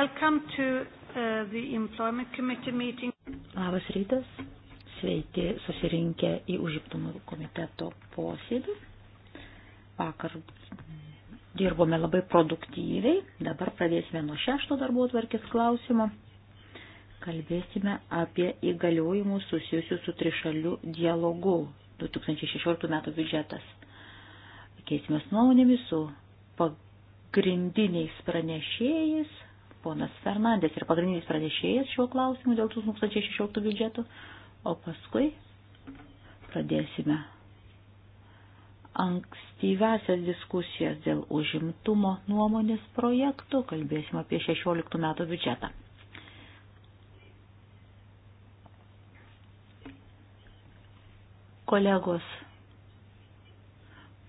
Welcome to uh, the Employment Committee meeting. Labas rytas, sveiki susirinkę į užimtumo komiteto posėdį. Vakar mm, dirbome labai produktyviai, dabar pradėsime nuo šešto darbo tvarkės klausimo. Kalbėsime apie įgaliojimus susijusius su trišaliu dialogu 2016 m. biudžetas. Keisime nuomonėmis su pagrindiniais pranešėjais ponas Fernandės ir pagrindinis pranešėjas šiuo klausimu dėl 2016 biudžeto, o paskui pradėsime ankstyvesias diskusijas dėl užimtumo nuomonės projektų, kalbėsim apie 16 metų biudžetą. Kolegos,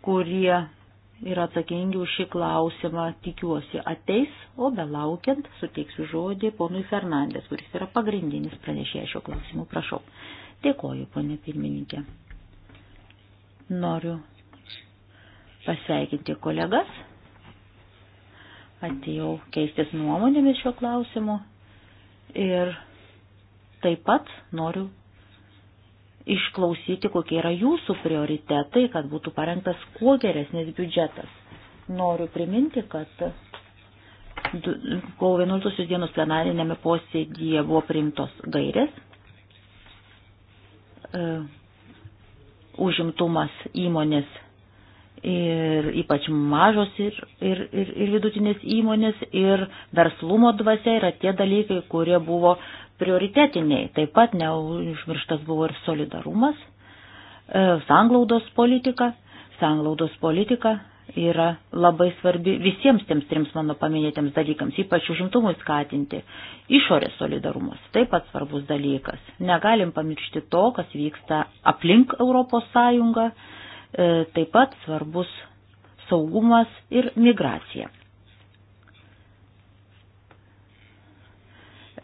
kurie yra atsakingi už šį klausimą, tikiuosi, ateis, o belaukiant suteiksiu žodį ponui Fernandės, kuris yra pagrindinis pranešėjas šio klausimu. Prašau. Dėkoju, ponė pirmininkė. Noriu pasveikinti kolegas. Atėjau keistis nuomonėmis šio klausimu ir taip pat noriu išklausyti, kokie yra jūsų prioritetai, kad būtų parengtas kuo geresnis biudžetas. Noriu priminti, kad kovo 11 dienos plenarinėme posėdyje buvo priimtos gairės. E, užimtumas įmonės ir ypač mažos ir, ir, ir, ir vidutinės įmonės ir verslumo dvasia yra tie dalykai, kurie buvo prioritetiniai. Taip pat neužmirštas buvo ir solidarumas, e, sanglaudos politika. Sanglaudos politika yra labai svarbi visiems tiems trims mano paminėtiems dalykams, ypač užimtumui skatinti. Išorės solidarumas taip pat svarbus dalykas. Negalim pamiršti to, kas vyksta aplink Europos Sąjungą, e, taip pat svarbus saugumas ir migracija.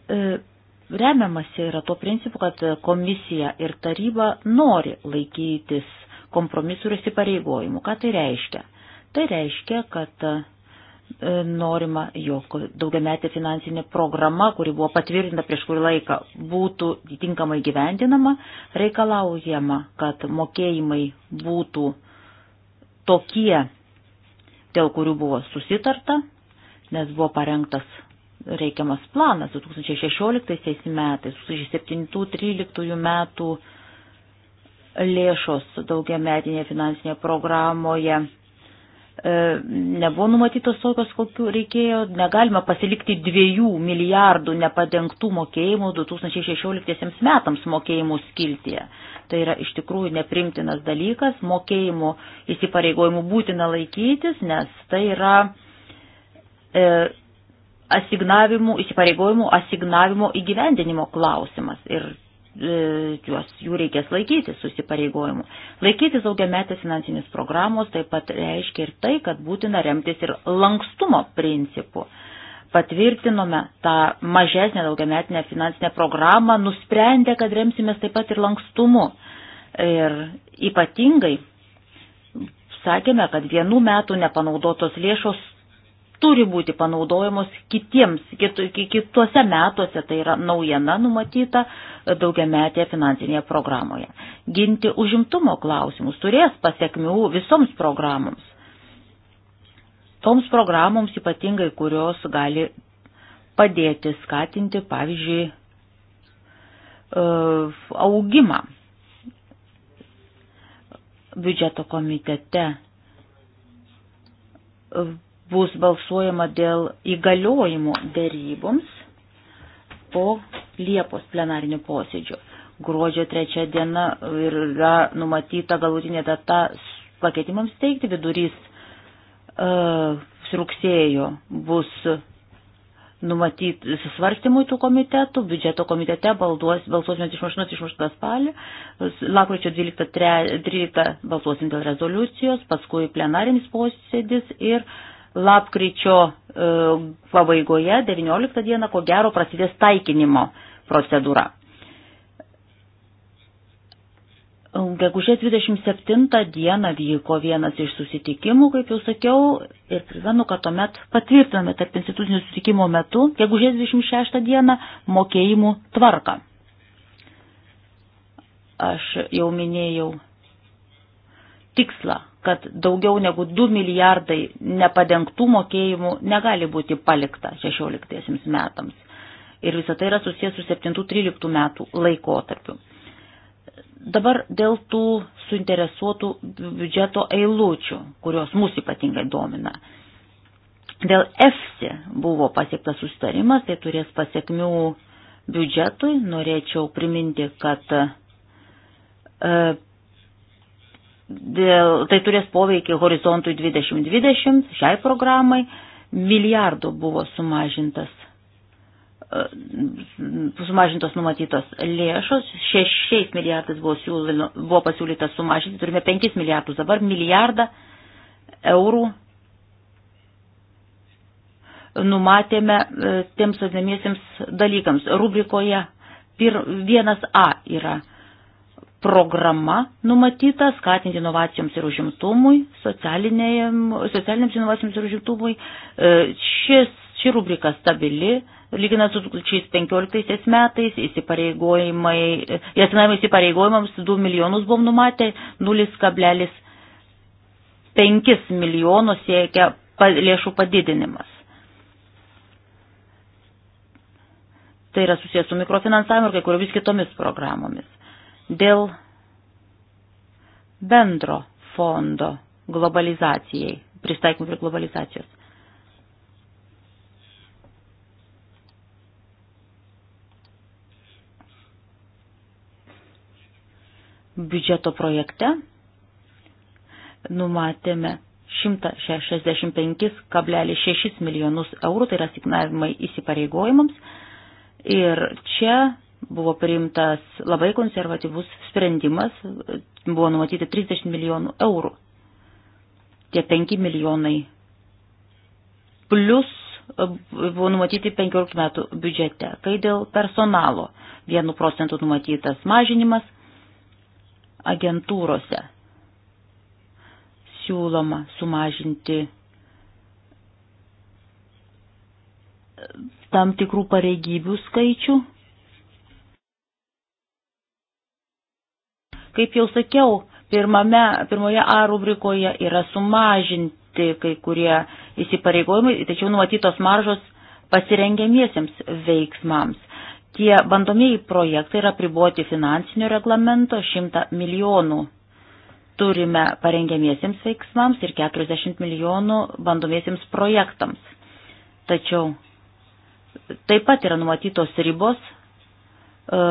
E, Remiamasi yra tuo principu, kad komisija ir taryba nori laikytis kompromisų ir įsipareigojimų. Ką tai reiškia? Tai reiškia, kad e, norima, jog daugiametė finansinė programa, kuri buvo patvirtinta prieš kurį laiką, būtų tinkamai gyvendinama, reikalaujama, kad mokėjimai būtų tokie, dėl kurių buvo susitarta, nes buvo parengtas reikiamas planas 2016 metais, 2017-2013 metų lėšos daugiametinėje finansinėje programoje e, nebuvo numatytos tokios, kokiu reikėjo. Negalima pasilikti dviejų milijardų nepadengtų mokėjimų 2016 metams mokėjimų skiltyje. Tai yra iš tikrųjų neprimtinas dalykas, mokėjimų įsipareigojimų būtina laikytis, nes tai yra e, asignavimų, įsipareigojimų asignavimo įgyvendinimo klausimas ir e, juos, jų reikės laikytis susipareigojimų. Laikytis daugiametės finansinės programos taip pat reiškia ir tai, kad būtina remtis ir lankstumo principu. Patvirtinome tą mažesnę daugiametinę finansinę programą, nusprendę, kad remsimės taip pat ir lankstumu. Ir ypatingai sakėme, kad vienų metų nepanaudotos lėšos turi būti panaudojamos kitiems, kitu, kituose metuose, tai yra naujame numatyta daugiametėje finansinėje programoje. Ginti užimtumo klausimus turės pasiekmių visoms programoms. Toms programoms ypatingai, kurios gali padėti skatinti, pavyzdžiui, e, augimą biudžeto komitete e, bus balsuojama dėl įgaliojimų dėryboms po Liepos plenarinio posėdžio. Gruodžio trečią dieną yra numatyta galutinė data pakeitimams teikti, vidurys uh, rugsėjo bus numatyti susvarstymui tų komitetų, biudžeto komitete balduos, balsuosime 28-28 spalį, lakryčio 12-13 balsuosim dėl rezoliucijos, paskui plenarinis posėdis ir lapkričio e, pabaigoje, 19 dieną, ko gero prasidės taikinimo procedūra. Gegužės 27 dieną vyko vienas iš susitikimų, kaip jau sakiau, ir primenu, kad tuomet patvirtiname tarp institucinių susitikimų metu, gegužės 26 dieną, mokėjimų tvarką. Aš jau minėjau tikslą, kad daugiau negu 2 milijardai nepadengtų mokėjimų negali būti palikta 16 metams. Ir visa tai yra susijęs su 7-13 metų laikotarpiu. Dabar dėl tų suinteresuotų biudžeto eilučių, kurios mūsų ypatingai domina. Dėl EFSI buvo pasiektas sustarimas, tai turės pasiekmių biudžetui. Norėčiau priminti, kad e, dėl, tai turės poveikį horizontui 2020, šiai programai, milijardų buvo sumažintas e, sumažintos numatytos lėšos, 6 milijardais buvo, siūlino, buvo pasiūlyta sumažinti, turime 5 milijardus, dabar milijardą eurų numatėme e, tiems vadinamiesiems dalykams. Rubrikoje 1A yra programa numatyta skatinti inovacijoms ir užimtumui, socialiniams inovacijoms ir užimtumui. E, šis, ši rubrika stabili, lyginant su 2015 metais, įsipareigojimai, jasinavimai e, įsipareigojimams 2 milijonus buvom numatę, 0,5 milijonų siekia lėšų padidinimas. Tai yra susijęs su mikrofinansavimu ir kai kuriomis kitomis programomis dėl bendro fondo globalizacijai, pristaikymų prie globalizacijos. Biudžeto projekte numatėme 165,6 milijonus eurų, tai yra signavimai įsipareigojimams. Ir čia buvo priimtas labai konservatyvus sprendimas, buvo numatyti 30 milijonų eurų. Tie 5 milijonai plus e, buvo numatyti 15 metų biudžete, kai dėl personalo 1 procentų numatytas mažinimas agentūrose siūloma sumažinti e, tam tikrų pareigybių skaičių Kaip jau sakiau, pirmame, pirmoje A rubrikoje yra sumažinti kai kurie įsipareigojimai, tačiau numatytos maržos pasirengiamiesiems veiksmams. Tie bandomieji projektai yra priboti finansinio reglamento 100 milijonų. Turime parengiamiesiems veiksmams ir 40 milijonų bandomiesiems projektams. Tačiau taip pat yra numatytos ribos, e,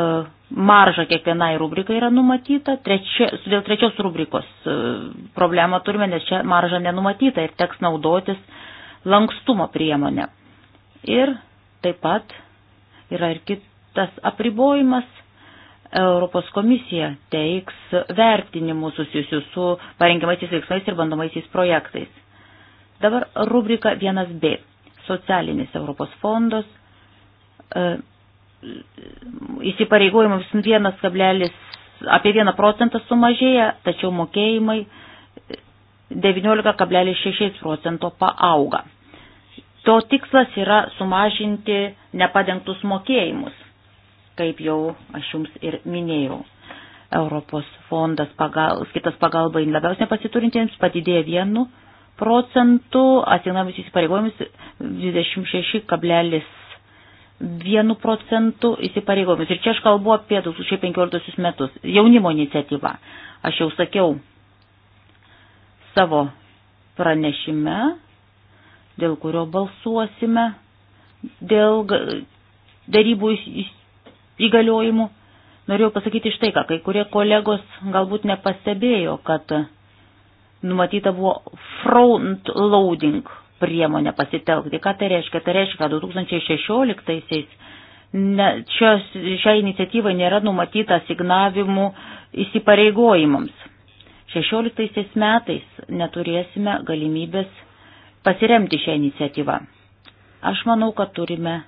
marža kiekvienai rubrikai yra numatyta, trečia, dėl trečios rubrikos e, problemą turime, nes čia marža nenumatyta ir teks naudotis lankstumo priemonę. Ir taip pat yra ir kitas apribojimas. Europos komisija teiks vertinimus susijusius su parengiamaisiais veiksmais ir bandomaisiais projektais. Dabar rubrika 1b - socialinis Europos fondos. E, įsipareigojimams 1, apie 1 procentą sumažėja, tačiau mokėjimai 19,6 procento paauga. To tikslas yra sumažinti nepadengtus mokėjimus, kaip jau aš jums ir minėjau. Europos fondas pagal, kitas pagalba labiausiai nepasiturintiems padidėjo vienu procentų, asignavimus įsipareigojimus 26,6 vienu procentu įsipareigojimus. Ir čia aš kalbu apie 2015 metus. Jaunimo iniciatyva. Aš jau sakiau savo pranešime, dėl kurio balsuosime, dėl darybų įgaliojimų. Norėjau pasakyti štai ką, kai kurie kolegos galbūt nepastebėjo, kad numatyta buvo front loading priemonę pasitelkti. Ką tai reiškia? Tai reiškia, kad 2016-aisiais šiai iniciatyvai nėra numatyta signavimų įsipareigojimams. 16 metais neturėsime galimybės pasiremti šią iniciatyvą. Aš manau, kad turime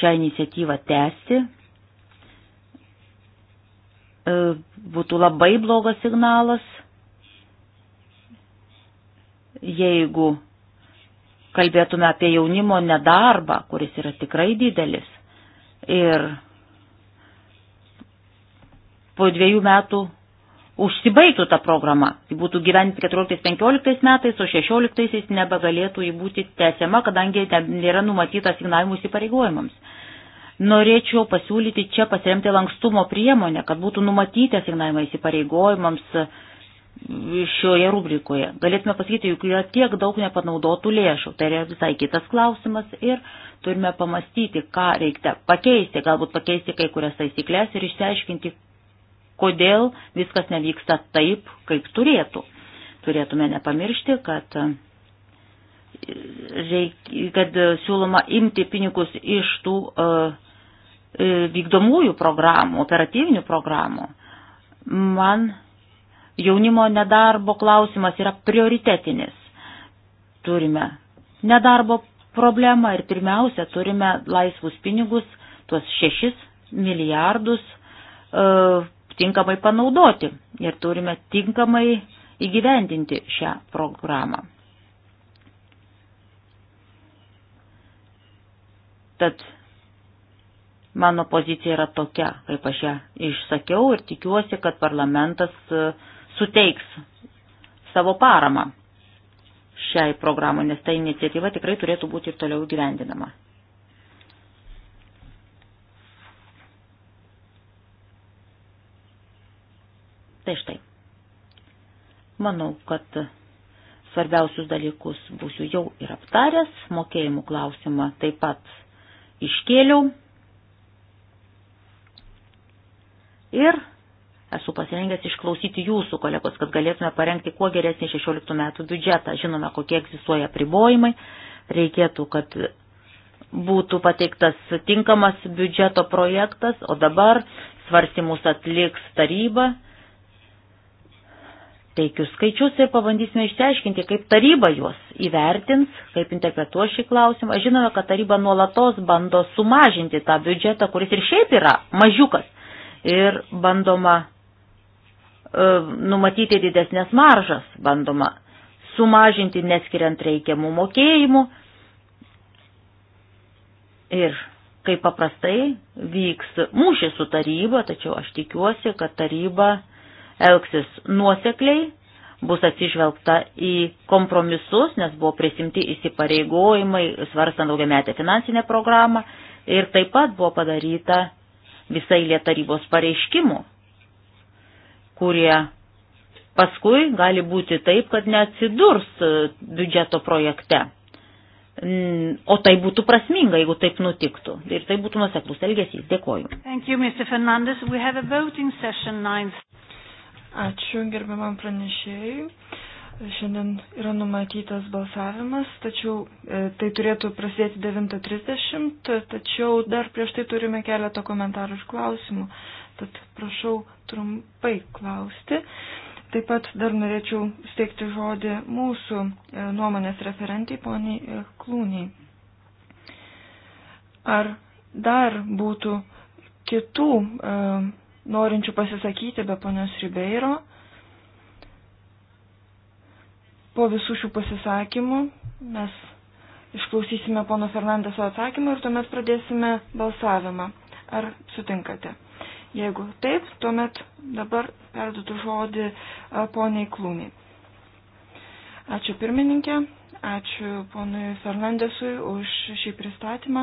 šią iniciatyvą tęsti. E, būtų labai blogas signalas, jeigu kalbėtume apie jaunimo nedarbą, kuris yra tikrai didelis. Ir po dviejų metų užsibaigtų ta programa. Ji būtų gyventi 14-15 metais, o 16 nebegalėtų jį būti tęsiama, kadangi nėra numatyta signavimų įsipareigojimams. Norėčiau pasiūlyti čia pasiremti lankstumo priemonę, kad būtų numatyti signavimai įsipareigojimams šioje rubrikoje. Galėtume pasakyti, juk yra tiek daug nepanaudotų lėšų. Tai yra visai kitas klausimas ir turime pamastyti, ką reikia pakeisti, galbūt pakeisti kai kurias taisyklės ir išsiaiškinti, kodėl viskas nevyksta taip, kaip turėtų. Turėtume nepamiršti, kad, reik, kad siūloma imti pinigus iš tų uh, vykdomųjų programų, operatyvinių programų. Man jaunimo nedarbo klausimas yra prioritetinis. Turime nedarbo problemą ir pirmiausia turime laisvus pinigus, tuos šešis milijardus e, tinkamai panaudoti ir turime tinkamai įgyvendinti šią programą. Tad mano pozicija yra tokia, kaip aš ją išsakiau ir tikiuosi, kad parlamentas e, suteiks savo paramą šiai programai, nes ta iniciatyva tikrai turėtų būti ir toliau gyvendinama. Tai štai. Manau, kad svarbiausius dalykus būsiu jau ir aptaręs, mokėjimų klausimą taip pat iškėliau. Ir Esu pasirengęs išklausyti jūsų kolegos, kad galėtume parengti kuo geresnį 16 metų biudžetą. Žinome, kokie egzistuoja pribojimai. Reikėtų, kad būtų pateiktas tinkamas biudžeto projektas, o dabar svarstymus atliks taryba. Teikiu skaičius ir pabandysime išteiškinti, kaip taryba juos įvertins, kaip interpretuos šį klausimą. Žinome, kad taryba nuolatos bando sumažinti tą biudžetą, kuris ir šiaip yra mažiukas. Ir bandoma E, numatyti didesnės maržas, bandoma sumažinti neskiriant reikiamų mokėjimų. Ir kaip paprastai vyks mūšis su taryba, tačiau aš tikiuosi, kad taryba elgsis nuosekliai, bus atsižvelgta į kompromisus, nes buvo prisimti įsipareigojimai, svarstant daugiametę finansinę programą ir taip pat buvo padaryta visai lė tarybos pareiškimų kurie paskui gali būti taip, kad neatsidurs e, biudžeto projekte. Mm, o tai būtų prasminga, jeigu taip nutiktų. Ir tai būtų nuseklus elgesys. Dėkoju. You, Ačiū gerbiamam pranešėjui. Šiandien yra numatytas balsavimas, tačiau e, tai turėtų prasidėti 9.30, tačiau dar prieš tai turime keletą komentarų ir klausimų. Tad prašau trumpai klausti. Taip pat dar norėčiau steigti žodį mūsų e, nuomonės referentai, poniai e, Klūniai. Ar dar būtų kitų e, norinčių pasisakyti be ponios Ribeiro? Po visų šių pasisakymų mes išklausysime pono Fernandeso atsakymą ir tuomet pradėsime balsavimą. Ar sutinkate? Jeigu taip, tuomet dabar perduotų žodį e, poniai Klūmiai. Ačiū pirmininkė, ačiū ponui Fernandesui už šį pristatymą.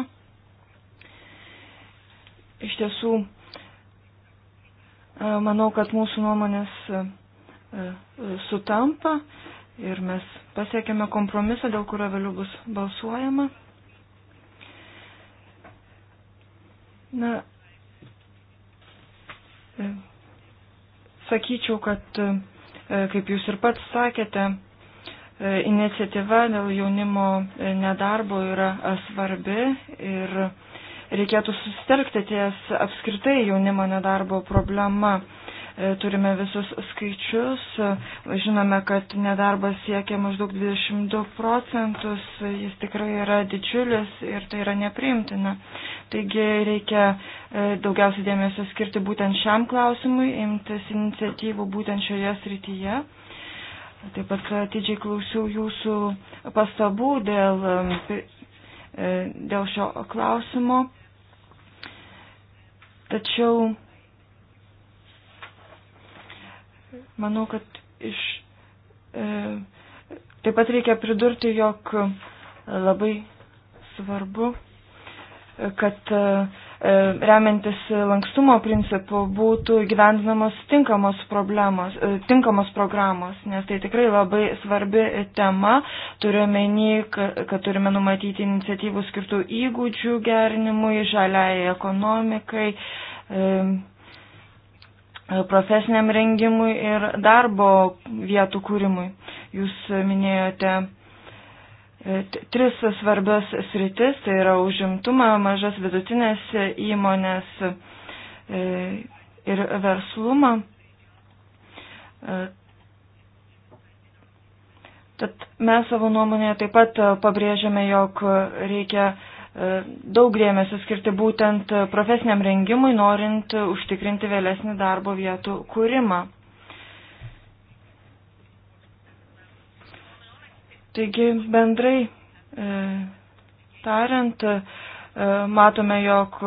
Iš tiesų, e, manau, kad mūsų nuomonės e, sutampa ir mes pasiekėme kompromisą, dėl kurio vėliau bus balsuojama. Na, Sakyčiau, kad, e, kaip jūs ir pats sakėte, e, iniciatyva dėl jaunimo e, nedarbo yra svarbi ir reikėtų susitelkti ties apskritai jaunimo nedarbo problema. E, turime visus skaičius, e, žinome, kad nedarbas siekia maždaug 22 procentus, jis tikrai yra didžiulis ir tai yra nepriimtina. Taigi reikia e, daugiausiai dėmesio skirti būtent šiam klausimui, imtis iniciatyvų būtent šioje srityje. Taip pat atidžiai klausiau jūsų pastabų dėl, dėl šio klausimo. Tačiau Manau, kad iš. E, taip pat reikia pridurti, jog labai svarbu, kad e, e remiantis lankstumo principu būtų gyvendinamos tinkamos, problemos, e, tinkamos programos, nes tai tikrai labai svarbi tema. Turiuomenį, kad turime numatyti iniciatyvų skirtų įgūdžių gerinimui, žaliai ekonomikai. E, profesiniam rengimui ir darbo vietų kūrimui. Jūs minėjote e, tris svarbias sritis, tai yra užimtumą, mažas vidutinės įmonės e, ir verslumą. E, tad mes savo nuomonėje taip pat pabrėžiame, jog reikia E, daug dėmesio skirti būtent profesiniam rengimui, norint užtikrinti vėlesnį darbo vietų kūrimą. Taigi bendrai e, tariant, e, matome, jog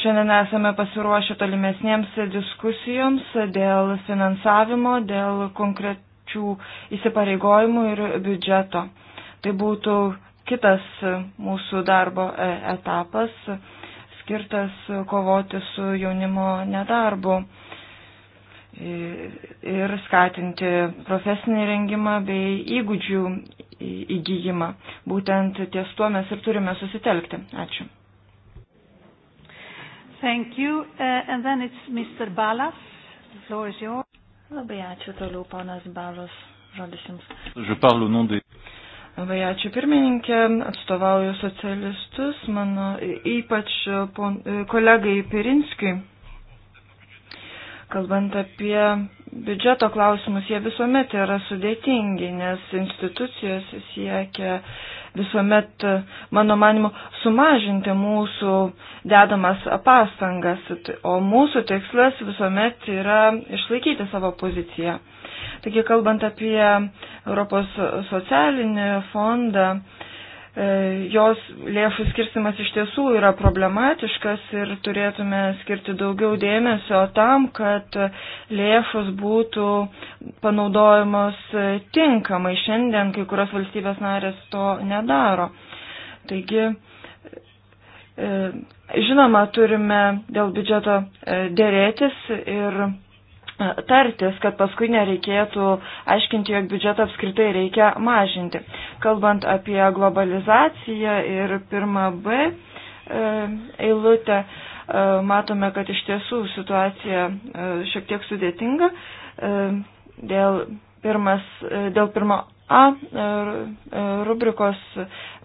šiandien esame pasiruošę tolimesniems diskusijoms dėl finansavimo, dėl konkrečių įsipareigojimų ir biudžeto. Tai būtų kitas mūsų darbo e, etapas skirtas kovoti su jaunimo nedarbu ir skatinti profesinį rengimą bei įgūdžių įgyjimą. Būtent ties tuo mes ir turime susitelkti. Ačiū. Thank you. Uh, and then it's Mr. Balas. The floor is yours. Labai ačiū toliau, ponas Balas. Žodis jums. Labai ačiū pirmininkė, atstovauju socialistus, mano ypač pon, kolegai Pirinskiui. Kalbant apie biudžeto klausimus, jie visuomet yra sudėtingi, nes institucijos siekia visuomet, mano manimu, sumažinti mūsų dedamas pastangas, o mūsų tikslas visuomet yra išlaikyti savo poziciją. Taigi, kalbant apie Europos socialinį fondą, e, jos lėšų skirstimas iš tiesų yra problematiškas ir turėtume skirti daugiau dėmesio tam, kad lėšos būtų panaudojamos tinkamai. Šiandien kai kurios valstybės narės to nedaro. Taigi, e, žinoma, turime dėl biudžeto e, dėrėtis ir tartis, kad paskui nereikėtų aiškinti, jog biudžetą apskritai reikia mažinti. Kalbant apie globalizaciją ir pirmą B e, eilutę, e, matome, kad iš tiesų situacija e, šiek tiek sudėtinga dėl, pirmas, dėl pirmo A rubrikos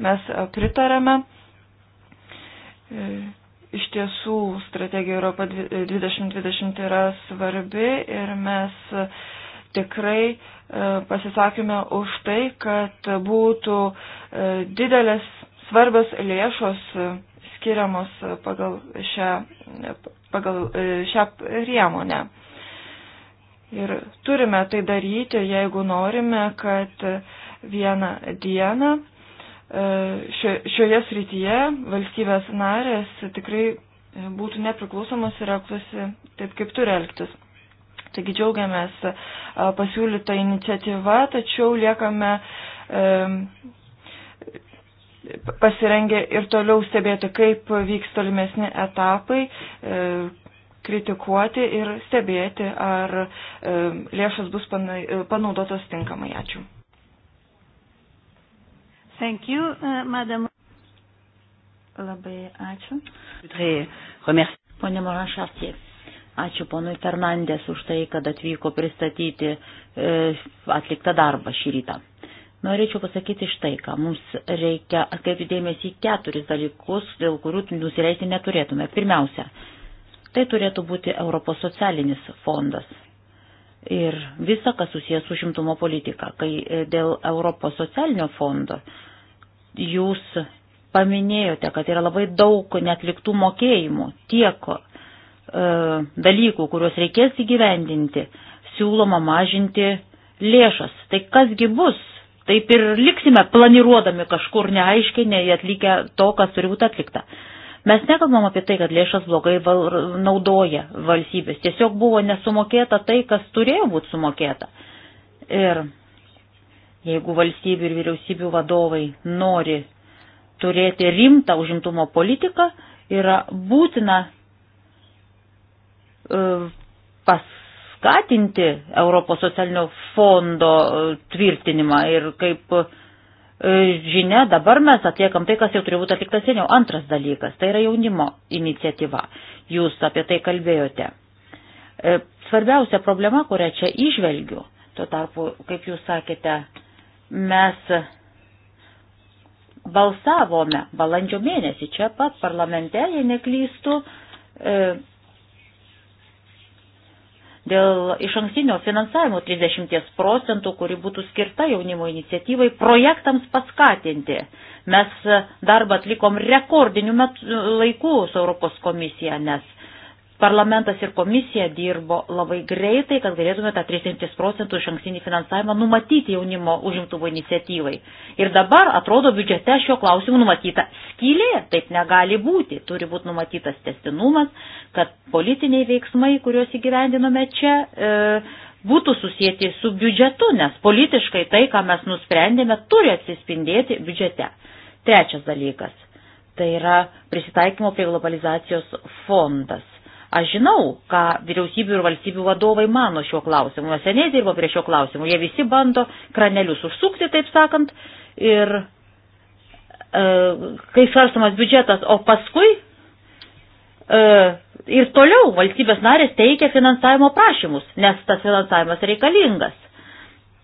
mes pritarėme iš tiesų strategija Europa 2020 e, yra svarbi ir mes e, tikrai e, pasisakėme už tai, kad būtų didelės svarbios lėšos skiriamos pagal šią, pagal šią priemonę. Ir turime tai daryti, jeigu norime, kad vieną dieną E, šioje srityje valstybės narės tikrai e, būtų nepriklausomas ir elgtųsi taip, kaip turi elgtis. Taigi džiaugiamės e, pasiūlytą iniciatyvą, tačiau liekame pasirengę ir toliau stebėti, kaip vyks tolimesni etapai, kritikuoti ir stebėti, ar lėšas bus panaudotas tinkamai. Ačiū. Thank you, uh, madam. Labai ačiū. Pone Morašartė, ačiū ponui Fernandės už tai, kad atvyko pristatyti e, atliktą darbą šį rytą. Norėčiau pasakyti štai, ką mums reikia atkreipti dėmesį į keturis dalykus, dėl kurių nusileisti neturėtume. Pirmiausia, tai turėtų būti Europos socialinis fondas. Ir visa, kas susijęs su šimtumo politika, kai e, dėl Europos socialinio fondo Jūs paminėjote, kad yra labai daug netliktų mokėjimų, tiek e, dalykų, kuriuos reikės įgyvendinti, siūloma mažinti lėšas. Tai kasgi bus? Taip ir liksime planiruodami kažkur neaiškiai, neatlikę to, kas turi būti atlikta. Mes nekalbam apie tai, kad lėšas blogai val, naudoja valstybės. Tiesiog buvo nesumokėta tai, kas turėjo būti sumokėta. Ir Jeigu valstybių ir vyriausybių vadovai nori turėti rimtą užimtumo politiką, yra būtina e, paskatinti Europos socialinio fondo e, tvirtinimą ir kaip e, žinia, dabar mes atliekam tai, kas jau turi būti atliktas seniau. Antras dalykas, tai yra jaunimo iniciatyva. Jūs apie tai kalbėjote. Svarbiausia problema, kurią čia išvelgiu, tuo tarpu, kaip jūs sakėte, mes balsavome balandžio mėnesį čia pat parlamente, jei neklystų, e, dėl iš ankstinio finansavimo 30 procentų, kuri būtų skirta jaunimo iniciatyvai, projektams paskatinti. Mes darbą atlikom rekordiniu metu, laiku su Europos komisija, nes Parlamentas ir komisija dirbo labai greitai, kad galėtume tą 30 procentų iš ankstinį finansavimą numatyti jaunimo užimtumo iniciatyvai. Ir dabar, atrodo, biudžete šio klausimu numatyta skylė, taip negali būti. Turi būti numatytas testinumas, kad politiniai veiksmai, kuriuos įgyvendinome čia, e, būtų susijęti su biudžetu, nes politiškai tai, ką mes nusprendėme, turi atsispindėti biudžete. Trečias dalykas - tai yra prisitaikymo prie globalizacijos fondas Aš žinau, ką vyriausybių ir valstybių vadovai mano šiuo klausimu. Jie seniai dirbo prie šio klausimu. Jie visi bando kranelius užsukti, taip sakant, ir e, kai svarstomas biudžetas, o paskui e, ir toliau valstybės narės teikia finansavimo prašymus, nes tas finansavimas reikalingas.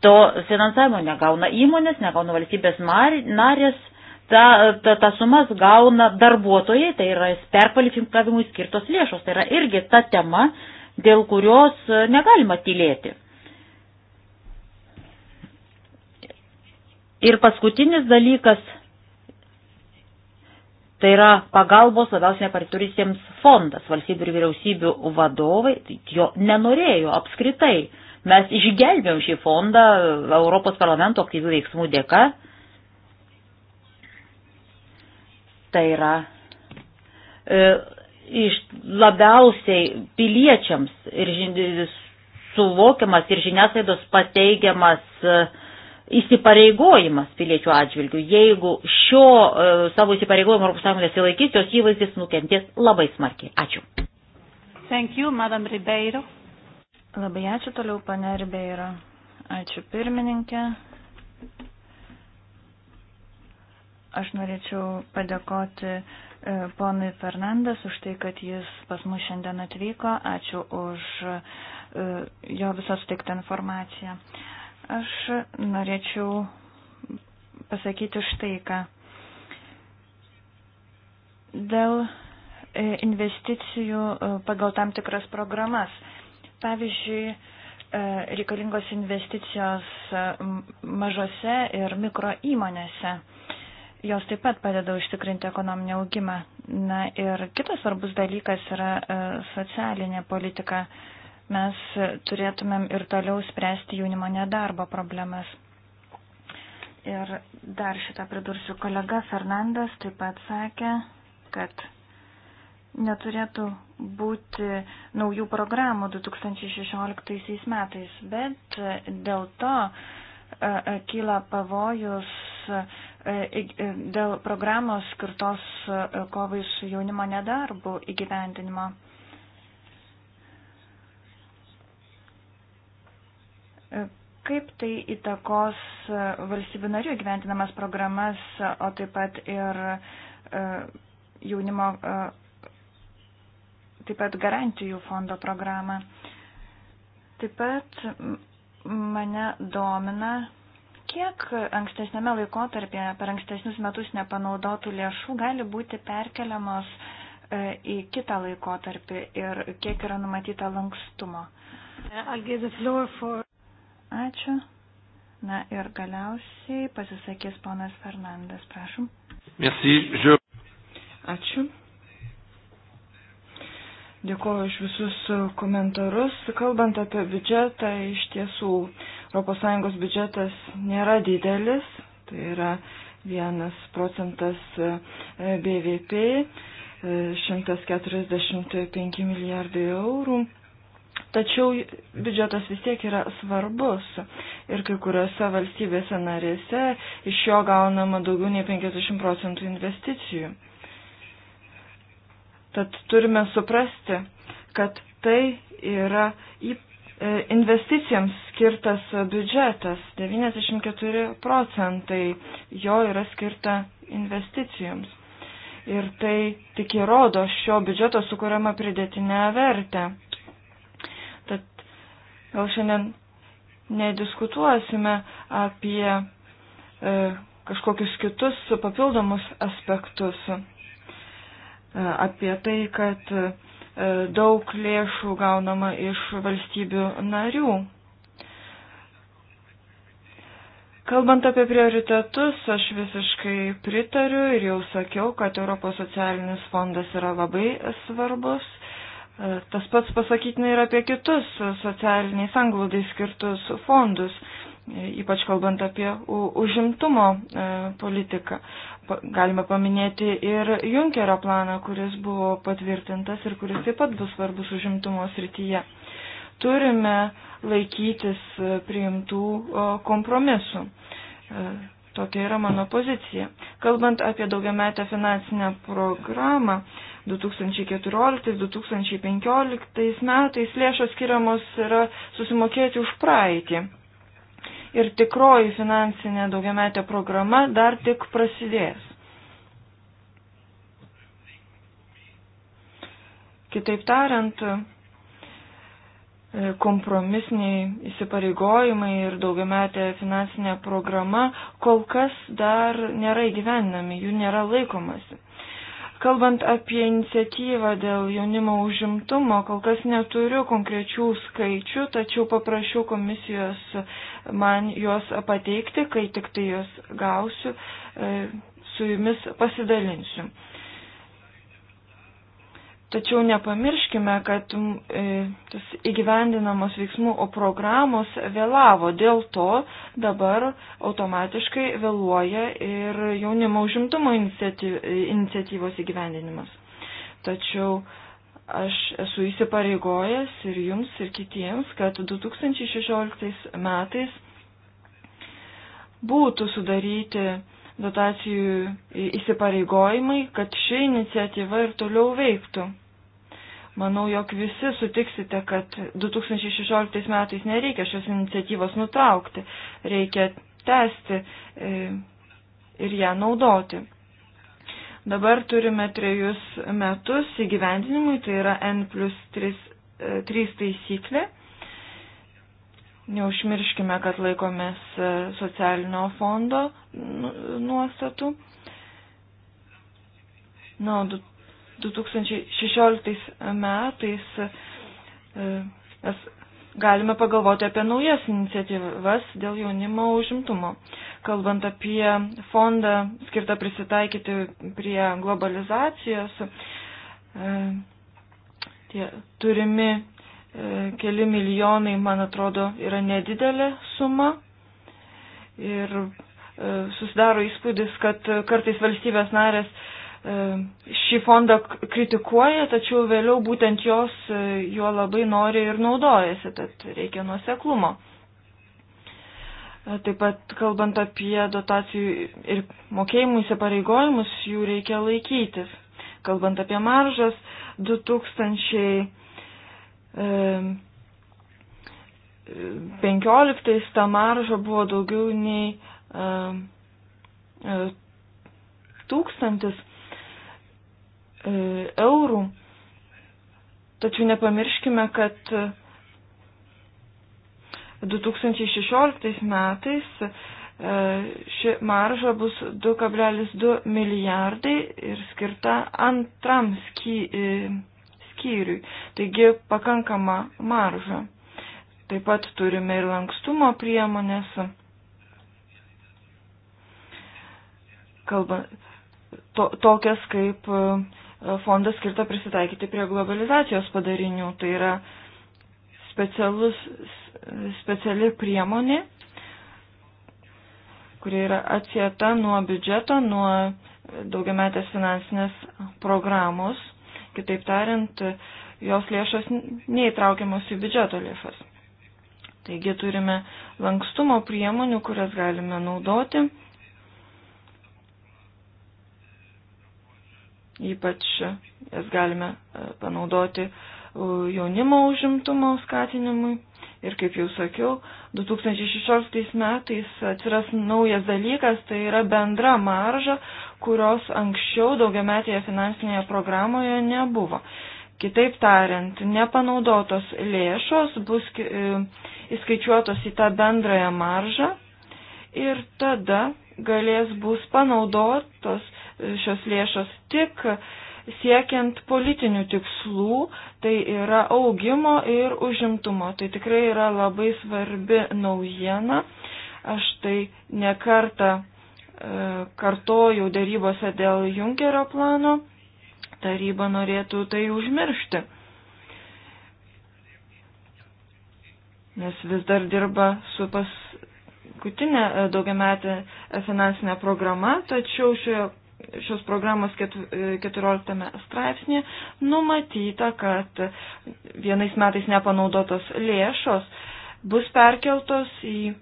To finansavimo negauna įmonės, negauna valstybės narės ta, ta, ta sumas gauna darbuotojai, tai yra perkvalifikavimui skirtos lėšos. Tai yra irgi ta tema, dėl kurios e, negalima tylėti. Ir paskutinis dalykas, tai yra pagalbos labiausiai neparituristiems fondas, valstybių ir vyriausybių vadovai, jo nenorėjo apskritai. Mes išgelbėjom šį fondą Europos parlamento aktyvių veiksmų dėka, Tai yra e, iš labiausiai piliečiams ir suvokiamas ir žiniasklaidos pateigiamas e, įsipareigojimas piliečių atžvilgių. Jeigu šio e, savo įsipareigojimo Europos Sąjungos nesilaikys, jos įvaizdis nukentės labai smarkiai. Ačiū. Thank you, Madam Ribeiro. Labai ačiū toliau, pane Ribeiro. Ačiū pirmininkė. Aš norėčiau padėkoti e, ponui Fernandas už tai, kad jis pas mus šiandien atvyko. Ačiū už e, jo visą suteiktą informaciją. Aš norėčiau pasakyti štai ką. Dėl e, investicijų pagal tam tikras programas. Pavyzdžiui, reikalingos investicijos mažose ir mikro įmonėse jos taip pat padeda užtikrinti ekonominį augimą. Na ir kitas svarbus dalykas yra e, socialinė politika. Mes turėtumėm ir toliau spręsti jaunimo nedarbo problemas. Ir dar šitą pridursiu. Kolega Fernandas taip pat sakė, kad neturėtų būti naujų programų 2016 metais, bet dėl to e, kyla pavojus uh, E, e, dėl programos skirtos e, kovai su jaunimo nedarbu įgyvendinimo. Kaip tai įtakos valstybių narių įgyventinamas programas, o taip pat ir jaunimo, taip pat garantijų fondo programą. Taip pat mane domina Kiek ankstesnėme laikotarpėje per ankstesnius metus nepanaudotų lėšų gali būti perkeliamos e, į kitą laikotarpį ir kiek yra numatyta lankstumo? For... Ačiū. Na ir galiausiai pasisakys ponas Fernandas, prašom. Merci, je... Ačiū. Dėkuoju už visus komentarus. Kalbant apie biudžetą, iš tiesų. Uh, ES biudžetas nėra didelis, tai yra vienas procentas e, BVP, 145 e, milijardai eurų. Tačiau biudžetas vis tiek yra svarbus ir kai kuriuose valstybėse narėse iš jo gaunama daugiau nei 50 procentų investicijų. Tad turime suprasti, kad tai yra įprasta E, investicijoms skirtas biudžetas, 94 procentai jo yra skirta investicijoms. Ir tai tik įrodo šio biudžeto sukūriamą pridėtinę vertę. Tad gal šiandien nediskutuosime apie e, kažkokius kitus papildomus aspektus, e, apie tai, kad e, E, daug lėšų gaunama iš valstybių narių. Kalbant apie prioritetus, aš visiškai pritariu ir jau sakiau, kad Europos socialinis fondas yra labai svarbus. E, tas pats pasakytina ir apie kitus socialiniai sanglaudai skirtus fondus, e, ypač kalbant apie užimtumo politiką. Galime paminėti ir Junkerio planą, kuris buvo patvirtintas ir kuris taip pat bus svarbus užimtumo srityje. Turime laikytis priimtų kompromisų. E, tokia yra mano pozicija. Kalbant apie daugiametę finansinę programą 2014-2015 metais, lėšos skiriamos yra susimokėti už praeitį ir tikroji finansinė daugiametė programa dar tik prasidės. Kitaip tariant, kompromisiniai įsipareigojimai ir daugiametė finansinė programa kol kas dar nėra įgyvendinami, jų nėra laikomasi. Kalbant apie iniciatyvą dėl jaunimo užimtumo, kol kas neturiu konkrečių skaičių, tačiau paprašiau komisijos man juos pateikti, kai tik tai juos gausiu, e, su jumis pasidalinsiu. Tačiau nepamirškime, kad e, tas įgyvendinamos veiksmų programos vėlavo, dėl to dabar automatiškai vėluoja ir jaunimo užimtumo iniciatyvos įgyvendinimas. Tačiau uh, Aš esu įsipareigojęs ir jums, ir kitiems, kad 2016 metais būtų sudaryti dotacijų įsipareigojimai, kad ši iniciatyva ir toliau veiktų. Manau, jog visi sutiksite, kad 2016 metais nereikia šios iniciatyvos nutraukti, reikia tęsti e, ir ją naudoti. Dabar turime trejus metus įgyvendinimui, tai yra N plus 3, 3 e, taisyklė. Neužmirškime, kad laikomės e, socialinio fondo nu, nuostatų. Na, nu, 2016 metais mes e, galime pagalvoti apie naujas iniciatyvas dėl jaunimo užimtumo. Kalbant apie fondą skirtą prisitaikyti prie globalizacijos, e, tie turimi e, keli milijonai, man atrodo, yra nedidelė suma. Ir e, susidaro įspūdis, kad kartais valstybės narės E, šį fondą kritikuoja, tačiau vėliau būtent jos e, juo labai nori ir naudojasi, tad reikia nuoseklumo. E, taip pat kalbant apie dotacijų ir mokėjimų įsipareigojimus, jų reikia laikytis. Kalbant apie maržas, 2015 ta marža buvo daugiau nei tūkstantis E, eurų. Tačiau nepamirškime, kad 2016 metais e, ši marža bus 2,2 milijardai ir skirta antram sky, e, skyriui, taigi pakankama marža. Taip pat turime ir lankstumo priemonės. Kalba, to, tokias kaip uh, fondą skirtą prisitaikyti prie globalizacijos padarinių. Tai yra specialus, speciali priemonė, kuri yra atsieta nuo biudžeto, nuo daugiametės finansinės programos. Kitaip tariant, jos lėšos neįtraukiamos į biudžeto lėšas. Taigi turime lankstumo priemonių, kurias galime naudoti Ypač jas galime e, panaudoti e, jaunimo užimtumo skatinimui. Ir kaip jau sakiau, 2016 metais atsiras naujas dalykas, tai yra bendra marža, kurios anksčiau daugiametėje finansinėje programoje nebuvo. Kitaip tariant, nepanaudotos lėšos bus e, įskaičiuotos į tą bendrąją maržą ir tada galės bus panaudotos šios lėšos tik siekiant politinių tikslų, tai yra augimo ir užimtumo. Tai tikrai yra labai svarbi naujiena. Aš tai nekartą e, kartojau darybose dėl Junkerio plano. Taryba norėtų tai užmiršti. Nes vis dar dirba su pas, paskutinė e, daugiametė e, finansinė programa, tačiau šioje šios programos 14 e, straipsnė numatyta, kad vienais metais nepanaudotos lėšos bus perkeltos į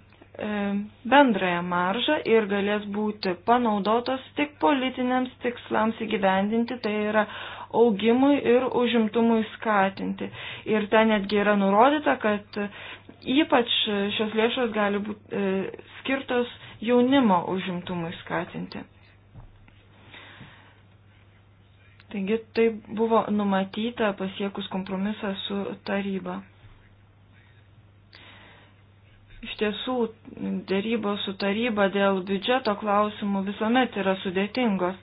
bendrąją maržą ir galės būti panaudotos tik politiniams tikslams įgyvendinti, tai yra augimui ir užimtumui skatinti. Ir ten netgi yra nurodyta, kad ypač šios lėšos gali būti e, skirtos jaunimo užimtumui skatinti. Taigi tai buvo numatyta pasiekus kompromisą su taryba. Iš tiesų, dėrybos su taryba dėl biudžeto klausimų visuomet yra sudėtingos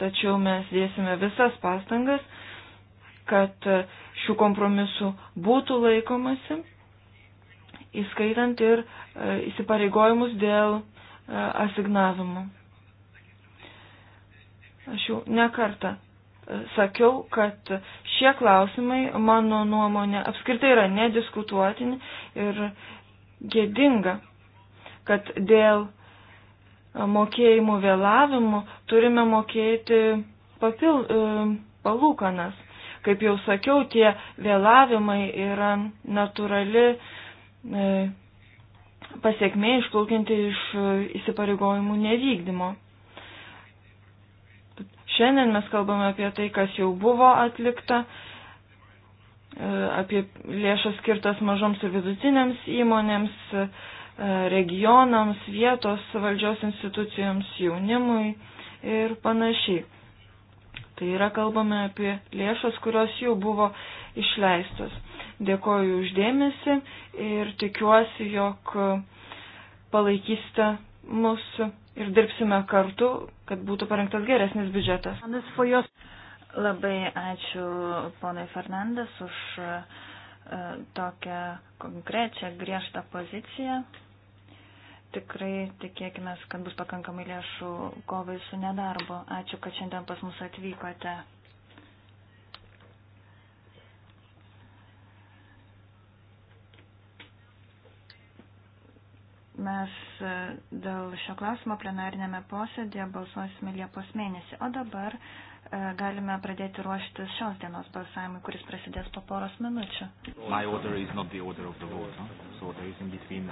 tačiau mes dėsime visas pastangas, kad šių kompromisų būtų laikomasi, įskaitant ir e, įsipareigojimus dėl e, asignavimo. Aš jau nekartą e, sakiau, kad šie klausimai, mano nuomonė, apskritai yra nediskutuotini ir gėdinga, kad dėl mokėjimų vėlavimų turime mokėti papil, e, palūkanas. Kaip jau sakiau, tie vėlavimai yra natūrali e, pasiekmė išplaukianti iš e, įsipareigojimų nevykdymo. Šiandien mes kalbame apie tai, kas jau buvo atlikta, apie lėšas skirtas mažoms ir vidutinėms įmonėms, E, regionams, vietos valdžios institucijoms, jaunimui ir panašiai. Tai yra kalbame apie lėšas, kurios jau buvo išleistos. Dėkoju uždėmesi ir tikiuosi, jog palaikysite mus ir dirbsime kartu, kad būtų parengtas geresnis biudžetas. Labai ačiū ponai Fernandas už e, tokią konkrečią griežtą poziciją tikrai tikėkime, kad bus pakankamai lėšų kovai su nedarbu. Ačiū, kad šiandien pas mus atvykote. Mes e, dėl šio klausimo plenarinėme posėdėje balsuosime Liepos mėnesį, o dabar e, galime pradėti ruoštis šios dienos balsavimui, kuris prasidės po poros minučių. My order is not the order of the vote, huh? so there is in between.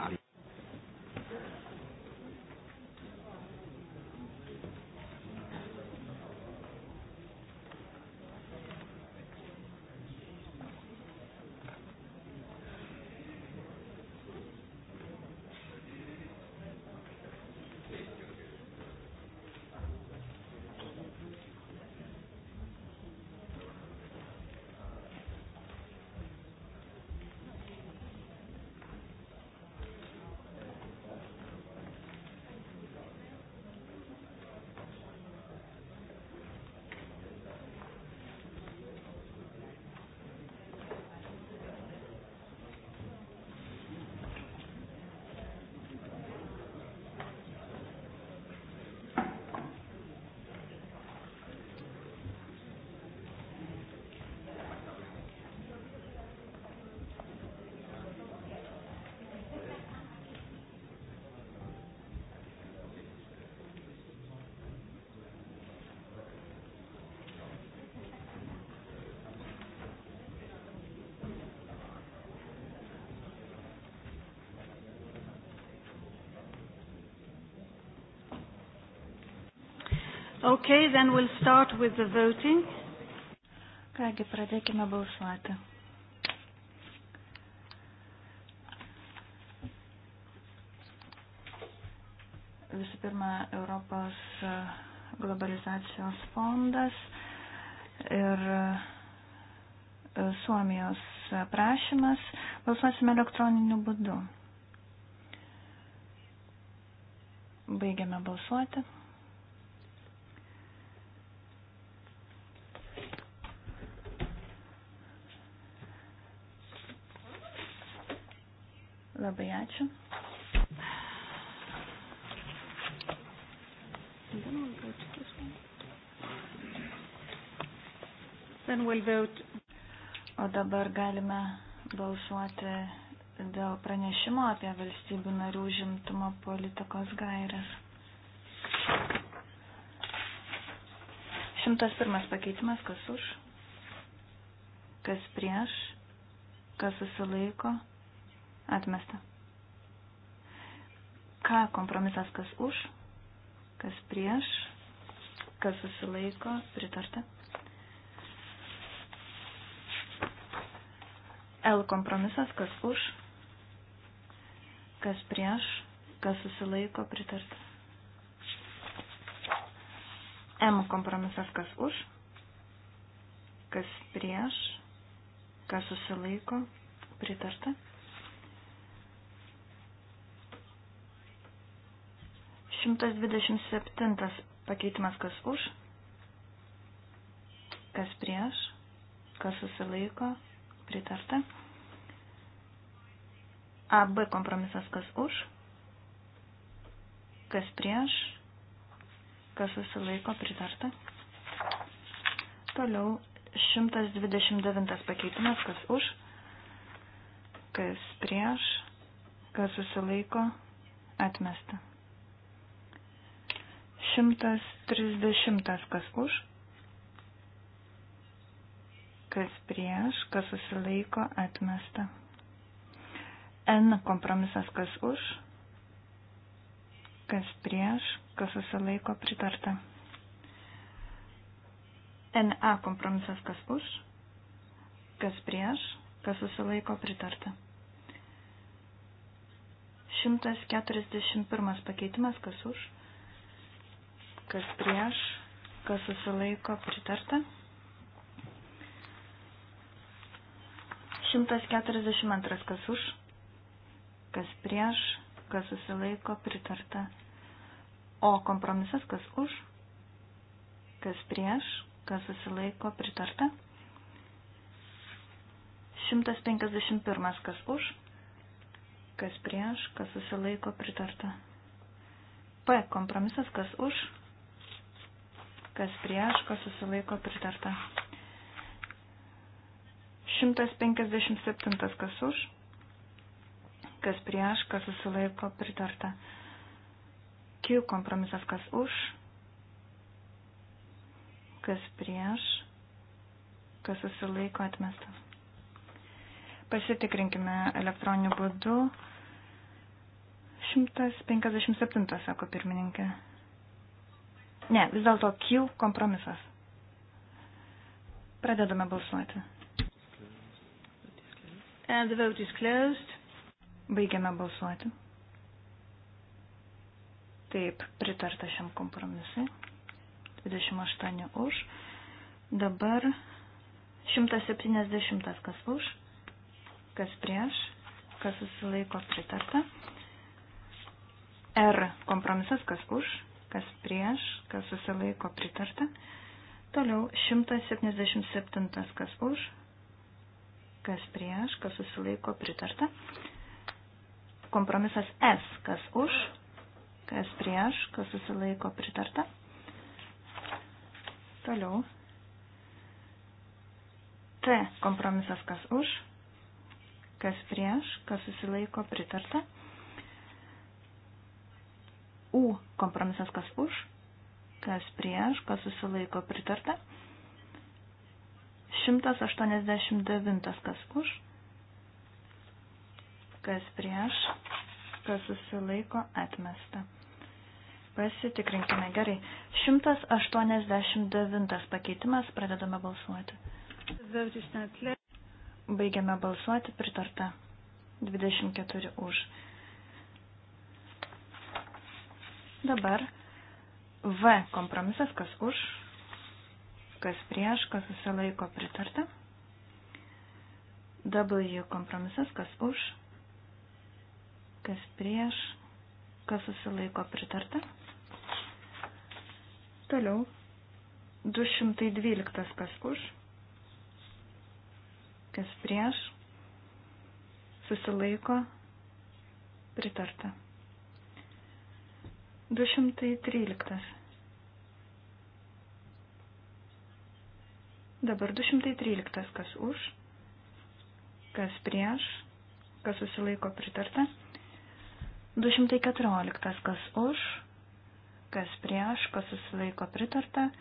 Okay, then we'll start with the voting. Kągi, pradėkime balsuoti. Visų pirma, Europos e, globalizacijos fondas ir e, Suomijos prašymas. Balsuosime elektroniniu būdu. Baigiame balsuoti. Labai ačiū. O dabar galime balsuoti dėl pranešimo apie valstybių narių žimtumo politikos gairias. 101 pakeitimas, kas už, kas prieš, kas susilaiko Atmesta. Ką kompromisas kas už, kas prieš, kas susilaiko, pritarta. L kompromisas kas už, kas prieš, kas susilaiko, pritarta. M kompromisas kas už, kas prieš, kas susilaiko, pritarta. 127 pakeitimas kas už, kas prieš, kas susilaiko, pritarta. AB kompromisas kas už, kas prieš, kas susilaiko, pritarta. Toliau 129 pakeitimas kas už, kas prieš, kas susilaiko, atmesta. 130 kas už, kas prieš, kas susilaiko atmesta. N kompromisas kas už, kas prieš, kas susilaiko pritarta. NA kompromisas kas už, kas prieš, kas susilaiko pritarta. 141 pakeitimas kas už kas prieš, kas susilaiko pritarta. 142 kas už, kas prieš, kas susilaiko pritarta. O kompromisas kas už, kas prieš, kas susilaiko pritarta. 151 kas už, kas prieš, kas susilaiko pritarta. P. Kompromisas, kas už, kas prieš, kas susilaiko pritarta. 157 kas už, kas prieš, kas susilaiko pritarta. Q kompromisas kas už, kas prieš, kas susilaiko atmesta. Pasitikrinkime elektroniniu būdu. 157, sako pirmininkė. Ne, vis dėlto Q kompromisas. Pradedame balsuoti. And the vote is closed. Baigiame balsuoti. Taip, pritarta šiam kompromisui. 28 už. Dabar 170 kas už, kas prieš, kas susilaiko pritarta. R kompromisas kas už, kas prieš, kas susilaiko pritarta. Toliau 177, kas už, kas prieš, kas susilaiko pritarta. Kompromisas S, kas už, kas prieš, kas susilaiko pritarta. Toliau. T, kompromisas kas už, kas prieš, kas susilaiko pritarta. U kompromisas kas už, kas prieš, kas susilaiko pritarta. 189 kas už, kas prieš, kas susilaiko atmesta. Pasitikrinkime gerai. 189 pakeitimas, pradedame balsuoti. Baigiame balsuoti, pritarta. 24 už. Dabar V kompromisas, kas už, kas prieš, kas susilaiko pritarta. W kompromisas, kas už, kas prieš, kas susilaiko pritarta. Toliau 212, kas už, kas prieš, susilaiko pritarta. 213. Dabar 213. Kas už, kas prieš, kas susilaiko pritarta. 214. Kas už, kas prieš, kas susilaiko pritarta.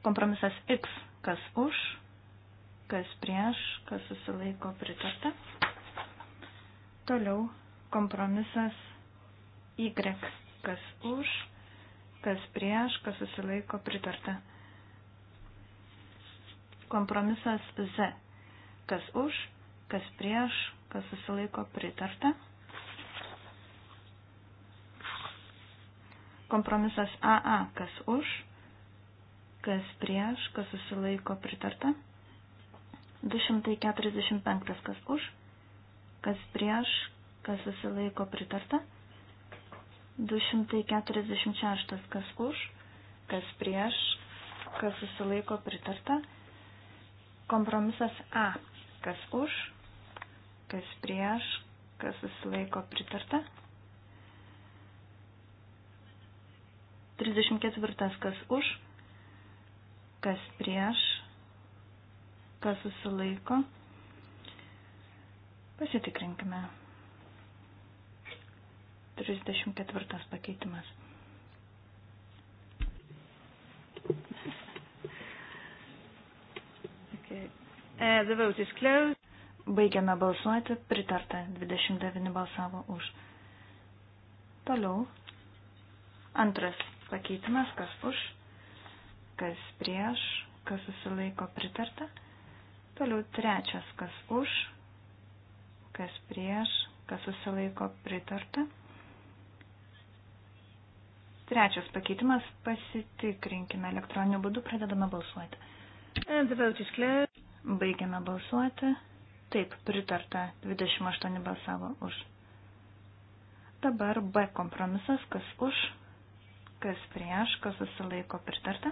Kompromisas X. Kas už, kas prieš, kas susilaiko pritarta. Toliau kompromisas Y kas už, kas prieš, kas susilaiko pritarta. Kompromisas Z. Kas už, kas prieš, kas susilaiko pritarta. Kompromisas AA. Kas už, kas prieš, kas susilaiko pritarta. 245. Kas už, kas prieš, kas susilaiko pritarta. 246 kas už, kas prieš, kas susilaiko pritarta. Kompromisas A. Kas už, kas prieš, kas susilaiko pritarta. 34 kas už, kas prieš, kas susilaiko. Pasitikrinkime. 34 pakeitimas. Okay. Uh, the vote is closed. Baigiame balsuoti, pritarta 29 balsavo už. Toliau. Antras pakeitimas, kas už, kas prieš, kas susilaiko pritarta. Toliau trečias, kas už, kas prieš, kas susilaiko pritarta. Trečias pakeitimas - pasitikrinkime elektroniniu būdu, pradedame balsuoti. Baigiame balsuoti. Taip, pritarta, 28 balsavo už. Dabar B kompromisas, kas už, kas prieš, kas susilaiko pritarta.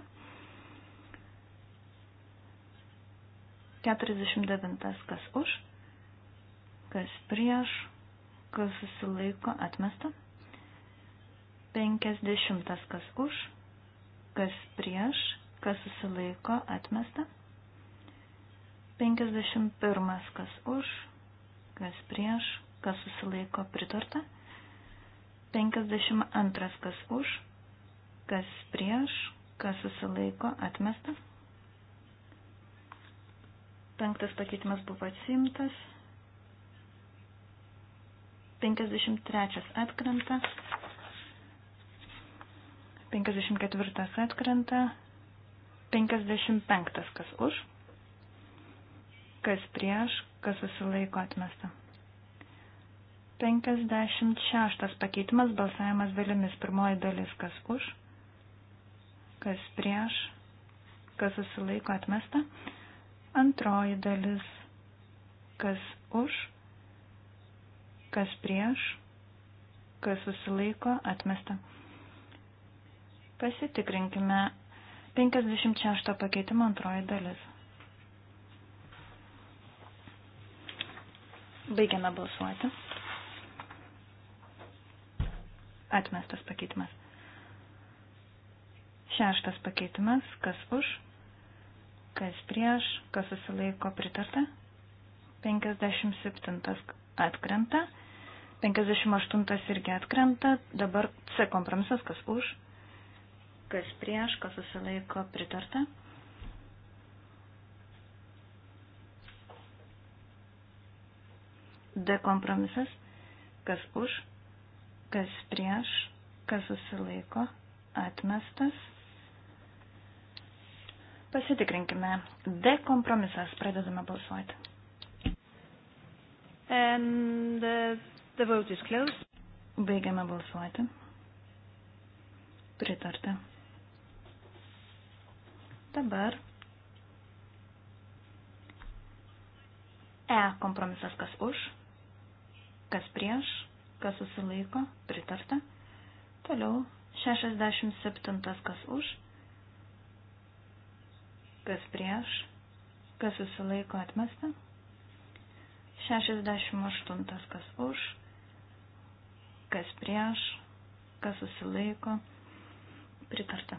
49, kas už, kas prieš, kas susilaiko atmesta. 50 kas už, kas prieš, kas susilaiko atmesta. 51 kas už, kas prieš, kas susilaiko pritarta. 52 kas už, kas prieš, kas susilaiko atmesta. Penktas pakeitimas buvo atsimtas. 53 atkrenta. 54 atkrenta, 55 kas už, kas prieš, kas susilaiko atmesta. 56 pakeitimas balsavimas dalimis. Pirmoji dalis kas už, kas prieš, kas susilaiko atmesta. Antroji dalis kas už, kas prieš, kas susilaiko atmesta. Pasitikrinkime 56 pakeitimo antroji dalis. Baigiame balsuoti. Atmestas pakeitimas. Šeštas pakeitimas. Kas už? Kas prieš? Kas susilaiko pritarta? 57 atkrenta. 58 irgi atkrenta. Dabar C kompromisas. Kas už? kas prieš, kas susilaiko pritarta. D kompromisas, kas už, kas prieš, kas susilaiko, atmestas. Pasitikrinkime. D kompromisas, pradedame balsuoti. And the, the vote is closed. Baigiame balsuoti. Pritarta. Dabar E kompromisas kas už, kas prieš, kas susilaiko, pritarta. Toliau 67 kas už, kas prieš, kas susilaiko atmesta. 68 kas už, kas prieš, kas susilaiko, pritarta.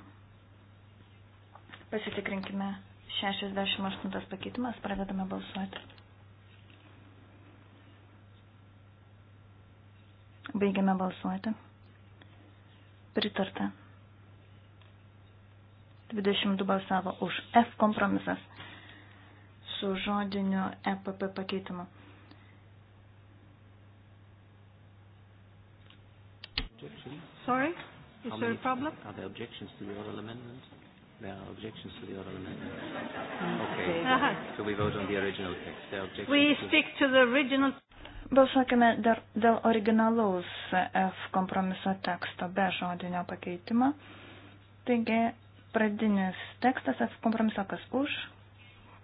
Pasitikrinkime 68 pakeitimas, pradedame balsuoti. Baigiame balsuoti. Pritarta. 22 balsavo už F kompromisas su žodiniu EPP pakeitimu. Sorry, is there a problem? Are there objections to the oral amendment? There are objections to the oral amendment. Mm, okay. So we vote on the original text. There are objections. We to... stick to the original. Balsuokime dar dėl originalaus F kompromiso teksto be žodinio pakeitimo. Taigi, pradinis tekstas F kompromiso kas už,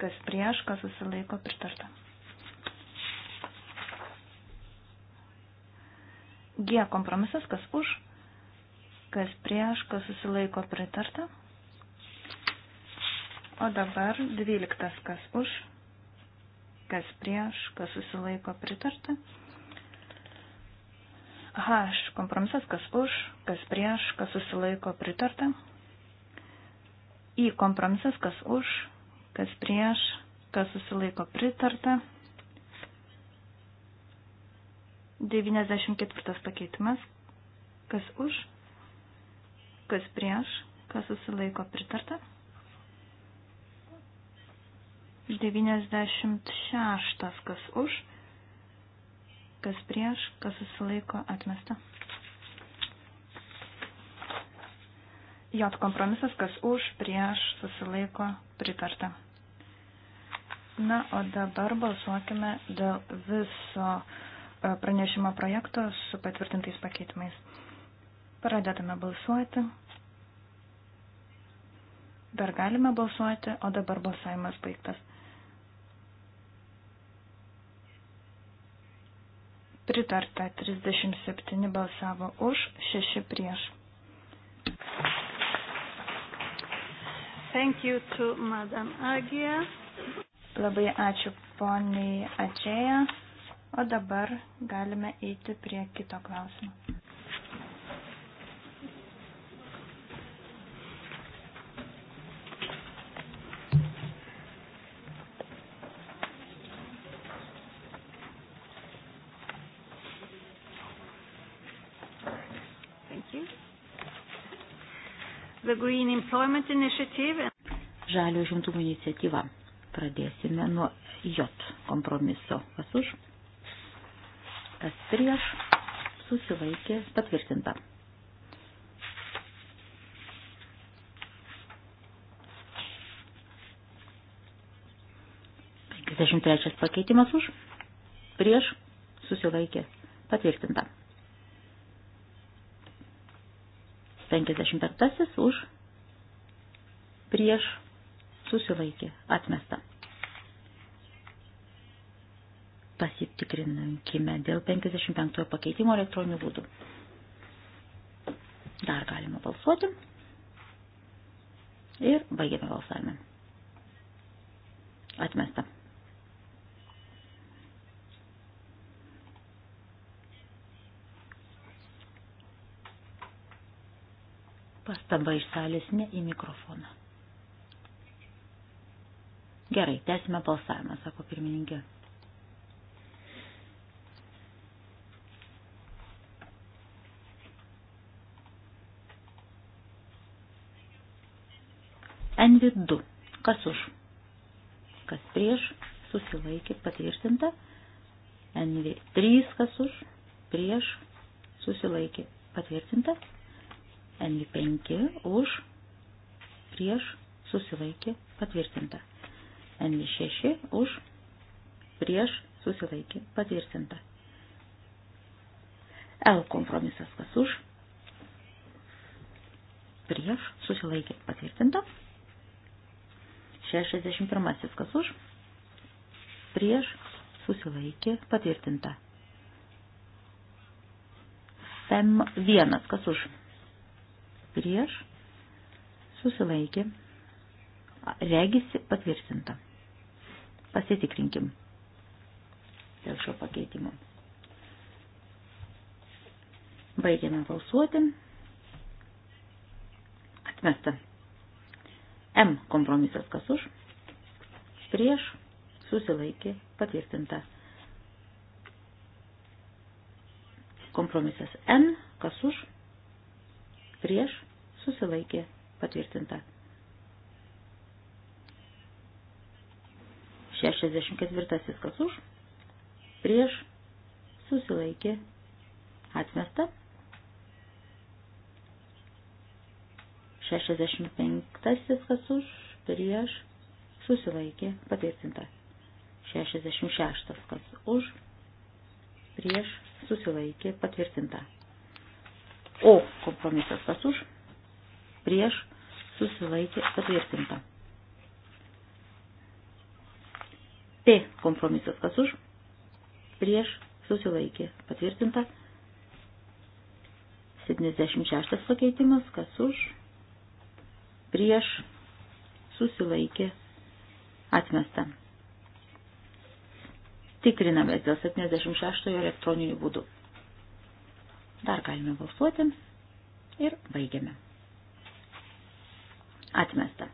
kas prieš, kas susilaiko pritarta. G kompromisas kas už, kas prieš, kas susilaiko pritarta. O dabar dvyliktas, kas už, kas prieš, kas susilaiko pritarta. H, kompromisas, kas už, kas prieš, kas susilaiko pritarta. I, kompromisas, kas už, kas prieš, kas susilaiko pritarta. 94 pakeitimas, kas už, kas prieš, kas susilaiko pritarta. 96. Kas už, kas prieš, kas susilaiko atmesta. J kompromisas, kas už, prieš, susilaiko pritarta. Na, o dabar balsuokime dėl viso e, pranešimo projekto su patvirtintais pakeitimais. Pradedame balsuoti. Dar galime balsuoti, o dabar balsavimas baigtas. pritarta 37 balsavo už, 6 prieš. Thank you to Madam Agia. Labai ačiū poniai Ačėja. O dabar galime eiti prie kito klausimo. Žalio žimtumo iniciatyva. Pradėsime nuo J kompromiso. Kas už? Kas prieš? Susilaikė patvirtinta. Dvidešimt trečias pakeitimas už, prieš, susilaikė, patvirtinta. 55 už prieš susilaikė atmesta. Pasitikrinkime dėl 55 pakeitimo elektroninių būdų. Dar galima balsuoti. Ir baigiame balsavimą. Atmesta. Pastaba iš salės ne į mikrofoną. Gerai, tęsime balsavimą, sako pirmininkė. NV2. Kas už? Kas prieš? Susilaikė patvirtinta. NV3. Kas už? Prieš? Susilaikė patvirtinta. NV5 už, prieš, susilaikė, patvirtinta. NV6 už, prieš, susilaikė, patvirtinta. L kompromisas kas už, prieš, susilaikė, patvirtinta. 61 kas už, prieš, susilaikė, patvirtinta. PM1 kas už, prieš, susilaikė, regisi patvirtinta. Pasitikrinkim dėl šio pakeitimo. Baigiame balsuoti. Atmesta. M kompromisas kas už. Prieš susilaikė patvirtinta. Kompromisas N kas už prieš, susilaikė, patvirtinta. 64 kas už, prieš, susilaikė, atmesta. 65 kas už, prieš, susilaikė, patvirtinta. 66 kas už, prieš, susilaikė, patvirtinta. O kompromisas kas už, prieš, susilaikė, patvirtinta. P kompromisas kas už, prieš, susilaikė, patvirtinta. 76 pakeitimas kas už, prieš, susilaikė, atmesta. Tikrinamės dėl 76 elektroninių būdų. Dar galime balsuoti ir baigiame. Atmesta.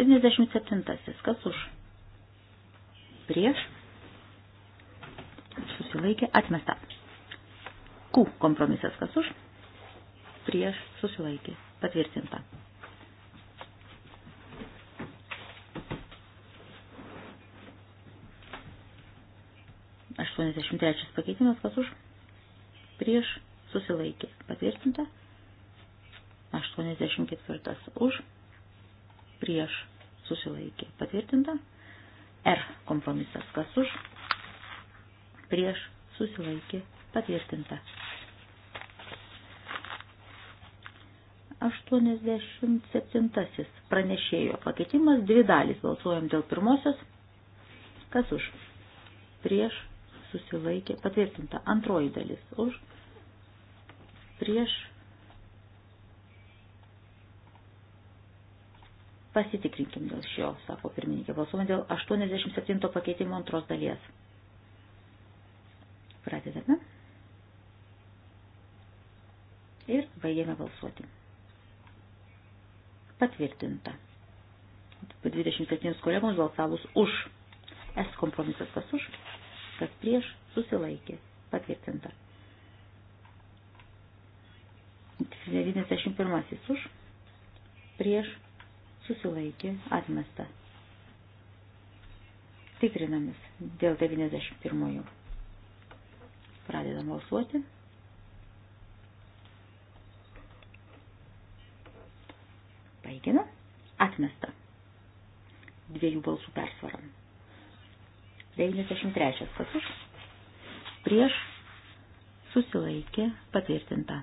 77. Kas už? Prieš. Susilaikė. Atmesta. Q kompromisas. Kas už? Prieš. Susilaikė. Patvirtinta. 83 pakeitimas, kas už, prieš, susilaikė, patvirtinta. 84 už, prieš, susilaikė, patvirtinta. R kompromisas, kas už, prieš, susilaikė, patvirtinta. 87 pranešėjo pakeitimas, dvi dalys balsuojam dėl pirmosios, kas už, prieš, susilaikė, patvirtinta. Antroji dalis už, prieš, pasitikrinkim dėl šio, sako pirmininkė, balsuojame dėl 87 pakeitimo antros dalies. Pradedame. Ir baigėme balsuoti. Patvirtinta. 27 kolegoms balsavus už. S kompromisas kas už, kas prieš, susilaikė, patvirtinta. 91 už, prieš, susilaikė, atmesta. Tikrinamės dėl 91. Pradedam balsuoti. Baigina. Atmesta. Dviejų balsų persvaram. 93. Kas už? Prieš susilaikė patvirtinta.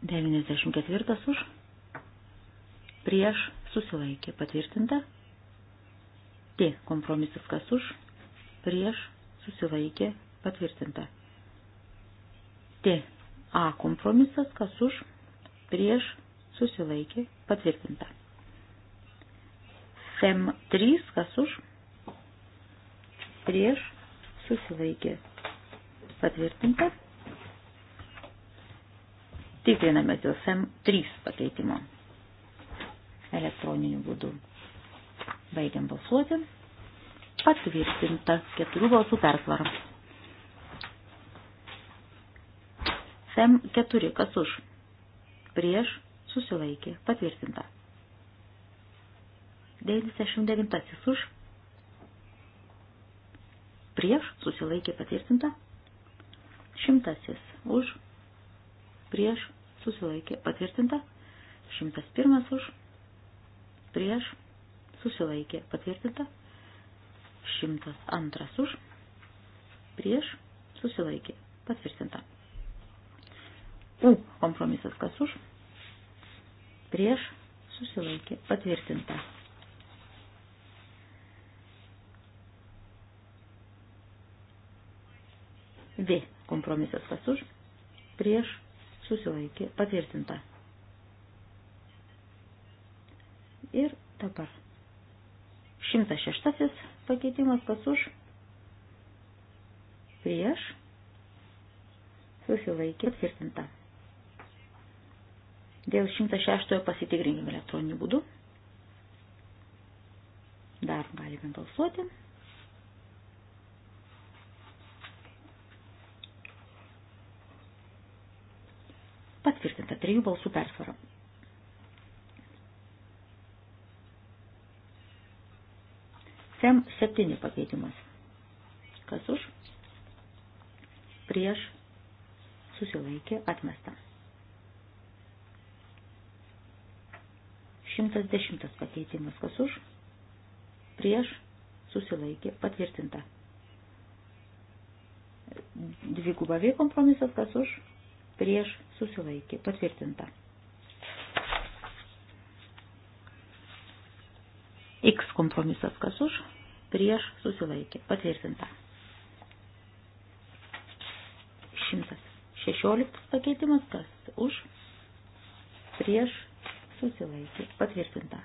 94 už. Prieš susilaikė patvirtinta. T. Kompromisas kas už. Prieš susilaikė patvirtinta. T. A. Kompromisas kas už. Prieš susilaikė patvirtinta. FEM 3, kas už, prieš, susilaikė, patvirtinta. Tikriname dėl FEM 3 pakeitimo elektroniniu būdu. Baigiam balsuoti. Patvirtinta keturių balsų persvara. FEM 4, kas už, prieš, susilaikė, patvirtinta. 99 už, prieš, susilaikė patvirtinta, šimtasis už, prieš, susilaikė patvirtinta, šimtas pirmas už, prieš, susilaikė patvirtinta, šimtas antras už, prieš, susilaikė patvirtinta. U kompromisas kas už, prieš, susilaikė patvirtinta. V. Kompromisas kas už, prieš, susilaikė, patvirtinta. Ir dabar. 106 pakeitimas kas už, prieš, susilaikė, patvirtinta. Dėl 106 pasitikrinkime elektroniniu būdu. Dar galime balsuoti. patvirtinta trijų balsų persvara. FEM 7 pakeitimas. Kas už? Prieš susilaikė atmesta. 110 pakeitimas. Kas už? Prieš susilaikė patvirtinta. Dvigubavė kompromisas. Kas už? prieš susilaikė patvirtinta. X kompromisas kas už, prieš susilaikė patvirtinta. 116 pakeitimas kas už, prieš susilaikė patvirtinta.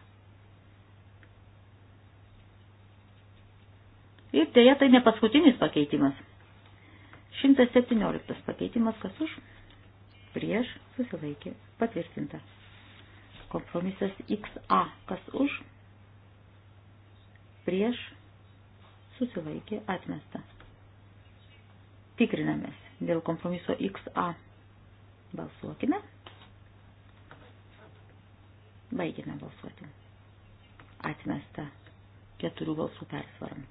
Ir dėja tai ne paskutinis pakeitimas. 117 pakeitimas kas už, prieš susilaikė patvirtinta. Kompromisas XA, kas už, prieš susilaikė atmesta. Tikrinamės dėl kompromiso XA. Balsuokime. Baigime balsuoti. Atmesta keturių balsų persvaram.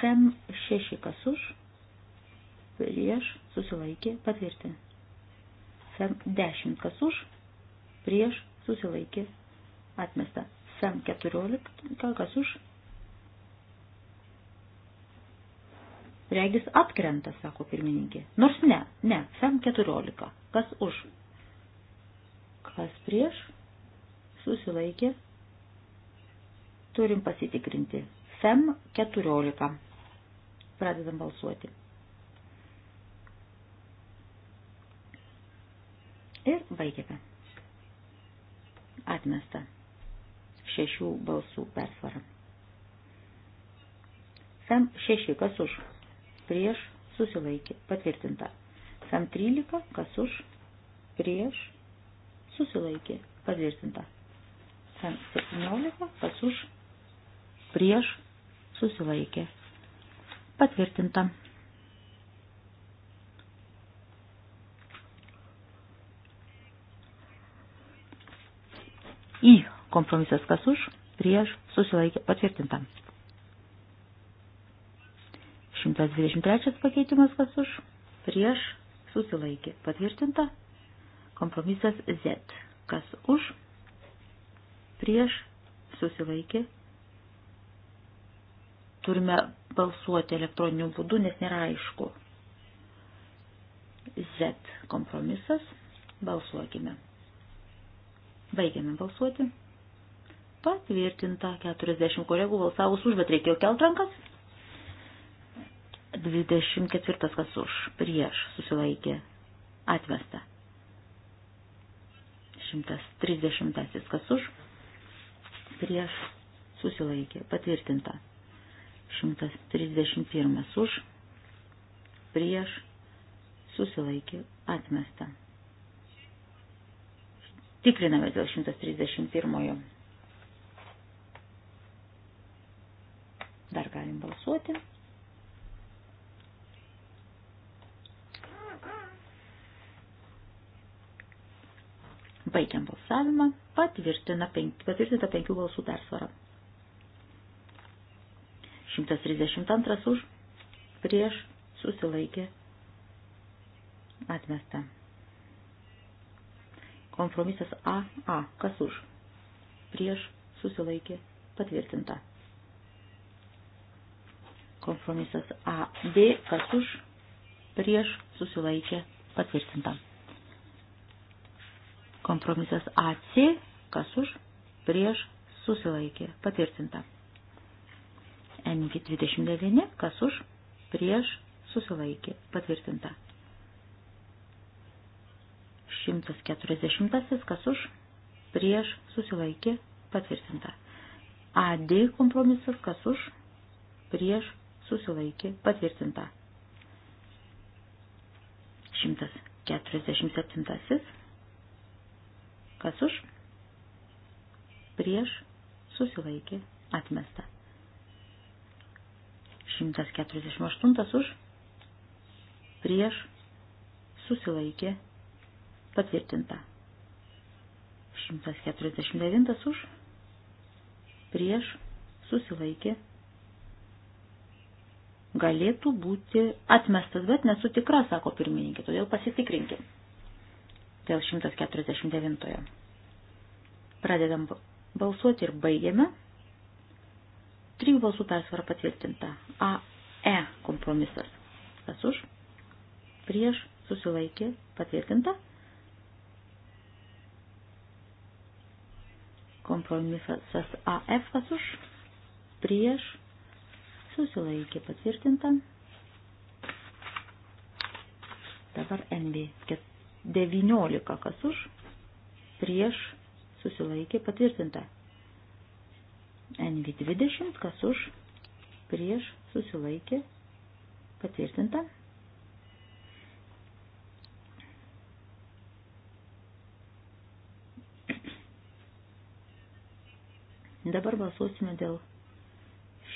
Fem šeši kas už prieš, susilaikė, patvirtinti. Fem 10, kas už, prieš, susilaikė, atmesta. Fem 14, kas už, regis atkrenta, sako pirmininkė. Nors ne, ne, Fem 14, kas už, kas prieš, susilaikė, turim pasitikrinti. Fem 14. Pradedam balsuoti. Baigėme. Atmesta. Šešių balsų persvara. Sam šeši, kas už? Prieš susilaikė. Patvirtinta. Sam trylika, kas už? Prieš susilaikė. Patvirtinta. Sam septyniolika, kas už? Prieš susilaikė. Patvirtinta. į kompromisas kas už, prieš, susilaikė patvirtinta. 123 pakeitimas kas už, prieš, susilaikė patvirtinta. Kompromisas Z. Kas už, prieš, susilaikė. Turime balsuoti elektroniniu būdu, nes nėra aišku. Z kompromisas. Balsuokime. Baigiame balsuoti. Patvirtinta 40 kolegų balsavus už, bet reikėjo kelt rankas. 24 kas už, prieš susilaikė, atmesta. 130 kas už, prieš susilaikė, patvirtinta. 131 už, prieš susilaikė, atmesta. Tikriname dėl 131. Dar galim balsuoti. Baigiam balsavimą. Patvirtina penk, patvirtinta penkių balsų persvara. 132 už prieš susilaikė atmesta. Kompromisas AA. Kas už? Prieš susilaikė patvirtinta. Kompromisas AD. Kas už? Prieš susilaikė patvirtinta. Kompromisas AC. Kas už? Prieš susilaikė patvirtinta. NG29. Kas už? Prieš susilaikė patvirtinta. 140, kas už, prieš, susilaikė, patvirtinta. AD kompromisas, kas už, prieš, susilaikė, patvirtinta. 147, kas už, prieš, susilaikė, atmesta. 148 už, prieš, susilaikė, atmesta Patvirtinta. 149 už. Prieš. Susilaikė. Galėtų būti atmestas, bet nesu tikra, sako pirmininkė, todėl pasitikrinkim. Dėl 149. Pradedam balsuoti ir baigiame. Trijų balsų persvara patvirtinta. A, E kompromisas. Kas už? Prieš susilaikė patvirtinta. Kompromisas AF kas už, prieš, susilaikė patvirtinta. Dabar NB 19 kas už, prieš, susilaikė patvirtinta. NV20 kas už, prieš, susilaikė patvirtinta. Dabar balsuosime dėl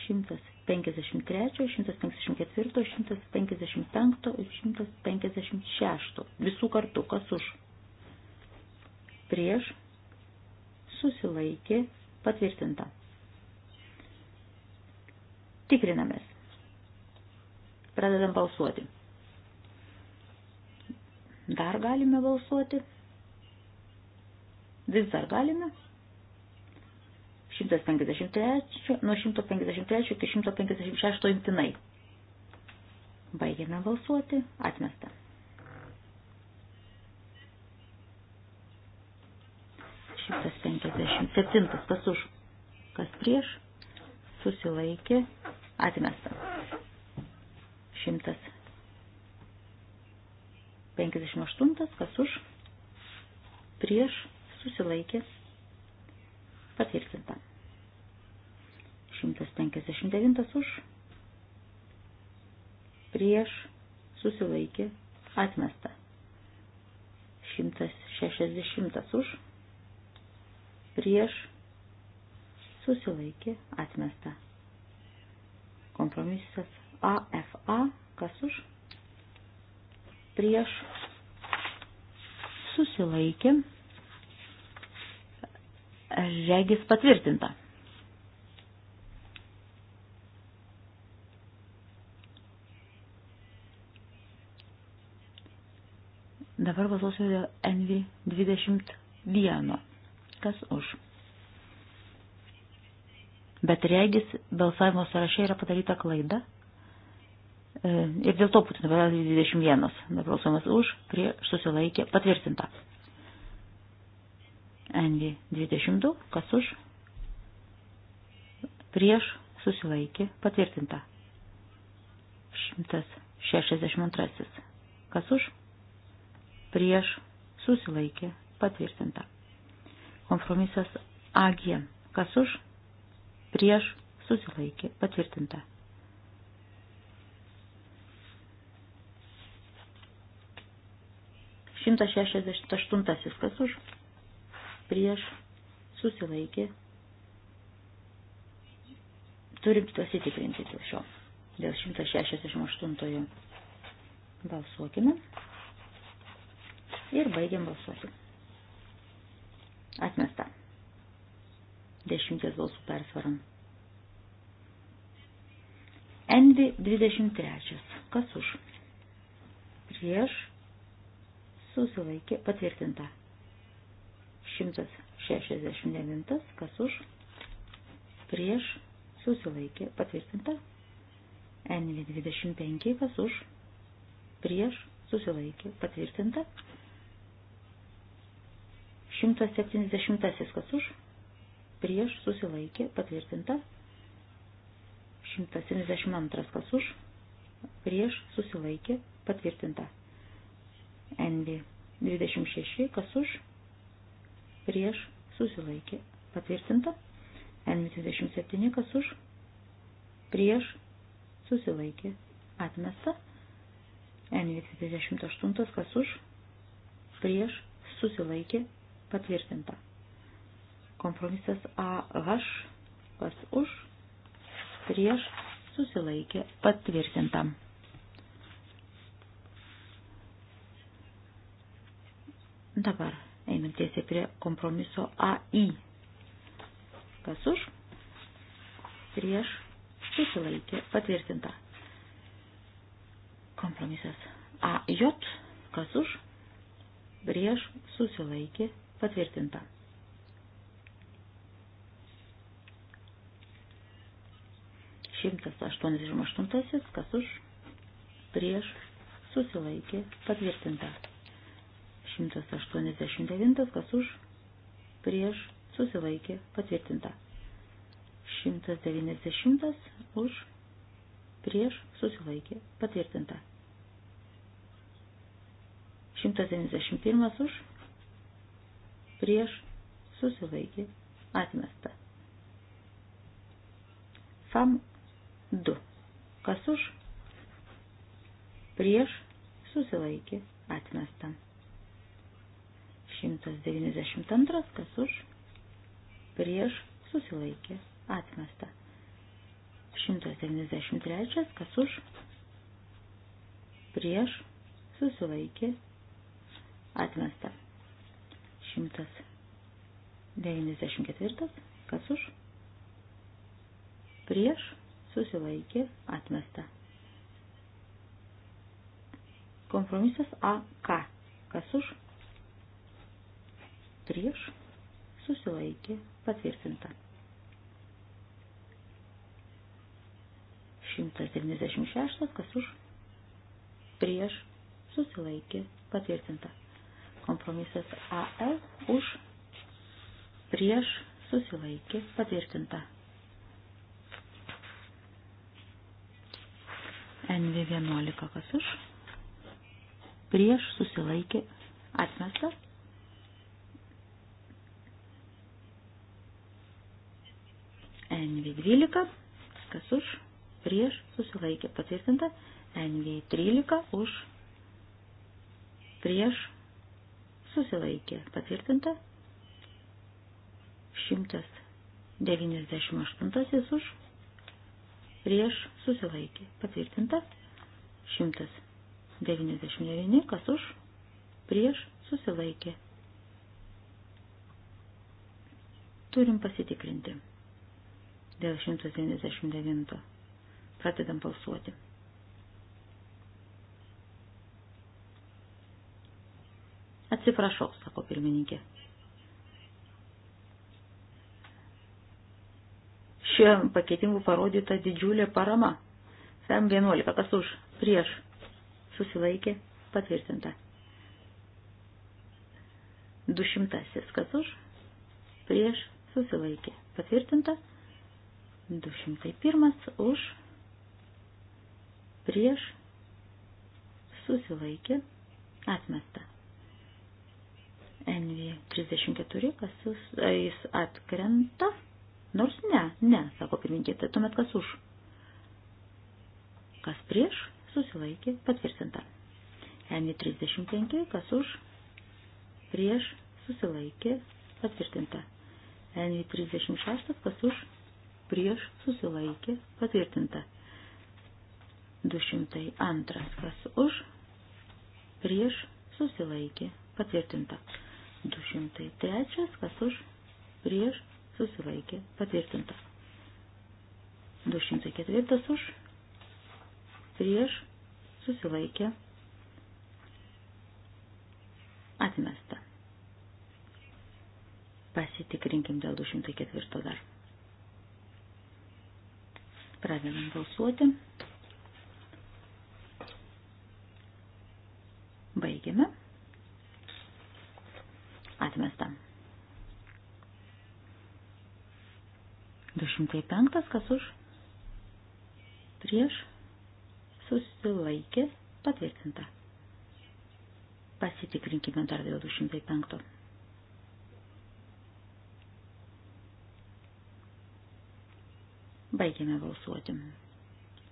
153, 154, 155 ir 156. Visų kartų, kas už. Prieš susilaikė patvirtinta. Tikrinamės. Pradedam balsuoti. Dar galime balsuoti. Vis dar galime. 153, nuo 153 iki 156 imtinai. Baigiame balsuoti. Atmesta. Šimtas penkiasdešimt septintas. Kas už? Kas prieš? Susilaikė. Atmesta. Šimtas penkiasdešimt aštuntas. Kas už? Prieš? Susilaikė. Patvirtinta. 159 už, prieš, susilaikė, atmesta. 160 už, prieš, susilaikė, atmesta. Kompromisas AFA, kas už, prieš, susilaikė, regis patvirtinta. Dabar balsuosiu dėl Envy 21. Kas už? Bet regis balsavimo sąraše yra padaryta klaida. E, ir dėl to būtent dabar 21. Dabar balsuojamas už, prie susilaikė, patvirtinta. Envy 22. Kas už? Prieš susilaikė, patvirtinta. 162. Kas už? prieš susilaikė patvirtinta. Kompromisas AG, kas už, prieš susilaikė patvirtinta. Šimtas šešiasdešimt aštuntasis, kas už, prieš susilaikė. Turim pasitikrinti dėl šio, dėl 168. Balsuokime ir baigiam balsuoti. Atmesta. Dešimties balsų persvaram. Envi 23. Kas už? Prieš susilaikė patvirtinta. 169. Kas už? Prieš susilaikė patvirtinta. Envi 25. Kas už? Prieš susilaikė patvirtinta. 170 kas už, prieš susilaikė patvirtinta. 172 kas už, prieš susilaikė patvirtinta. NB 26 kas už, prieš susilaikė patvirtinta. NB 27 kas už, prieš susilaikė atmesta. NV 28 kas už, prieš susilaikė Patvirtinta. Kompromisas AH, kas už, prieš, susilaikė, patvirtinta. Dabar einam tiesiai prie kompromiso AI. Kas už, prieš, susilaikė, patvirtinta. Kompromisas AJ, kas už, prieš, susilaikė, patvirtinta Patvirtinta. Šimtas aštuoniasdešimt aštuntasis, kas už, prieš, susilaikė, patvirtinta. Šimtas aštuoniasdešimt devintas, kas už, prieš, susilaikė, patvirtinta. Šimtas devyniasdešimtas, už, prieš, susilaikė, patvirtinta. 191 už, prieš susilaikė atmesta. FAM 2. Kas už? Prieš susilaikė atmesta. 192. Kas už? Prieš susilaikė atmesta. 193. Kas už? Prieš susilaikė atmesta. 194. Kas už? Prieš susilaikė atmesta. Kompromisas AK. Kas už? Prieš susilaikė patvirtinta. 196. Kas už? Prieš susilaikė patvirtinta. Kompromisas AL už prieš susilaikė patvirtinta. NV11 kas už prieš susilaikė atmesta. NV12 kas už prieš susilaikė patvirtinta. NV13 už prieš susilaikė patvirtinta. 198 už prieš susilaikė patvirtinta. 199 kas už prieš susilaikė. Turim pasitikrinti. Dėl 199. Pradedam balsuoti. Atsiprašau, sako pirmininkė. Šiam pakeitimu parodyta didžiulė parama. Sam 11, kas už, prieš, susilaikė, patvirtinta. Dušimtasis, kas už, prieš, susilaikė, patvirtinta. 201 už, prieš, susilaikė, atmesta. NV34, kas jis, e, jis atkrenta? Nors ne, ne, sako pirmininkė, tai tuomet kas už? Kas prieš? Susilaikė, patvirtinta. NV35, kas už? Prieš, susilaikė, patvirtinta. NV36, kas už? Prieš, susilaikė, patvirtinta. 202, kas už? Prieš, susilaikė, patvirtinta. 203, kas už, prieš, susilaikė, patvirtinta. 204 už, prieš, susilaikė, atmesta. Pasitikrinkim dėl 204 dar. Pradedam balsuoti. 205, kas už, prieš, susilaikė, patvirtinta. Pasitikrinkime dar dėl 205. Baigėme balsuoti.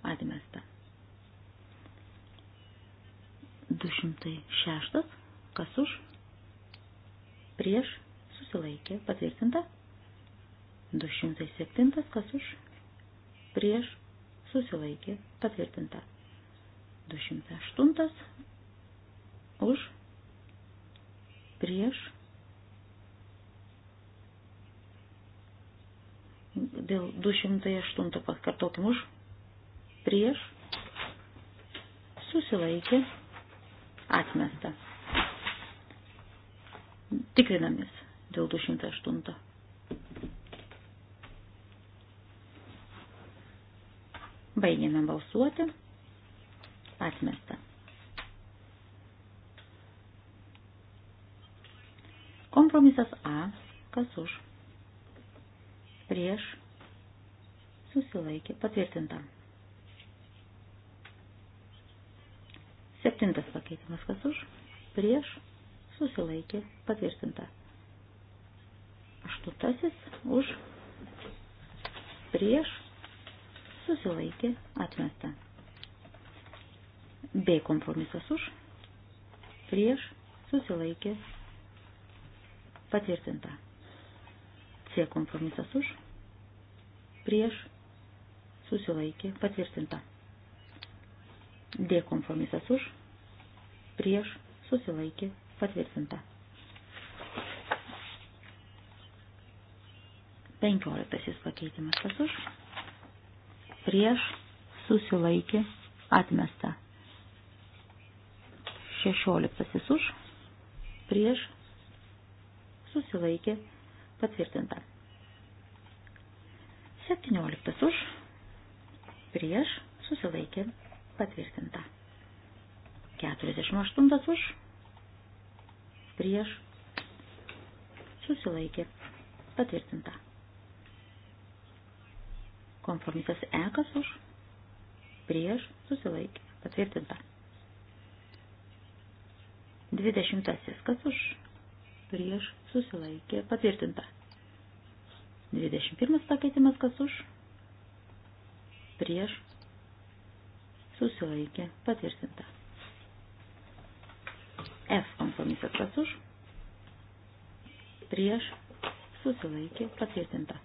Atmesta. 206, kas už, prieš, susilaikė, patvirtinta. 207 kas už prieš susilaikė patvirtinta. 208 už prieš dėl 208 pakartokim už prieš susilaikė atmesta. Tikrinamės dėl 208. Baigėme balsuoti. Atmesta. Kompromisas A. Kas už? Prieš. Susilaikė. Patvirtinta. Septintas pakeitimas. Kas už? Prieš. Susilaikė. Patvirtinta. Aštuntasis. Už. Prieš susilaikė atmesta. B kompromisas už, prieš, susilaikė, patvirtinta. C kompromisas už, prieš, susilaikė, patvirtinta. D kompromisas už, prieš, susilaikė, patvirtinta. 15 pakeitimas kas už prieš, susilaikė, atmesta. 16 už, prieš, susilaikė, patvirtinta. 17 už, prieš, susilaikė, patvirtinta. 48 už, prieš, susilaikė, patvirtinta. Kompromisas E kas už, prieš, susilaikė, patvirtinta. Dvidešimtasis kas už, prieš, susilaikė, patvirtinta. Dvidešimt pirmas pakeitimas kas už, prieš, susilaikė, patvirtinta. F kompromisas kas už, prieš, susilaikė, patvirtinta.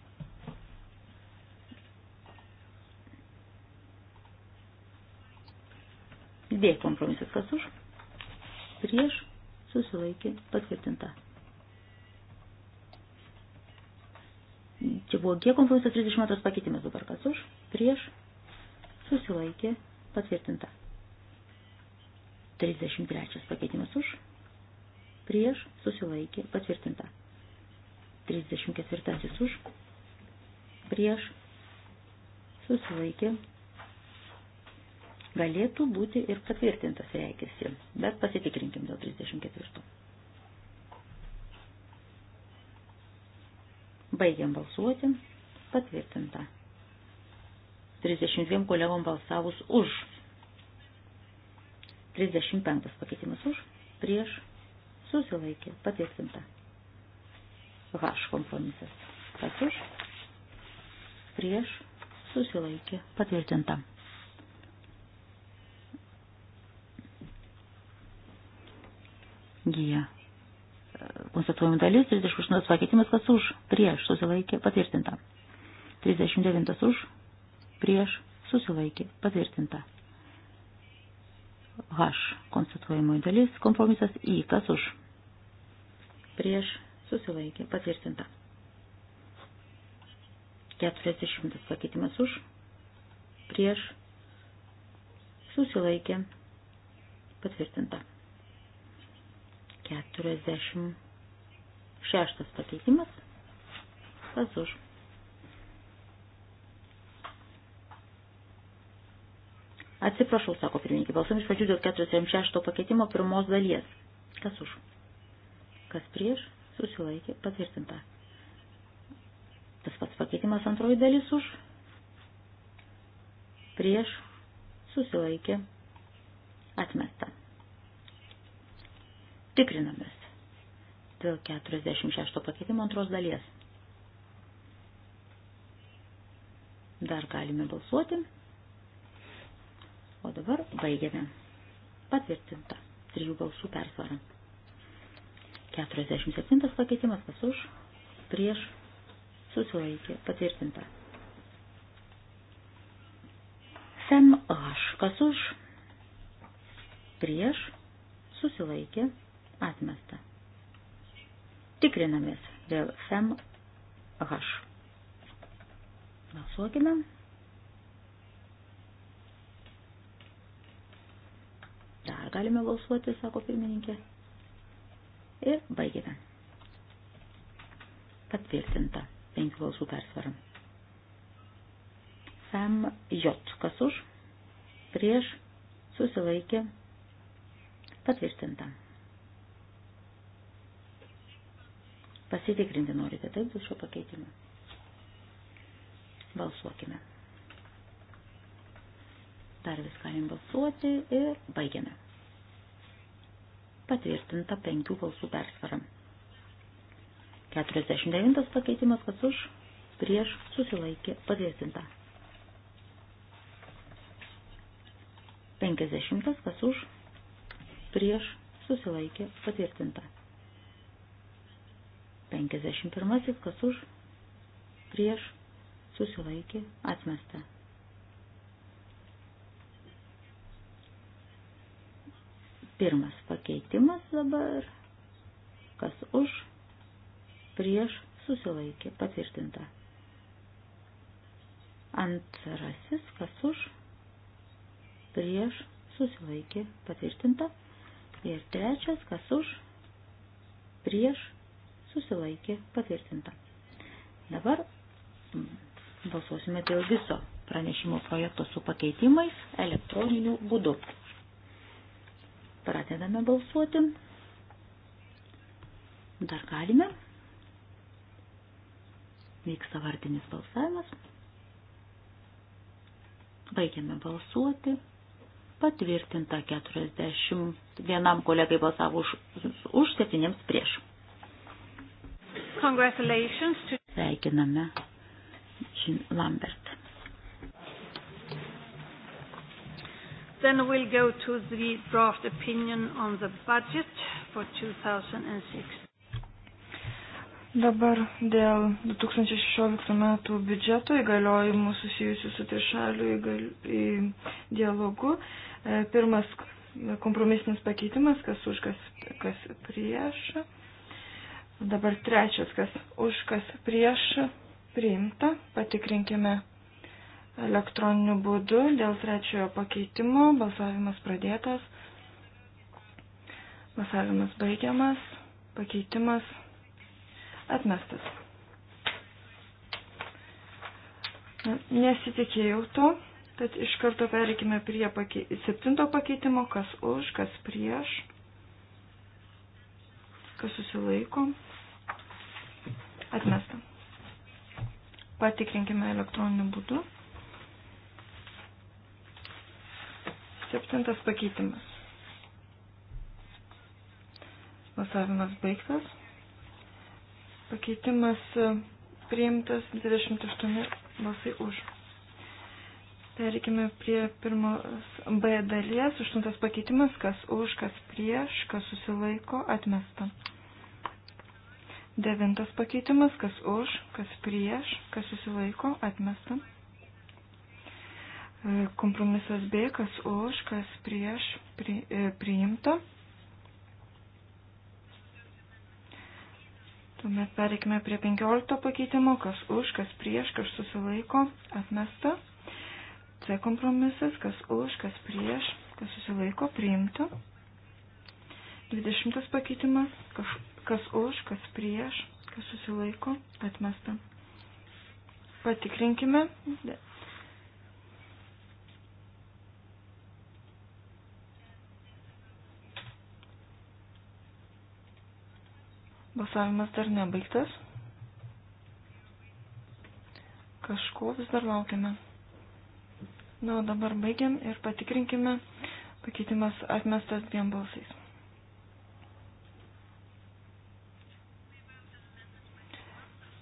D kompromisas kas už, prieš, susilaikė, patvirtinta. Čia buvo G kompromisas 32 pakeitimas dabar kas už, prieš, susilaikė, patvirtinta. 33 pakeitimas už, prieš, susilaikė, patvirtinta. 34 už, prieš, susilaikė, galėtų būti ir patvirtintas reikėsi, bet pasitikrinkim dėl 34. Baigiam balsuoti, patvirtinta. 32 kolegom balsavus už. 35 pakeitimas už, prieš, susilaikė, patvirtinta. H kompromisas. Kas už, prieš, susilaikė, patvirtinta. G. Konstatuojama dalis, 38 pakeitimas, kas už, prieš, susilaikė, patvirtinta. 39 už, prieš, susilaikė, patvirtinta. H. Konstatuojamoji dalis, kompromisas I, kas už, prieš, susilaikė, patvirtinta. 40 pakeitimas už, prieš, susilaikė, patvirtinta. 46 pakeitimas. Kas už? Atsiprašau, sako pirmininkė, balsam iš pradžių dėl 46 pakeitimo pirmos dalies. Kas už? Kas prieš? Susilaikė, patvirtinta. Tas pats pakeitimas antroji dalis už. Prieš. Susilaikė. Atmesta. Tikrinamės dėl 46 pakeitimo antros dalies. Dar galime balsuoti. O dabar baigiame. Patvirtinta. Trijų balsų persvara. 47 pakeitimas kas už, prieš, susilaikė, patvirtinta. Fem aš kas už, prieš, susilaikė, atmesta. Tikrinamės dėl FEM H. Balsuokime. Dar galime balsuoti, sako pirmininkė. Ir baigėme. Patvirtinta. 5 balsų persvara. Sam J. Kas už? Prieš susilaikė patvirtinta. Pasitikrinti norite taip dėl šio pakeitimo. Balsuokime. Dar vis galim balsuoti ir baigiame. Patvirtinta penkių balsų persvara. 49 pakeitimas, kas už, prieš, susilaikė, patvirtinta. 50 kas už, prieš, susilaikė, patvirtinta. 51. Kas už? Prieš. Susilaikė. Atmesta. Pirmas pakeitimas dabar. Kas už? Prieš. Susilaikė. Patvirtinta. Antrasis. Kas už? Prieš. Susilaikė. Patvirtinta. Ir trečias. Kas už? Prieš susilaikė patvirtinta. Dabar mm, balsuosime dėl viso pranešimo projekto su pakeitimais elektroniniu būdu. Pradedame balsuoti. Dar galime. Vyksta vardinis balsavimas. Baigiame balsuoti. Patvirtinta 41 kolegai balsavo už, už 7 prieš. Congratulations to... Sveikiname Jean Lambert. Then we'll go to the draft opinion on the budget for 2006. Dabar dėl 2016 metų biudžeto įgaliojimų susijusių su trišaliu įgal... į dialogu. E, pirmas kompromisinis pakeitimas, kas už, kas, kas prieš Dabar trečias, kas už, kas prieš priimta. Patikrinkime elektroniniu būdu dėl trečiojo pakeitimo. Balsavimas pradėtas. Balsavimas baigiamas. Pakeitimas atmestas. Nesitikėjau to, tad iš karto perikime prie pakei... septinto pakeitimo, kas už, kas prieš, kas susilaiko. Atmesta. Patikrinkime elektroniniu būdu. Septintas pakeitimas. Balsavimas baigtas. Pakeitimas e, priimtas 28 balsai už. Pereikime prie pirmos B dalies, aštuntas pakeitimas, kas už, kas prieš, kas susilaiko, atmesta. Devintas pakeitimas, kas už, kas prieš, kas susilaiko, atmesta. E, kompromisas B, kas už, kas prieš, pri, e, priimta. Tuomet pereikime prie 15 pakeitimo, kas už, kas prieš, kas susilaiko, atmesta. C kompromisas, kas už, kas prieš, kas susilaiko, priimta. 20 pakeitimas, kas Kas už, kas prieš, kas susilaiko, atmesta. Patikrinkime. Balsavimas dar nebaigtas. Kažko vis dar laukiame. Na, o dabar baigiam ir patikrinkime. Pakeitimas atmestas dviem balsais.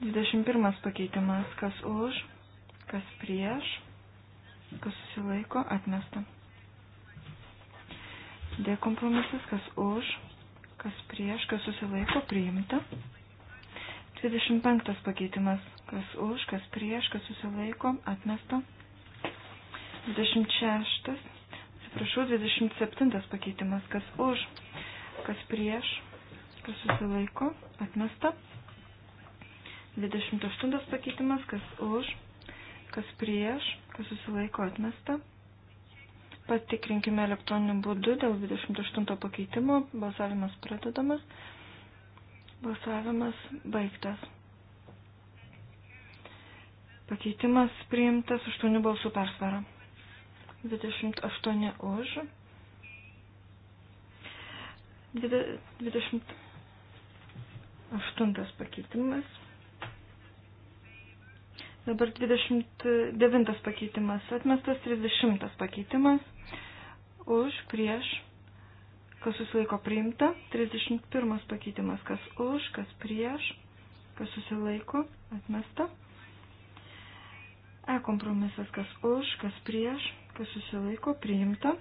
21 pakeitimas, kas už, kas prieš, kas susilaiko, atmesta. D kompromisas, kas už, kas prieš, kas susilaiko, priimta. 25 pakeitimas, kas už, kas prieš, kas susilaiko, atmesta. 26, atsiprašau, 27 pakeitimas, kas už, kas prieš, kas susilaiko, atmesta. 28 pakeitimas, kas už, kas prieš, kas susilaiko atmesta. Patikrinkime elektroniniu būdu dėl 28 pakeitimo. Balsavimas pradedamas. Balsavimas baigtas. Pakeitimas priimtas 8 balsų persvarą. 28 už. 28 pakeitimas. Dabar 29 pakeitimas atmestas, 30 pakeitimas už, prieš, kas susilaiko priimta, 31 pakeitimas kas už, kas prieš, kas susilaiko atmesta. E kompromisas kas už, kas prieš, kas susilaiko priimta.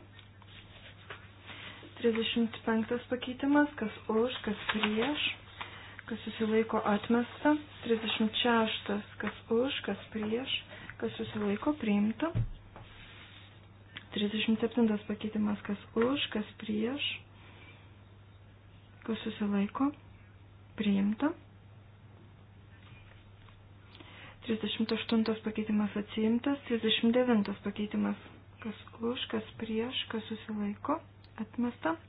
35 pakeitimas kas už, kas prieš, kas susilaiko atmesta, 36, kas už, kas prieš, kas susilaiko priimta, 37 pakeitimas, kas už, kas prieš, kas susilaiko priimta, 38 pakeitimas atsiimtas, 39 pakeitimas, kas už, kas prieš, kas susilaiko atmesta.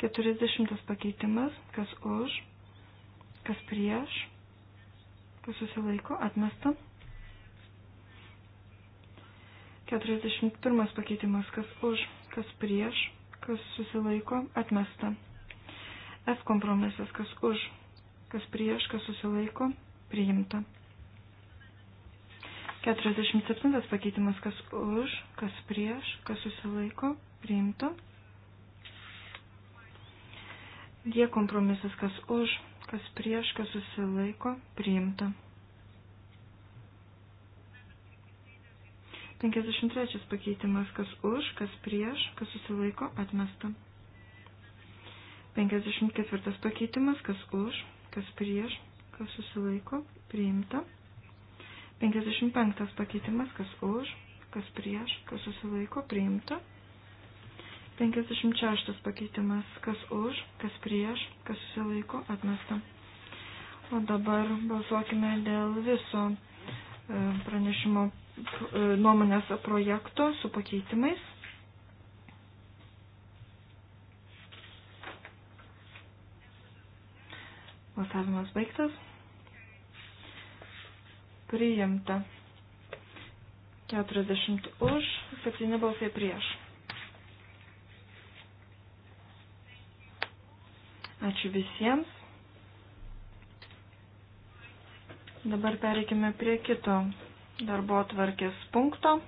40 pakeitimas, kas už, kas prieš, kas susilaiko, atmesta. 41 pakeitimas, kas už, kas prieš, kas susilaiko, atmesta. F kompromisas, kas už, kas prieš, kas susilaiko, priimta. 47 pakeitimas, kas už, kas prieš, kas susilaiko, priimta. Jie kompromisas, kas už, kas prieš, kas susilaiko, priimta. 53 pakeitimas, kas už, kas prieš, kas susilaiko, atmesta. 54 pakeitimas, kas už, kas prieš, kas susilaiko, priimta. 55 pakeitimas, kas už, kas prieš, kas susilaiko, priimta. 56 pakeitimas, kas už, kas prieš, kas susilaiko, atmesta. O dabar balsuokime dėl viso e, pranešimo e, nuomonės projekto su pakeitimais. Balsavimas baigtas. Priimta. 40 už, 7 balsai prieš. Ačiū visiems. Dabar pereikime prie kito darbo atvarkės punkto.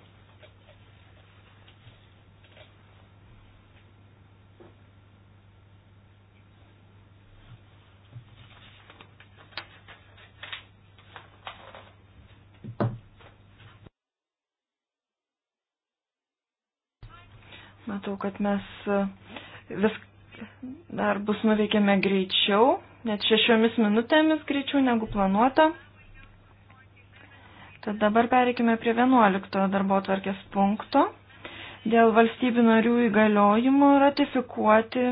Matau, kad mes vis Darbus nuveikėme greičiau, net šešiomis minutėmis greičiau negu planuota. Tad dabar pereikime prie 11 darbo tvarkės punkto dėl valstybių narių įgaliojimų ratifikuoti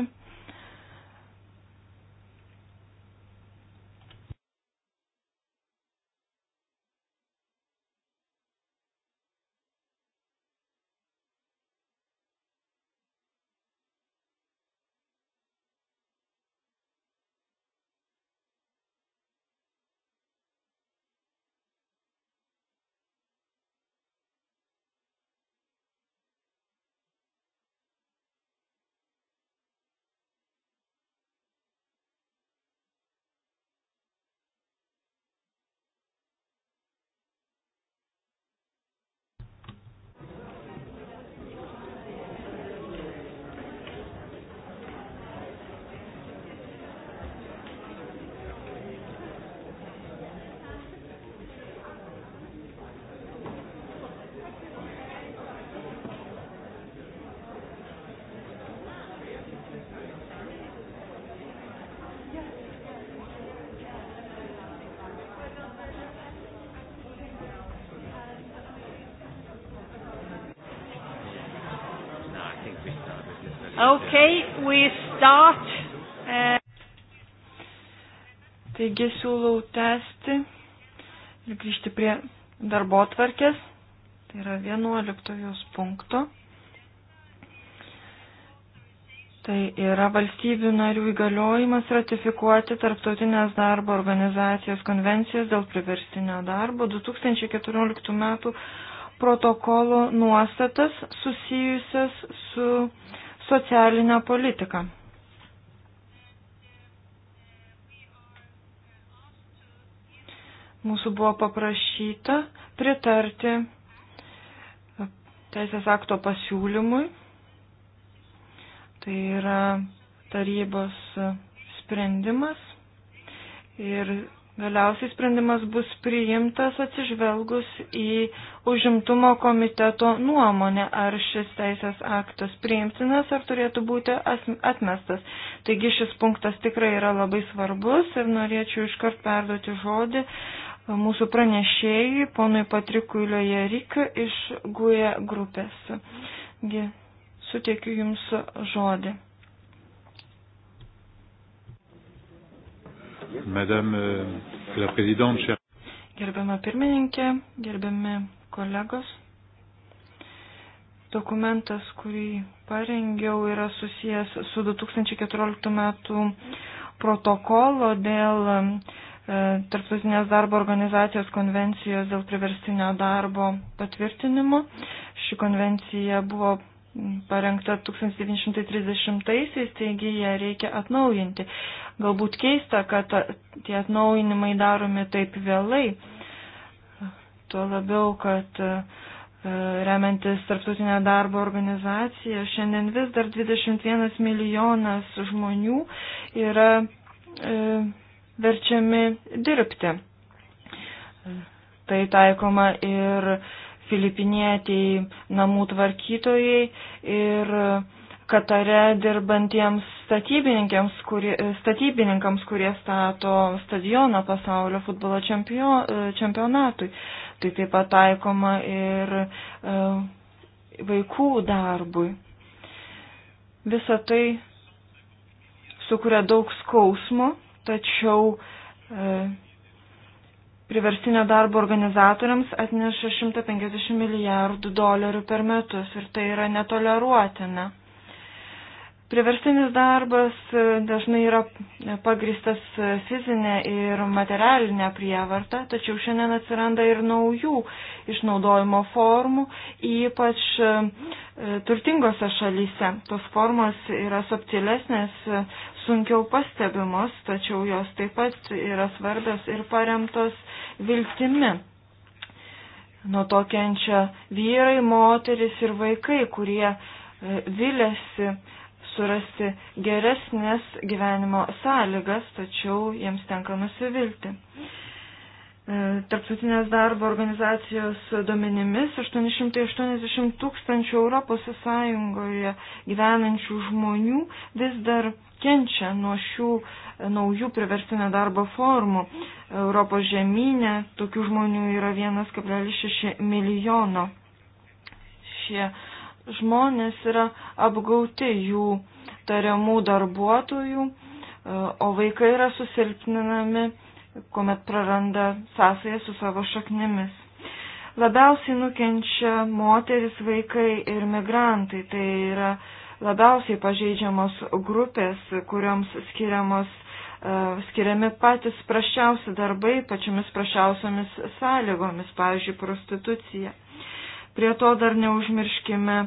Okay, we start. Uh, Taigi siūlau tęsti ir grįžti prie darbo tvarkės. Tai yra 11 jos punkto. Tai yra valstybių narių įgaliojimas ratifikuoti Tarptautinės darbo organizacijos konvencijos dėl priverstinio darbo 2014 m. protokolo nuostatas susijusias su socialinę politiką. Mūsų buvo paprašyta pritarti teisės akto pasiūlymui. Tai yra tarybos sprendimas ir Galiausiai sprendimas bus priimtas atsižvelgus į užimtumo komiteto nuomonę, ar šis teisės aktas priimtinas, ar turėtų būti atmestas. Taigi šis punktas tikrai yra labai svarbus ir norėčiau iškart perduoti žodį mūsų pranešėjui, ponui Patrikui Liojerik iš GUE grupės. Gi, suteikiu Jums žodį. Madame euh, la Présidente. Gerbiama pirmininkė, gerbiami kolegos. Dokumentas, kurį parengiau, yra susijęs su 2014 metų protokolo dėl e, Tarptautinės darbo organizacijos konvencijos dėl priverstinio darbo patvirtinimo. Ši konvencija buvo parengta 1930-aisiais, taigi ją reikia atnaujinti. Galbūt keista, kad tie atnaujinimai daromi taip vėlai, tuo labiau, kad e, remiantis tarptautinę darbo organizaciją, šiandien vis dar 21 milijonas žmonių yra e, verčiami dirbti. Tai taikoma ir e, filipinietiai namų tvarkytojai ir Katare dirbantiems statybininkams, kurie, statybininkams, kurie stato stadioną pasaulio futbolo čempio, čempionatui. Tai taip pat taikoma ir e, vaikų darbui. Visa tai sukuria daug skausmo, tačiau e, priverstinio darbo organizatoriams atneša 150 milijardų dolerių per metus ir tai yra netoleruotina. Priverstinis darbas e, dažnai yra pagristas fizinė ir materialinė prievarta, tačiau šiandien atsiranda ir naujų išnaudojimo formų, ypač e, turtingose šalyse. Tos formos yra subtilesnės, e, sunkiau pastebimos, tačiau jos taip pat yra svarbios ir paremtos viltimi. Nuo to kenčia vyrai, moteris ir vaikai, kurie e, vilėsi surasti geresnės gyvenimo sąlygas, tačiau jiems tenka nusivilti. E, tarptautinės darbo organizacijos duomenimis 880 tūkstančių Europos Sąjungoje gyvenančių žmonių vis dar kenčia nuo šių uh, naujų priverstinio darbo formų. Europos žemynė tokių žmonių yra 1,6 milijono. Šie žmonės yra apgauti jų tariamų darbuotojų, o vaikai yra susilpninami, kuomet praranda sąsąją su savo šaknimis. Labiausiai nukenčia moteris, vaikai ir migrantai. Tai yra labiausiai pažeidžiamos grupės, kuriams skiriamos E, skiriami patys prašiausi darbai pačiomis prašiausiamis sąlygomis, pavyzdžiui, prostitucija. Prie to dar neužmirškime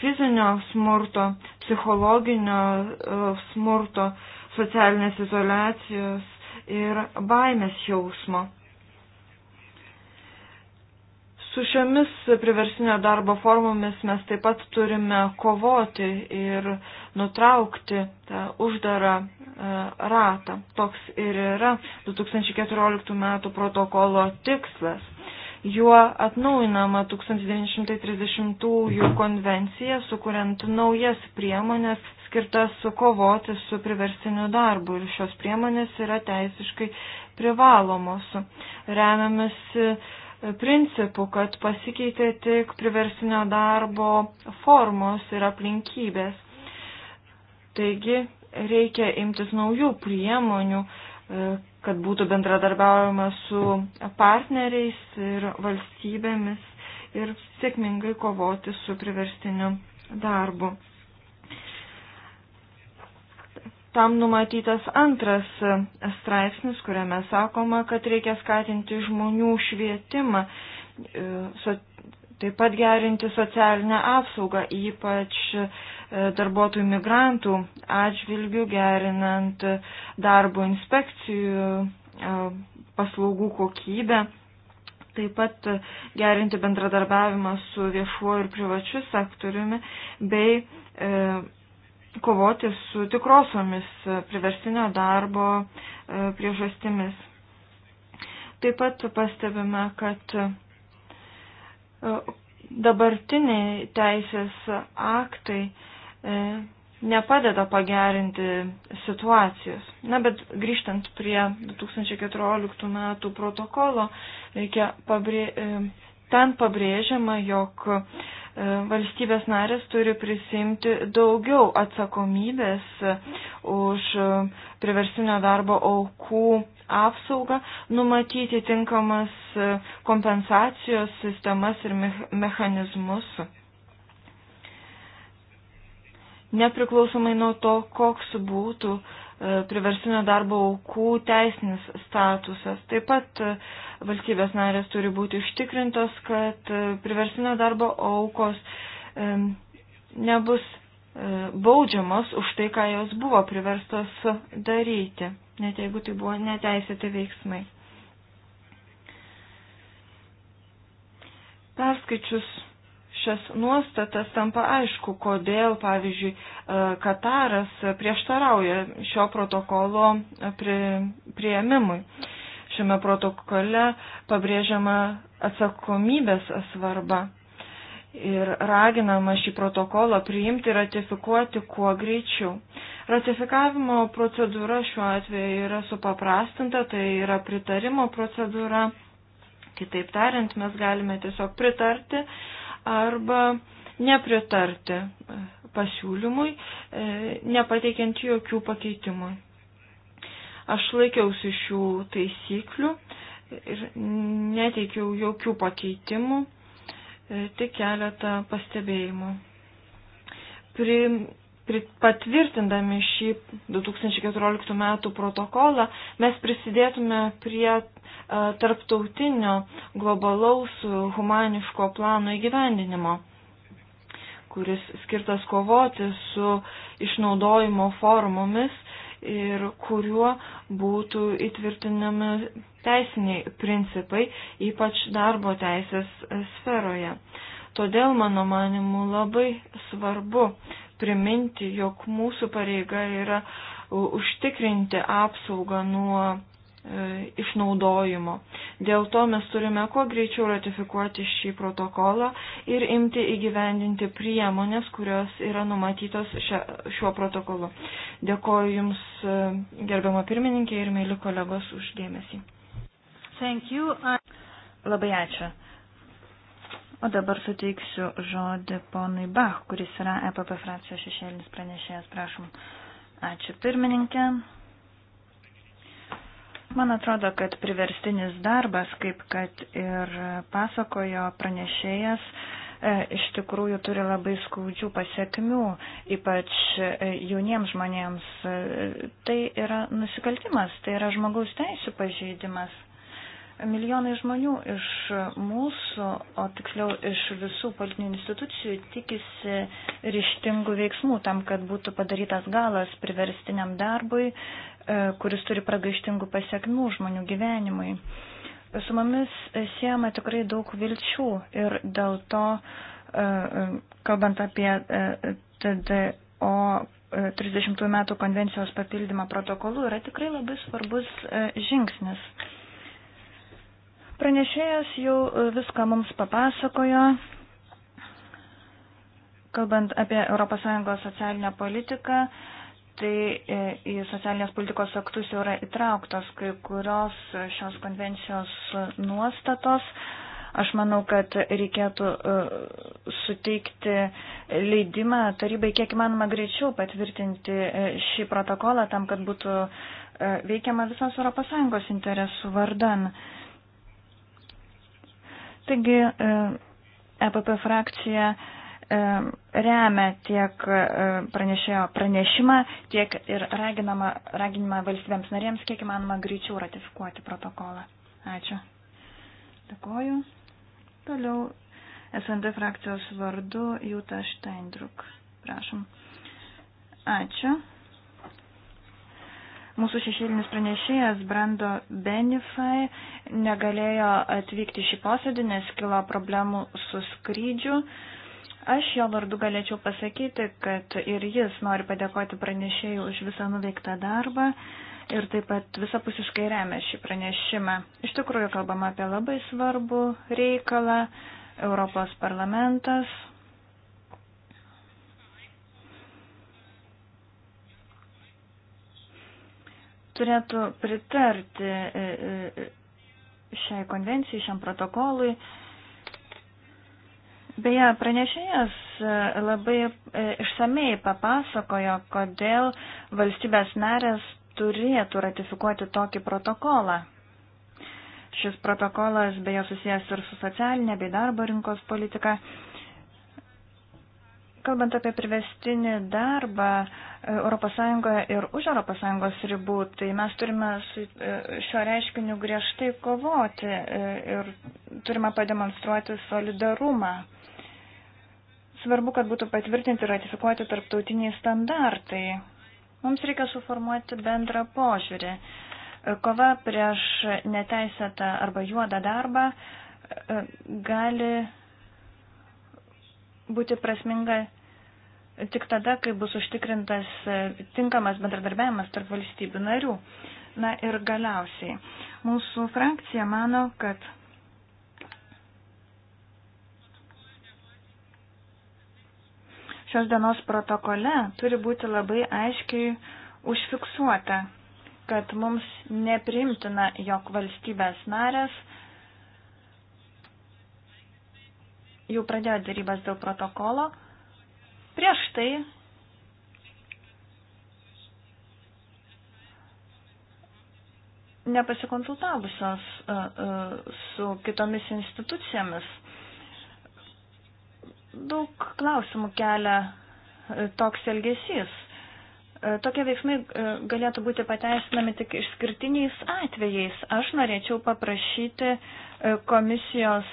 fizinio smurto, psichologinio e, smurto, socialinės izolacijos ir baimės jausmo. Su šiomis priversinio darbo formomis mes taip pat turime kovoti ir nutraukti tą uždarą e, ratą. Toks ir yra 2014 m. protokolo tikslas. Juo atnaujinama 1930 konvencija, sukuriant naujas priemonės skirtas kovoti su priversiniu darbu ir šios priemonės yra teisiškai privalomos. Remiamasi principu, kad pasikeitė tik priversinio darbo formos ir aplinkybės. Taigi reikia imtis naujų priemonių, e, kad būtų bendradarbiaujama su partneriais ir valstybėmis ir sėkmingai kovoti su priverstiniu darbu tam numatytas antras straipsnis, kuriame sakoma, kad reikia skatinti žmonių švietimą, e, taip pat gerinti socialinę apsaugą, ypač e, darbuotojų migrantų atžvilgių, gerinant darbo inspekcijų e, paslaugų kokybę, taip pat gerinti bendradarbiavimą su viešuoju ir privačiu sektoriumi bei kovoti su tikrosomis priverstinio darbo e, priežastimis. Taip pat pastebime, kad e, dabartiniai teisės aktai e, nepadeda pagerinti situacijos. Na, bet grįžtant prie 2014 metų protokolo, reikia pabrė ten pabrėžiama, jog e, valstybės narės turi prisimti daugiau atsakomybės e, už e, priversinio darbo aukų apsaugą, numatyti tinkamas kompensacijos sistemas ir mechanizmus. Nepriklausomai nuo to, koks būtų uh, E, priversinio darbo aukų teisinis statusas. Taip pat e, valstybės narės turi būti užtikrintos, kad e, priversinio darbo aukos nebus baudžiamos už tai, ką jos buvo priverstos daryti, net jeigu tai buvo neteisėti veiksmai. Perskaičius šias nuostatas, tampa aišku, kodėl, pavyzdžiui, e, Kataras prieštarauja šio protokolo prieimimui. Šiame protokole pabrėžiama atsakomybės svarba ir raginama šį protokolą priimti ir ratifikuoti kuo greičiau. Ratifikavimo procedūra šiuo atveju yra supaprastinta, tai yra pritarimo procedūra. Kitaip tariant, mes galime tiesiog pritarti arba nepritarti pasiūlymui, e, nepateikiant jokių pakeitimų. Aš laikiausi šių taisyklių ir neteikiau jokių pakeitimų, e, tik keletą pastebėjimų. Prim, patvirtindami šį 2014 metų protokolą, mes prisidėtume prie tarptautinio globalaus humaniško plano įgyvendinimo, kuris skirtas kovoti su išnaudojimo formomis ir kuriuo būtų įtvirtinami teisiniai principai, ypač darbo teisės sferoje. Todėl, mano manimu, labai svarbu priminti, jog mūsų pareiga yra užtikrinti apsaugą nuo e, išnaudojimo. Dėl to mes turime kuo greičiau ratifikuoti šį protokolą ir imti įgyvendinti priemonės, kurios yra numatytos šia, šiuo protokolu. Dėkoju Jums, e, gerbiama pirmininkė ir mėly kolegos, uždėmesį. Labai ačiū. O dabar suteiksiu žodį ponui Bach, kuris yra EPP frakcijos šešėlinis pranešėjas. Prašom. Ačiū pirmininkė. Man atrodo, kad priverstinis darbas, kaip kad ir pasakojo pranešėjas, e, iš tikrųjų turi labai skaudžių pasiekmių, ypač e, jauniems žmonėms. E, tai yra nusikaltimas, tai yra žmogaus teisų pažeidimas. Milijonai žmonių iš mūsų, o tiksliau iš visų politinių institucijų, tikisi ryštingų veiksmų tam, kad būtų padarytas galas priverstiniam darbui, e, kuris turi pragaištingų pasiekmių žmonių gyvenimui. Su mumis siejama tikrai daug vilčių ir dėl to, e, e, kalbant apie TDO 30 metų konvencijos papildymą protokolu, yra tikrai labai svarbus žingsnis. Pranešėjas jau e, viską mums papasakojo, kalbant apie ES socialinę politiką, tai e, į socialinės politikos aktus jau yra įtrauktos kai kurios šios konvencijos nuostatos. Aš manau, kad reikėtų e, suteikti leidimą tarybai kiek įmanoma greičiau patvirtinti šį protokolą tam, kad būtų veikiama visos ES interesų vardan. Taigi EPP e frakcija e, remia tiek e, pranešėjo pranešimą, tiek ir raginama, raginimą valstybėms narėms, kiek įmanoma greičiau ratifikuoti protokolą. Ačiū. Dėkoju. Toliau SND frakcijos vardu Jūta Steindruk. Prašom. Ačiū. Mūsų šešėlinis pranešėjas Brando Benifai negalėjo atvykti šį posėdį, nes kilo problemų su skrydžiu. Aš jo vardu galėčiau pasakyti, kad ir jis nori padėkoti pranešėjui už visą nuveiktą darbą ir taip pat visapusiškai remia šį pranešimą. Iš tikrųjų kalbama apie labai svarbų reikalą. Europos parlamentas turėtų pritarti e, e, šiai konvencijai, šiam protokolui. Beje, pranešėjas e, labai išsamei papasakojo, kodėl valstybės narės turėtų ratifikuoti tokį protokolą. Šis protokolas beje susijęs ir su socialinė bei darbo rinkos politika. Kalbant apie privestinį darbą ES ir už ES ribų, tai mes turime su e, šio reiškiniu griežtai kovoti e, ir turime pademonstruoti solidarumą. Svarbu, kad būtų patvirtinti ir ratifikuoti tarptautiniai standartai. Mums reikia suformuoti bendrą požiūrį. E, kova prieš neteisėtą arba juodą darbą gali būti prasminga tik tada, kai bus užtikrintas e, tinkamas bendradarbiavimas tarp valstybių narių. Na ir galiausiai, mūsų frakcija mano, kad šios dienos protokole turi būti labai aiškiai užfiksuota, kad mums neprimtina, jog valstybės narės jau pradėjo darybas dėl protokolo, Prieš tai nepasikonsultavusios e, e, su kitomis institucijomis. Daug klausimų kelia e, toks elgesys. Tokie veiksmai galėtų būti pateisinami tik išskirtiniais atvejais. Aš norėčiau paprašyti komisijos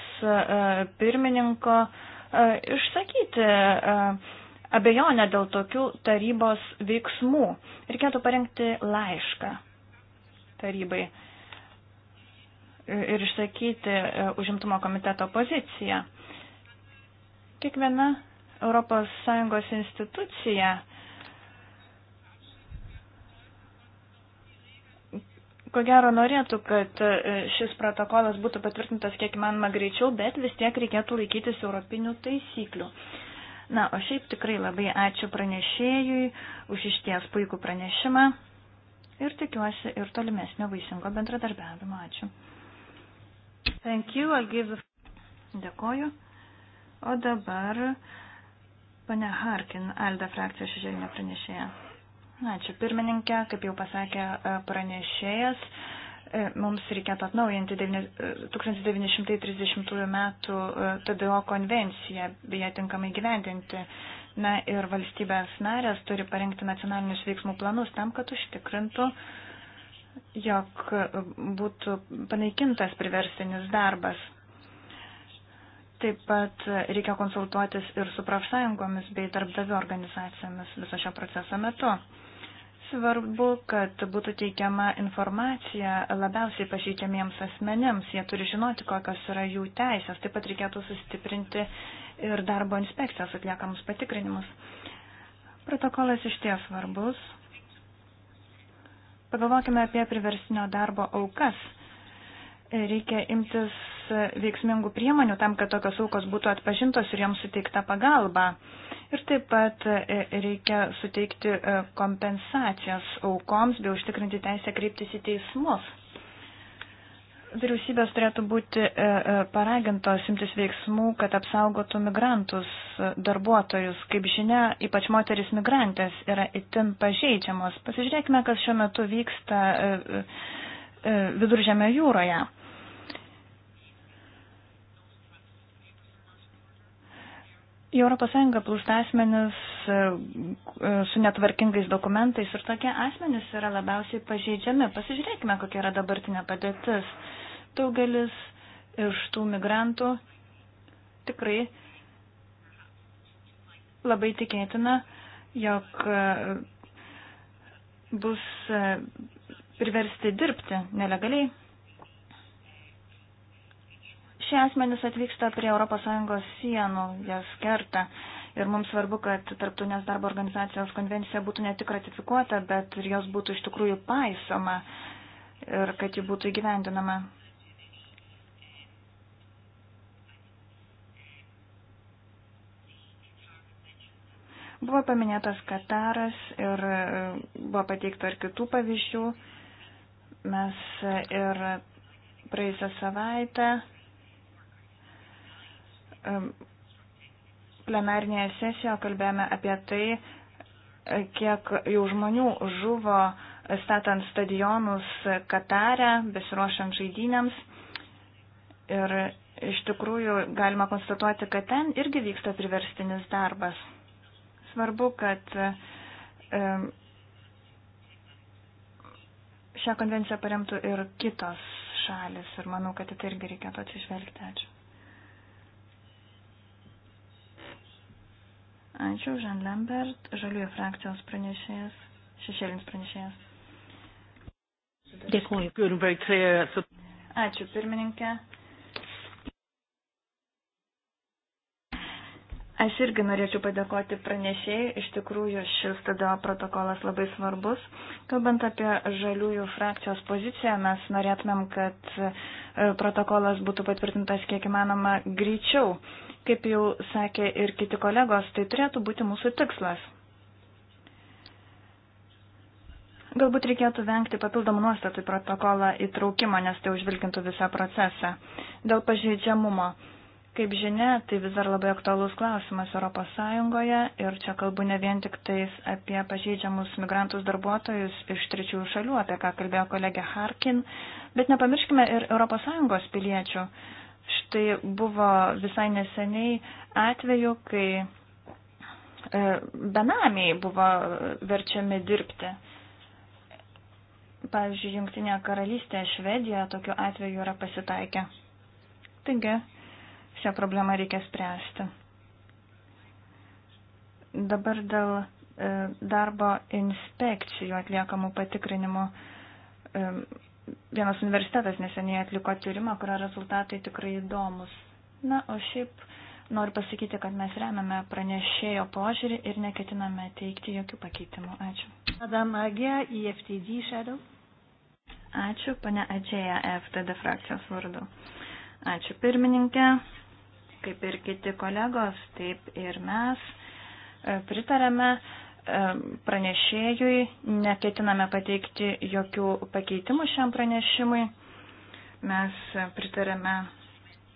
pirmininko išsakyti abejonę dėl tokių tarybos veiksmų. Reikėtų parengti laišką tarybai ir išsakyti e, užimtumo komiteto poziciją. Kiekviena ES institucija ko gero norėtų, kad e, šis protokolas būtų patvirtintas kiek įmanoma greičiau, bet vis tiek reikėtų laikytis europinių taisyklių. Na, o šiaip tikrai labai ačiū pranešėjui už išties puikų pranešimą ir tikiuosi ir tolimesnio vaisingo bendradarbiavimo. Ačiū. Thank you. I'll give the... Dėkoju. O dabar pane Harkin, Alda frakcijos šešėlinė pranešėja. Ačiū pirmininkė, kaip jau pasakė e, pranešėjas. E, mums reikėtų atnaujinti 1930 m. TDO konvenciją, beje, tinkamai gyvendinti. Na ir valstybės narės turi parengti nacionalinius veiksmų planus tam, kad užtikrintų, jog būtų panaikintas priversinis darbas. Taip pat reikia konsultuotis ir su profsąjungomis bei darbdavio organizacijomis viso šio proceso metu svarbu, kad būtų teikiama informacija labiausiai pažeidžiamiems asmenėms. Jie turi žinoti, kokios yra jų teisės. Taip pat reikėtų sustiprinti ir darbo inspekcijos atliekamus patikrinimus. Protokolas iš ties svarbus. Pagalvokime apie priverstinio darbo aukas. Reikia imtis veiksmingų priemonių tam, kad tokios aukos būtų atpažintos ir joms suteikta pagalba. Ir taip pat e, reikia suteikti e, kompensacijas aukoms bei užtikrinti teisę kreiptis į teismus. Vyriausybės turėtų būti e, paragintos imtis veiksmų, kad apsaugotų migrantus, darbuotojus. Kaip žinia, ypač moteris migrantės yra itin pažeidžiamos. Pasižiūrėkime, kas šiuo metu vyksta viduržėme jūroje. Į ES plūst asmenis e, e, su netvarkingais dokumentais ir tokie asmenys yra labiausiai pažeidžiami. Pasižiūrėkime, kokia yra dabartinė padėtis. Daugelis iš tų migrantų tikrai labai tikėtina, jog e, bus priversti dirbti nelegaliai. Šie asmenys atvyksta prie ES sienų, jas kerta. Ir mums svarbu, kad Tarptautinės darbo organizacijos konvencija būtų ne tik ratifikuota, bet ir jos būtų iš tikrųjų paisoma ir kad ji būtų įgyvendinama. Buvo paminėtas Kataras ir e, buvo pateikta ir kitų pavyzdžių. Mes e, ir praėjusią savaitę plenarnėje sesijoje kalbėjome apie tai, kiek jau žmonių žuvo statant stadionus Katare, besiruošiant žaidynėms. Ir iš tikrųjų galima konstatuoti, kad ten irgi vyksta priverstinis darbas. Svarbu, kad šią konvenciją paremtų ir kitos šalis ir manau, kad į tai irgi reikėtų atsižvelgti. Ačiū. Ačiū, Žan Lambert, žaliųjų frakcijos pranešėjas, šešėlinis pranešėjas. Dėkuoju. Ačiū, pirmininkė. Aš irgi norėčiau padėkoti pranešėjai, iš tikrųjų šis TDO protokolas labai svarbus. Kalbant apie žaliųjų frakcijos poziciją, mes norėtumėm, kad e, protokolas būtų patvirtintas kiek įmanoma greičiau. Kaip jau sakė ir kiti kolegos, tai turėtų būti mūsų tikslas. Galbūt reikėtų vengti papildomų nuostatų į protokolą įtraukimą, nes tai užvilkintų visą procesą. Dėl pažeidžiamumo. Kaip žinia, tai vis dar labai aktualus klausimas Europos Sąjungoje ir čia kalbu ne vien tik tais apie pažeidžiamus migrantus darbuotojus iš trečiųjų šalių, apie ką kalbėjo kolegė Harkin, bet nepamirškime ir Europos Sąjungos piliečių. Štai buvo visai neseniai atveju, kai e, benamiai buvo verčiami dirbti. Pavyzdžiui, Junktinė karalystė, Švedija tokiu atveju yra pasitaikę. Taigi, šią problemą reikia spręsti. Dabar dėl e, darbo inspekcijų atliekamų patikrinimų e, vienas universitetas neseniai atliko tyrimą, kurio rezultatai tikrai įdomus. Na, o šiaip noriu pasakyti, kad mes remiame pranešėjo požiūrį ir neketiname teikti jokių pakeitimų. Ačiū. Madame Agė, EFTD Shadow. Ačiū, pane Adžėja, e FTD frakcijos vardu. Ačiū pirmininkė, kaip ir kiti kolegos, taip ir mes e, pritarėme pranešėjui, neketiname pateikti jokių pakeitimų šiam pranešimui. Mes pritarėme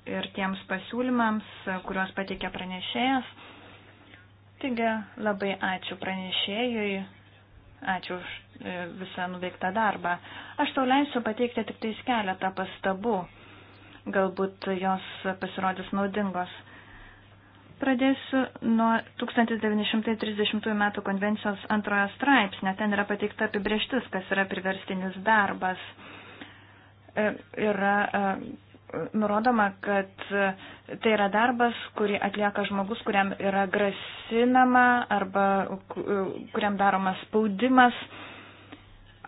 ir tiems pasiūlymams, kuriuos pateikė pranešėjas. Taigi labai ačiū pranešėjui, ačiū už e, visą nuveiktą darbą. Aš tau leisiu pateikti tik tais keletą pastabų, galbūt jos pasirodys naudingos. Pradėsiu nuo 1930 m. konvencijos antrojo straipsnio. Ten yra pateikta apibrieštis, kas yra priverstinis darbas. E, yra e, nurodoma, kad e, tai yra darbas, kurį atlieka žmogus, kuriam yra grasinama arba kuriam daromas spaudimas.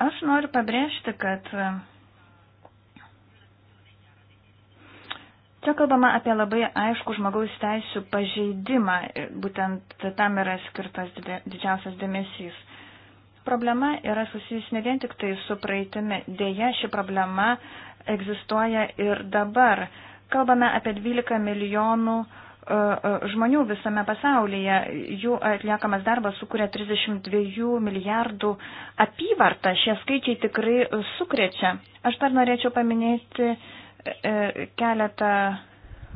Aš noriu pabrėžti, kad Čia kalbama apie labai aišku žmogaus teisų pažeidimą, būtent tam yra skirtas didžiausias dėmesys. Problema yra susijusi ne vien tik tai su praeitimi, dėja ši problema egzistuoja ir dabar. Kalbame apie 12 milijonų e, e, žmonių visame pasaulyje. Jų atliekamas darbas sukuria 32 milijardų apyvartą. Šie skaičiai tikrai sukrečia. Aš dar norėčiau paminėti E, keletą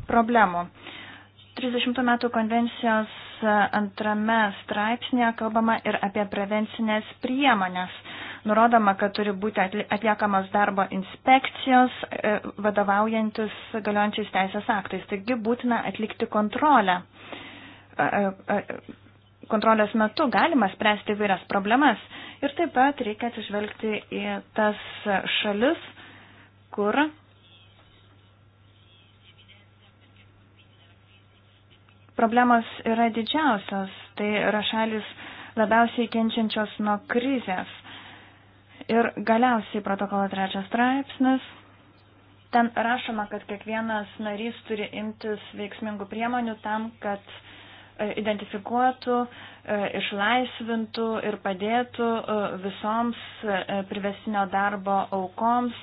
problemų. 30 metų konvencijos antrame straipsnėje kalbama ir apie prevencinės priemonės. Nurodoma, kad turi būti atliekamos darbo inspekcijos, e, vadovaujantis galiojančiais teisės aktais. Taigi būtina atlikti kontrolę. E, kontrolės metu galima spręsti vairias problemas ir taip pat reikia atsižvelgti į tas šalis, kur problemos yra didžiausios. Tai yra šalis labiausiai kenčiančios nuo krizės. Ir galiausiai protokolo trečias straipsnis. Ten rašoma, kad kiekvienas narys turi imtis veiksmingų priemonių tam, kad e, identifikuotų, e, išlaisvintų ir padėtų e, visoms privestinio darbo aukoms.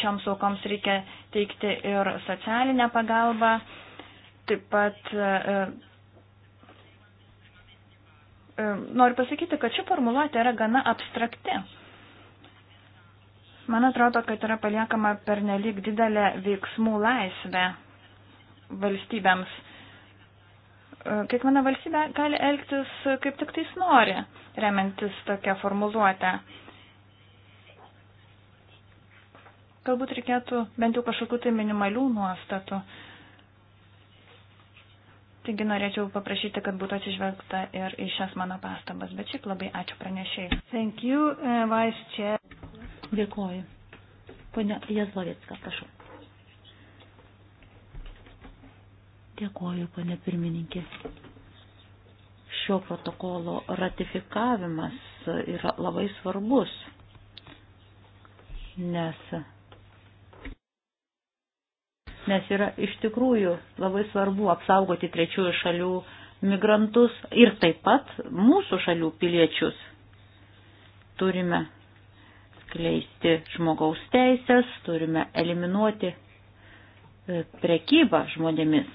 Šioms aukoms reikia teikti ir socialinę pagalbą Taip pat e, e, noriu pasakyti, kad ši formuluotė yra gana abstrakti. Man atrodo, kad yra paliekama per nelik didelę veiksmų laisvę valstybėms. E, kiekviena valstybė gali elgtis kaip tik tais nori, remiantis tokią formuluotę. Galbūt reikėtų bent jau kažkokių tai minimalių nuostatų. Uh, Taigi norėčiau paprašyti, kad būtų atsižvelgta ir į šias mano pastabas, bet šiaip labai ačiū pranešėjai. Thank you, uh, Vice Chair. Dėkuoju. Pone Jazlovicka, prašau. Dėkuoju, pane pirmininkė. Šio protokolo ratifikavimas yra labai svarbus, nes nes yra iš tikrųjų labai svarbu apsaugoti trečiųjų šalių migrantus ir taip pat mūsų šalių piliečius. Turime skleisti žmogaus teisės, turime eliminuoti e, prekybą žmonėmis.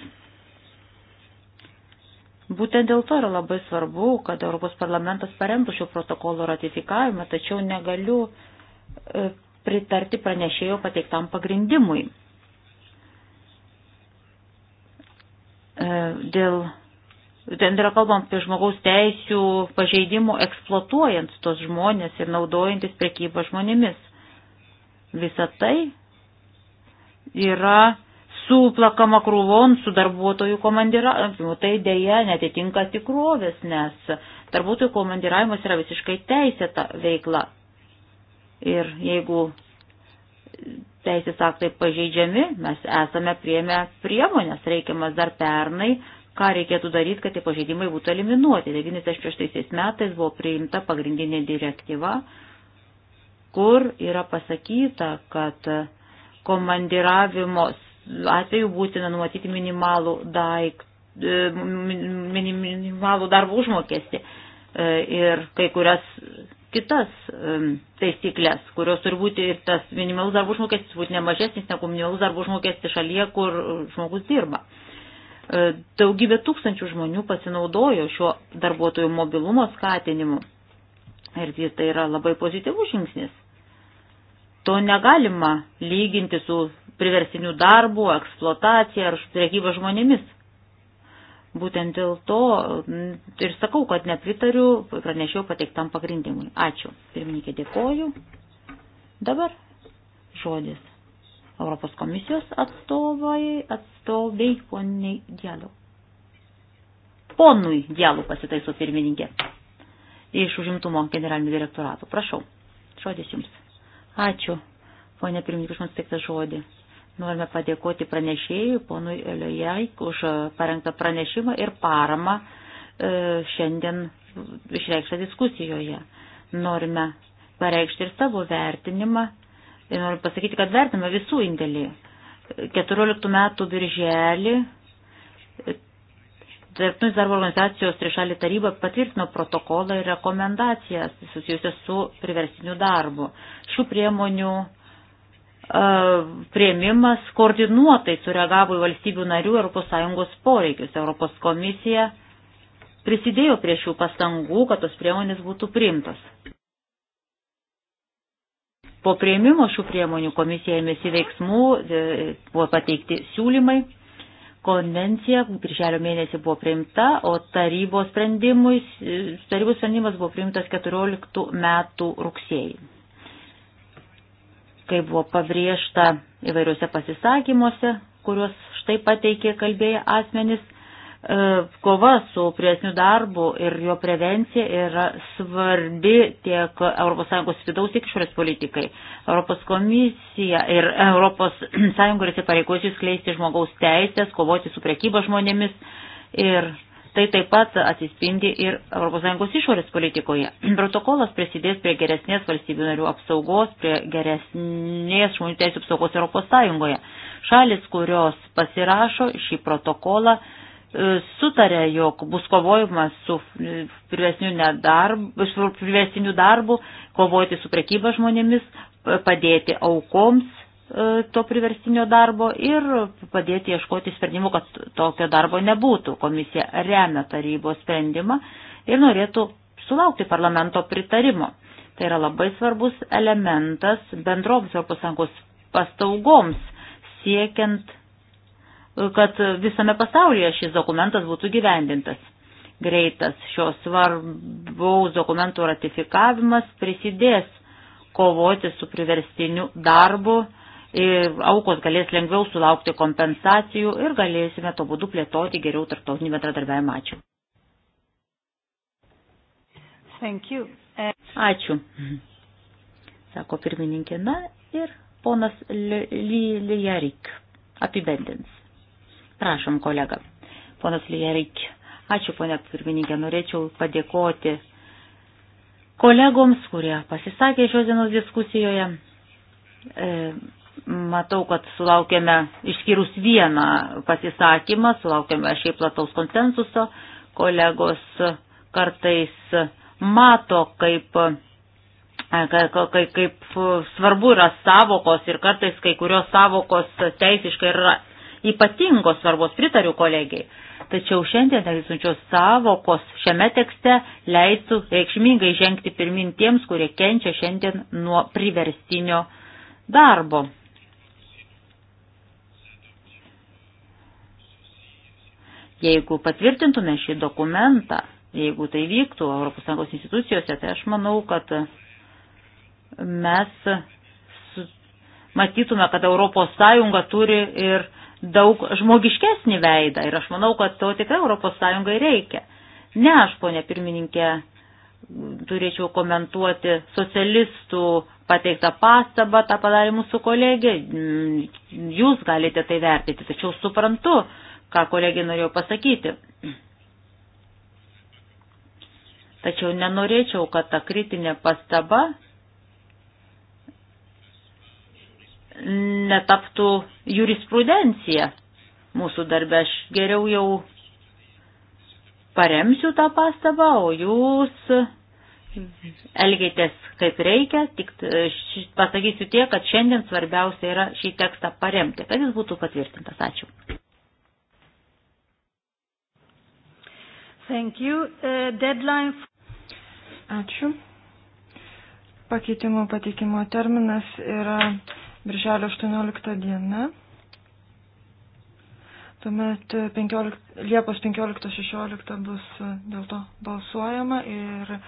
Būtent dėl to yra labai svarbu, kad Europos parlamentas paremtų šio protokolo ratifikavimą, tačiau negaliu e, pritarti pranešėjo pateiktam pagrindimui. E, dėl, ten yra kalbam apie žmogaus teisių pažeidimų eksploatuojant tos žmonės ir naudojantis prekybą žmonėmis. Visa tai yra suplakama krūvon su darbuotojų komandiravimu. Nu, tai dėja netitinka tikrovės, nes darbuotojų komandiravimas yra visiškai teisėta veikla. Ir jeigu teisės aktai pažeidžiami, mes esame prieėmę priemonės reikiamas dar pernai, ką reikėtų daryti, kad tie pažeidimai būtų eliminuoti. 96 metais buvo priimta pagrindinė direktyva, kur yra pasakyta, kad komandiravimo atveju būtina numatyti minimalų, daik, e, minimalų darbo užmokestį e, ir kai kurias kitas taisyklės, kurios turi būti ir tas minimalus darbo užmokestis būti ne mažesnis negu minimalus darbo užmokestis šalyje, kur žmogus dirba. E, daugybė tūkstančių žmonių pasinaudojo šiuo darbuotojų mobilumo skatinimu ir tai, tai yra labai pozityvus žingsnis. To negalima lyginti su priversiniu darbu, eksploatacija ar prekyba žmonėmis. Būtent dėl to ir sakau, kad nepritariu pranešiau pateiktam pagrindimui. Ačiū. Pirmininkė, dėkoju. Dabar žodis. Europos komisijos atstovai, atstoviai, poniai Dialų. Ponui Dialų pasitaiso pirmininkė iš užimtumo generalinio direktorato. Prašau, žodis jums. Ačiū, ponė pirmininkė, už man steiktą žodį. Norime padėkoti pranešėjui, ponui Eliojai, už parengtą pranešimą ir paramą e, šiandien išreikštą diskusijoje. Norime pareikšti ir savo vertinimą ir noriu pasakyti, kad vertiname visų indėlį. 14 metų birželį e, Tarptautinis darbo organizacijos trišalį taryba patvirtino protokolą ir rekomendacijas susijusias su priverstiniu darbu. Šių priemonių prieimimas koordinuotai sureagavo į valstybių narių ES poreikius. Europos komisija prisidėjo prie šių pastangų, kad tos priemonės būtų priimtos. Po prieimimo šių priemonių komisija ėmėsi veiksmų, e, buvo pateikti siūlymai. Konvencija birželio mėnesį buvo priimta, o tarybos, e, tarybos sprendimas buvo priimtas 14 metų rugsėjai kaip buvo pabrėžta įvairiuose pasisakymuose, kuriuos štai pateikė kalbėję asmenys, e, kova su priesniu darbu ir jo prevencija yra svarbi tiek ES vidaus išorės politikai. Europos komisija ir ES yra įsipareigojusi skleisti žmogaus teisės, kovoti su priekyba žmonėmis ir Tai taip pat atsispindi ir ES išorės politikoje. Protokolas prisidės prie geresnės valstybių narių apsaugos, prie geresnės žmonių teisų apsaugos ES. Šalis, kurios pasirašo šį protokolą, e, sutarė, jog bus kovojimas su priversiniu darbu, kovoti su prekyba žmonėmis, e, padėti aukoms E, to priverstinio darbo ir padėti ieškoti sprendimų, kad tokio darbo nebūtų. Komisija remia tarybos sprendimą ir norėtų sulaukti parlamento pritarimo. Tai yra labai svarbus elementas bendroms ES pastogoms siekiant, e, kad visame pasaulyje šis dokumentas būtų gyvendintas. Greitas šios svarbaus dokumentų ratifikavimas prisidės kovoti su priverstiniu darbu aukos galės lengviau sulaukti kompensacijų ir galėsime to būdu plėtoti geriau tarptautinį bendradarbiavimą. Ačiū. Thank you. Ačiū. Sako pirmininkė. Na ir ponas Lijarik apibendins. Prašom, kolega. Ponas Lijarik. Ačiū, ponia pirmininkė. Norėčiau padėkoti kolegoms, kurie pasisakė šios dienos diskusijoje. E, Matau, kad sulaukėme išskyrus vieną pasisakymą, sulaukėme šiaip plataus konsensuso, kolegos kartais mato, kaip, e, kaip, kaip svarbu yra savokos ir kartais kai kurios savokos teisiškai yra ypatingos svarbos, pritariu kolegiai. Tačiau šiandien egzistuojančios savokos šiame tekste leistų reikšmingai žengti pirmin tiems, kurie kenčia šiandien nuo priverstinio darbo. Jeigu patvirtintume šį dokumentą, jeigu tai vyktų ES institucijose, tai aš manau, kad mes matytume, kad ES turi ir daug žmogiškesnį veidą ir aš manau, kad to tikrai ES reikia. Ne aš, ponė pirmininkė, turėčiau komentuoti socialistų pateiktą pastabą, tą padarė mūsų kolegė, jūs galite tai vertinti, tačiau suprantu, ką kolegė norėjo pasakyti. Tačiau nenorėčiau, kad ta kritinė pastaba netaptų jurisprudencija mūsų darbė. Aš geriau jau paremsiu tą pastabą, o jūs elgėtės kaip reikia, tik e, pasakysiu tie, kad šiandien svarbiausia yra šį tekstą paremti, kad jis būtų patvirtintas. Ačiū. Thank you. Uh, deadline. Ačiū. Pakeitimo pateikimo terminas yra birželio 18 diena. Tuomet 15, Liepos 15-16 bus dėl to balsuojama ir e,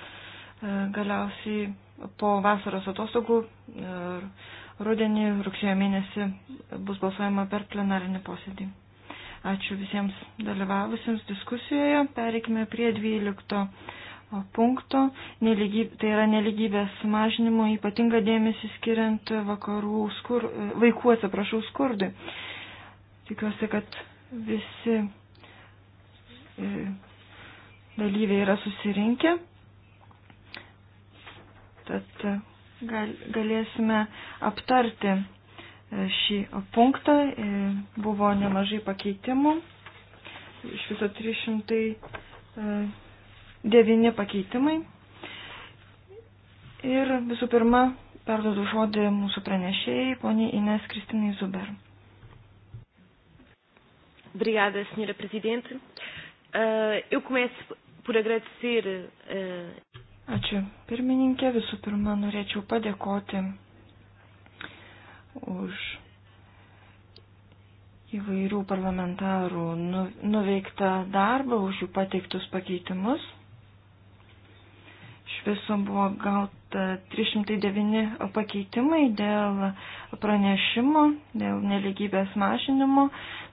galiausiai po vasaros atostogų e, rudenį rugsėjo mėnesį bus balsuojama per plenarinį posėdį. Ačiū visiems dalyvavusiems diskusijoje. Pereikime prie 12 punkto. Nelygyb, tai yra neligybės mažinimo ypatinga dėmesį skiriant vakarų skur, vaikų, atsiprašau, skurdui. Tikiuosi, kad visi e, dalyviai yra susirinkę. Tad e, galėsime aptarti šį punktą. E, Buvo nemažai pakeitimų. Iš viso 309 e, pakeitimai. Ir visų pirma, perduodu žodį mūsų pranešėjai, poniai Ines Kristinai Zuber. Obrigada, senhora Presidente. Uh, eu começo por agradecer. Uh... Ačiū, pirmininkė. Visų pirma, norėčiau padėkoti už įvairių parlamentarų nu, nuveiktą darbą, už jų pateiktus pakeitimus. Iš viso buvo gauta 309 pakeitimai dėl pranešimo, dėl neligybės mažinimo,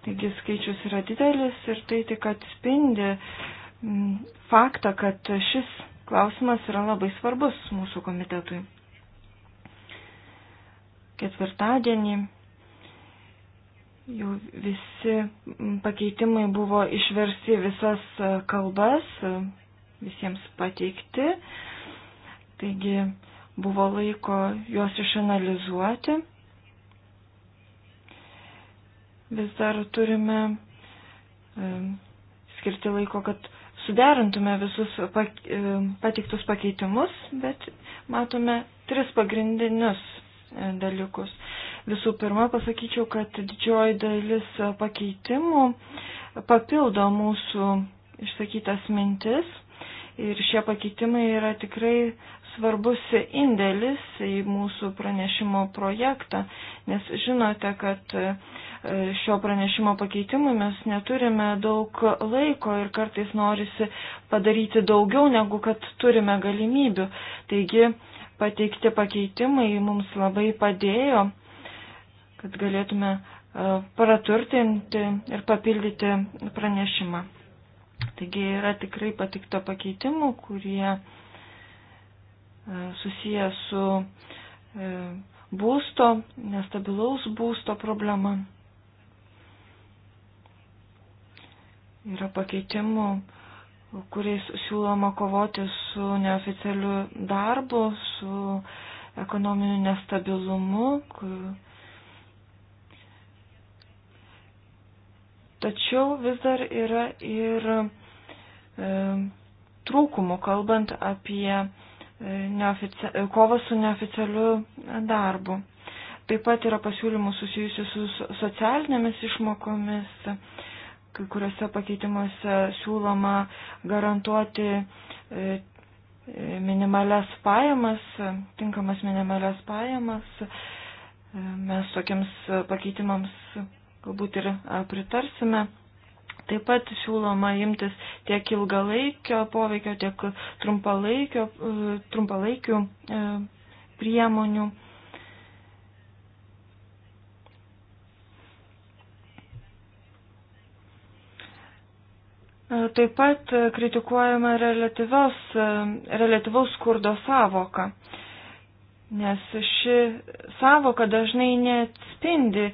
taigi skaičius yra didelis ir tai tik atspindi mm, faktą, kad šis klausimas yra labai svarbus mūsų komitetui ketvirtadienį jau visi pakeitimai buvo išversti visas kalbas, visiems pateikti. Taigi buvo laiko juos išanalizuoti. Vis dar turime e, skirti laiko, kad suderintume visus e, pateiktus pakeitimus, bet matome tris pagrindinius dalykus. Visų pirma, pasakyčiau, kad didžioji dalis pakeitimų papildo mūsų išsakytas mintis ir šie pakeitimai yra tikrai svarbus indėlis į mūsų pranešimo projektą, nes žinote, kad e, šio pranešimo pakeitimui mes neturime daug laiko ir kartais norisi padaryti daugiau negu kad turime galimybių. Taigi pateikti pakeitimai mums labai padėjo, kad galėtume e, praturtinti ir papildyti pranešimą. Taigi yra tikrai patikta pakeitimų, kurie e, susiję su e, būsto, nestabilaus būsto problema. Yra pakeitimų, kuriais siūloma kovoti su neoficialiu darbu, su ekonominiu nestabilumu. Kur... Tačiau vis dar yra ir e, trūkumų, kalbant apie e, neofici... E, kovą su neoficialiu darbu. Taip pat yra pasiūlymų susijusių su socialinėmis išmokomis. E, kai kuriuose pakeitimuose siūloma garantuoti e, e, minimales pajamas, tinkamas minimales pajamas. E, mes tokiems pakeitimams galbūt ir pritarsime. Taip pat siūloma imtis tiek ilgalaikio poveikio, tiek trumpalaikio, trumpalaikių priemonių. Taip pat e, kritikuojama e, relatyvaus skurdo savoka, nes ši savoka dažnai neatspindi e,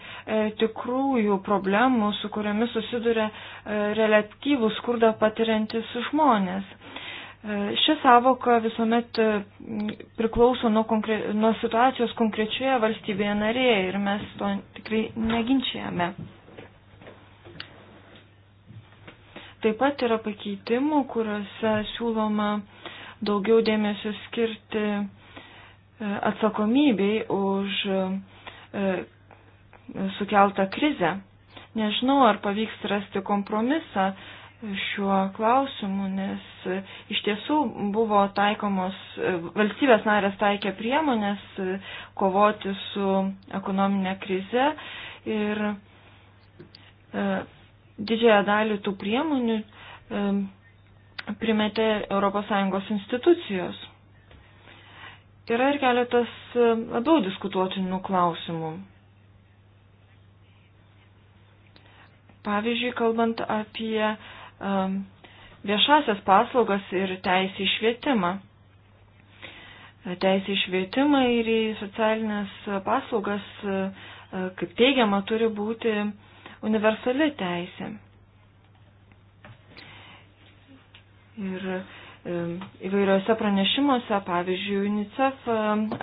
tikrųjų problemų, su kuriamis susiduria relatyvų skurdą patiriantis žmonės. Ši savoka visuomet priklauso nuo, konkre... nuo situacijos konkrečioje valstybėje narėje ir mes to tikrai neginčiame. Taip pat yra pakeitimų, kuriuose siūloma daugiau dėmesio skirti e, atsakomybei už e, sukeltą krizę. Nežinau, ar pavyks rasti kompromisą šiuo klausimu, nes e, iš tiesų buvo taikomos, valstybės narės taikė priemonės kovoti su ekonominė krize ir didžiąją dalį tų priemonių e, primetė ES institucijos. Yra ir keletas labiau diskutuotinų klausimų. Pavyzdžiui, kalbant apie e, viešasias paslaugas ir teisį išvietimą. Teisė išvietimą ir į socialinės paslaugas, e, kaip teigiama, turi būti e, universali teisė. Ir Įvairiuose pranešimuose, pavyzdžiui, UNICEF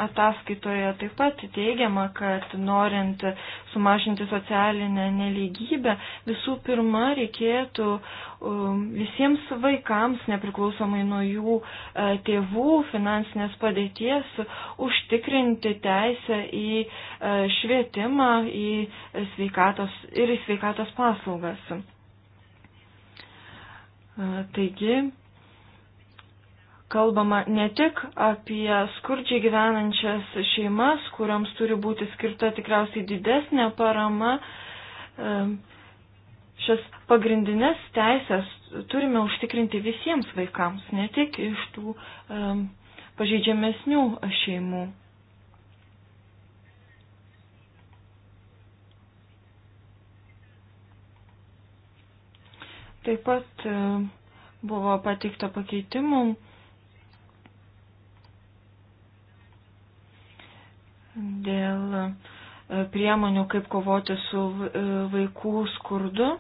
ataskaitoje taip pat teigiama, kad norint sumažinti socialinę neligybę, visų pirma reikėtų visiems vaikams, nepriklausomai nuo jų e, tėvų finansinės padėties, užtikrinti teisę į e, švietimą į sveikatos, ir į sveikatos paslaugas. E, taigi, kalbama ne tik apie skurdžiai gyvenančias šeimas, kuriams turi būti skirta tikriausiai didesnė parama. Šias pagrindinės teisės turime užtikrinti visiems vaikams, ne tik iš tų um, pažeidžiamesnių šeimų. Taip pat buvo pateikta pakeitimų dėl e, priemonių, kaip kovoti su e, vaikų skurdu.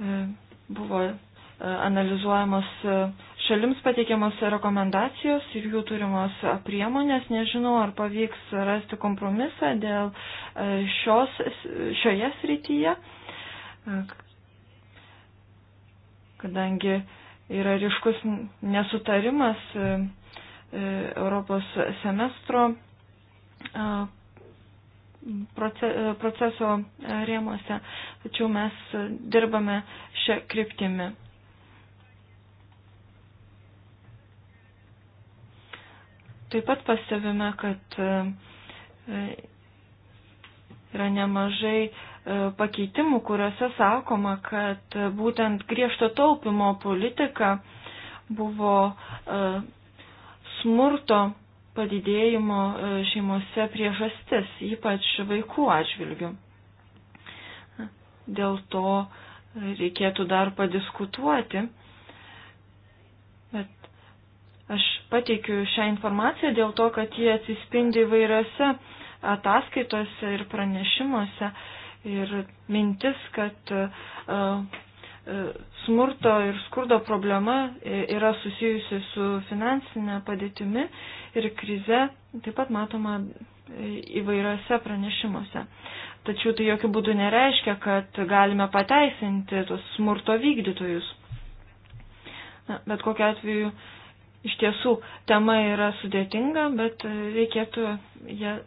E, buvo analizuojamos šalims pateikiamos rekomendacijos ir jų turimos priemonės. Nežinau, ar pavyks rasti kompromisą dėl šios, šioje srityje, kadangi yra ryškus nesutarimas E, Europos semestro e, e, proceso rėmuose, tačiau mes dirbame šią kryptimį. Taip pat pastebime, kad yra nemažai pakeitimų, kuriuose sakoma, kad būtent griežto taupimo politika buvo smurto padidėjimo e, šeimose priežastis, ypač vaikų atžvilgių. Dėl to reikėtų dar padiskutuoti. Bet aš pateikiu šią informaciją dėl to, kad jie atsispindi įvairiose ataskaitose ir pranešimuose. Ir mintis, kad uh, E, smurto ir skurdo problema e, yra susijusi su finansinė padėtimi ir krize, taip pat matoma e, įvairiose pranešimuose. Tačiau tai jokių būdų nereiškia, kad galime pateisinti tos smurto vykdytojus. Na, bet kokiu atveju iš tiesų tema yra sudėtinga, bet reikėtų ją,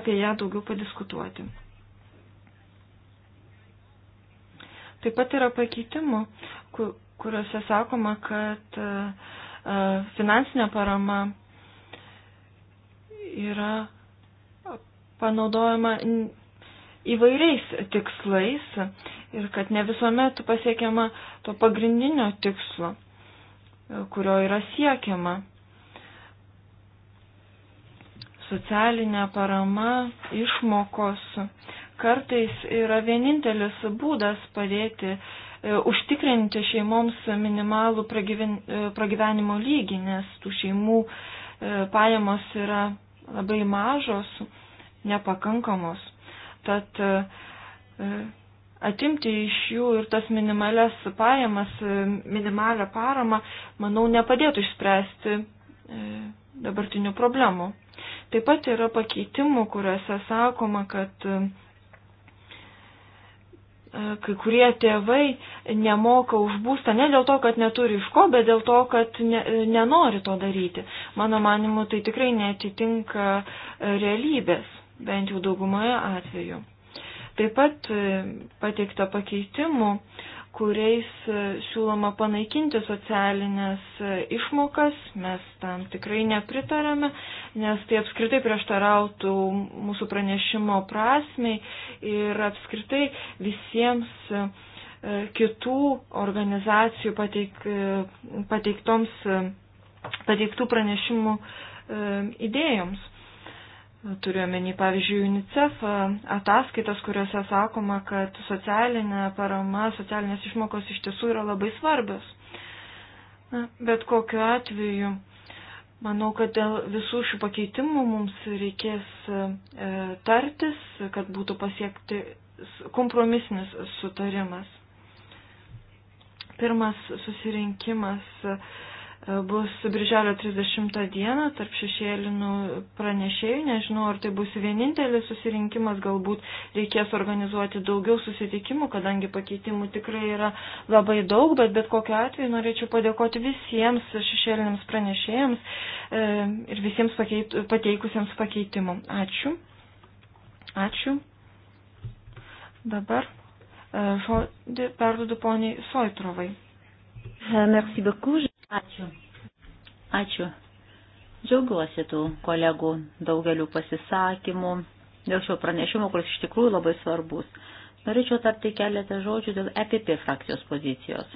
apie ją daugiau padiskutuoti. Taip pat yra pakeitimų, kuriuose sakoma, kad e, finansinė parama yra panaudojama įvairiais tikslais ir kad ne visuomet pasiekiama to pagrindinio tikslo, e, kurio yra siekiama. Socialinė parama, išmokos kartais yra vienintelis būdas padėti e, užtikrinti šeimoms minimalų e, pragyvenimo lygį, nes tų šeimų e, pajamos yra labai mažos, nepakankamos. Tad atimti iš jų ir tas minimales pajamas, minimalę paramą, manau, nepadėtų išspręsti dabartinių problemų. Taip pat yra pakeitimų, kuriuose sakoma, kad E, kai kurie tėvai nemoka už būstą ne dėl to, kad neturi iš ko, bet dėl to, kad ne, nenori to daryti. Mano manimu, tai tikrai netitinka e, realybės, bent jau daugumoje atveju. Taip pat e, pateikta pakeitimų, kuriais e, siūloma panaikinti socialinės e, išmokas. Mes tam tikrai nepritarėme, nes tai apskritai prieštarautų mūsų pranešimo prasmei ir apskritai visiems e, kitų organizacijų pateik, pateiktoms, pateiktų pranešimų idėjoms. Turiuomenį, pavyzdžiui, UNICEF ataskaitas, kuriuose sakoma, kad socialinė parama, socialinės išmokos iš tiesų yra labai svarbios. Na, bet kokiu atveju, manau, kad dėl visų šių pakeitimų mums reikės e, tartis, kad būtų pasiekti kompromisinis sutarimas. Pirmas susirinkimas. E, E, bus birželio 30 dieną tarp šešėlinų pranešėjų. Nežinau, ar tai bus vienintelis susirinkimas, galbūt reikės organizuoti daugiau susitikimų, kadangi pakeitimų tikrai yra labai daug, bet bet kokiu atveju norėčiau padėkoti visiems šešėliniams pranešėjams e, ir visiems pakeit, pateikusiems pakeitimų. Ačiū. Ačiū. Dabar e, žodį perduodu poniai Soitrovai. Merci beaucoup. Ačiū. Ačiū. Džiaugiuosi tų kolegų daugeliu pasisakymų dėl šio pranešimo, kuris iš tikrųjų labai svarbus. Norėčiau tarti keletą žodžių dėl EPP frakcijos pozicijos.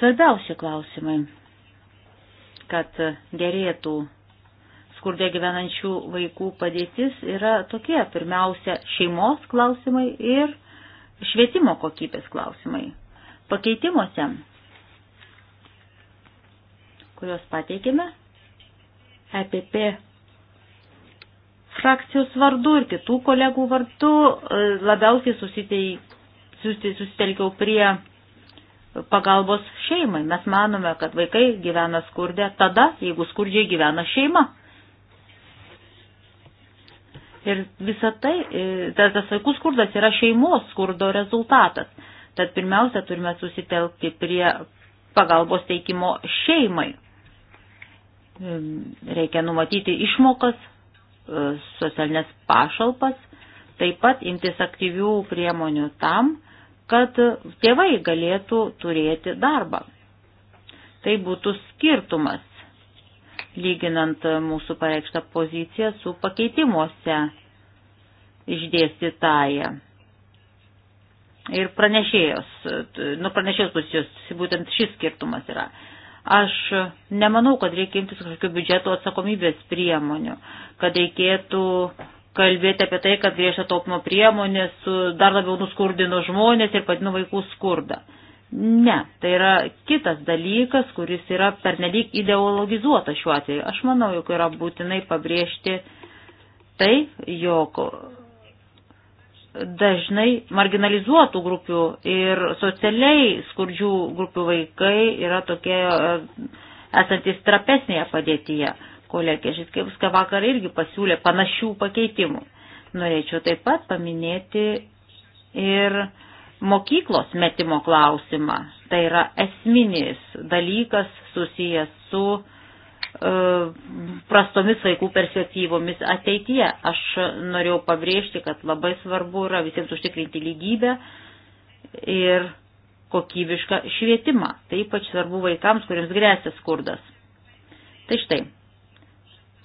Svarbiausi klausimai, kad gerėtų skurdė gyvenančių vaikų padėtis yra tokie, pirmiausia, šeimos klausimai ir švietimo kokybės klausimai. Pakeitimuose kuriuos pateikėme EPP frakcijos vardu ir kitų kolegų vardu. E, labiausiai susitelkiau prie pagalbos šeimai. Mes manome, kad vaikai gyvena skurdė tada, jeigu skurdžiai gyvena šeima. Ir visa tai, e, tas vaikų skurdas yra šeimos skurdo rezultatas. Tad pirmiausia, turime susitelkti prie pagalbos teikimo šeimai reikia numatyti išmokas, e, socialinės pašalpas, taip pat imtis aktyvių priemonių tam, kad tėvai galėtų turėti darbą. Tai būtų skirtumas, lyginant mūsų pareikštą poziciją su pakeitimuose išdėstytąją. Ir pranešėjos, nu pranešėjos pozicijos, būtent šis skirtumas yra. Aš nemanau, kad reikia imtis kažkokių biudžeto atsakomybės priemonių, kad reikėtų kalbėti apie tai, kad griežta taupimo priemonės dar labiau nuskurdino žmonės ir padino vaikų skurdą. Ne, tai yra kitas dalykas, kuris yra pernelyg ideologizuotas šiuo atveju. Aš manau, jog yra būtinai pabrėžti tai, jog dažnai marginalizuotų grupių ir socialiai skurdžių grupių vaikai yra tokie e, esantis trapesnėje padėtyje. Kolegė Žiskevska vakar irgi pasiūlė panašių pakeitimų. Norėčiau taip pat paminėti ir mokyklos metimo klausimą. Tai yra esminis dalykas susijęs su uh, E, prastomis vaikų perspektyvomis ateityje. Aš norėjau pabrėžti, kad labai svarbu yra visiems užtikrinti lygybę ir kokybišką švietimą. Tai ypač svarbu vaikams, kuriems grėsia skurdas. Tai štai,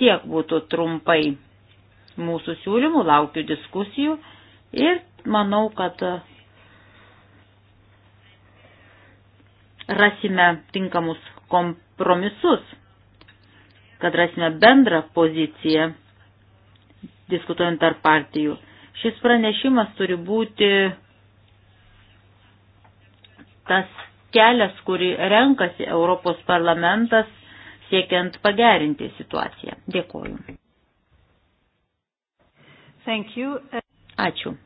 tiek būtų trumpai mūsų siūlymų, laukiu diskusijų ir manau, kad rasime tinkamus kompromisus kad rasime bendrą poziciją, diskutuojant tarp partijų. Šis pranešimas turi būti tas kelias, kurį renkasi Europos parlamentas siekiant pagerinti situaciją. Dėkoju. Thank you. Ačiū.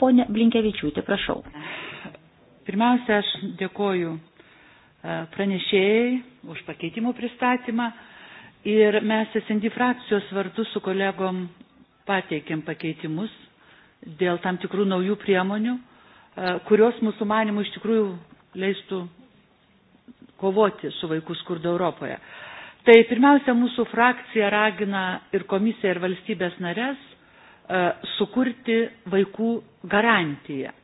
Pone Blinkevičiūtė, prašau. Pirmiausia, aš dėkoju E, pranešėjai už pakeitimų pristatymą ir mes SND frakcijos vardu su kolegom pateikėm pakeitimus dėl tam tikrų naujų priemonių, e, kurios mūsų manimų iš tikrųjų leistų kovoti su vaikų skurdu Europoje. Tai pirmiausia, mūsų frakcija ragina ir komisiją, ir valstybės narės e, sukurti vaikų garantiją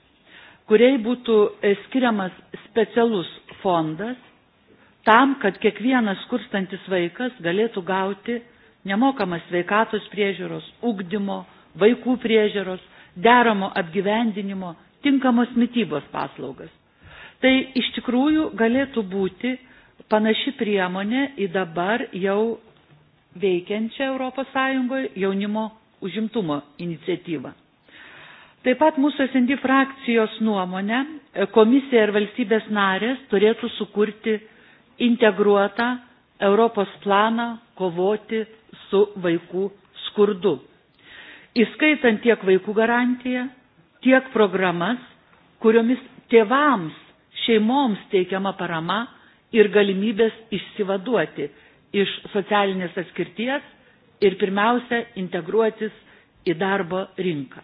kuriai būtų e, skiriamas specialus fondas tam, kad kiekvienas skurstantis vaikas galėtų gauti nemokamą sveikatos priežiūros, ugdymo, vaikų priežiūros, deramo apgyvendinimo, tinkamos mytybos paslaugas. Tai iš tikrųjų galėtų būti panaši priemonė į dabar jau veikiančią ES jaunimo užimtumo iniciatyvą. Taip pat mūsų SND frakcijos nuomonė, e, komisija ir valstybės narės turėtų sukurti integruotą Europos planą kovoti su vaikų skurdu, įskaitant tiek vaikų garantiją, tiek programas, kuriomis tėvams, šeimoms teikiama parama ir galimybės išsivaduoti iš socialinės atskirties ir pirmiausia integruotis į darbo rinką.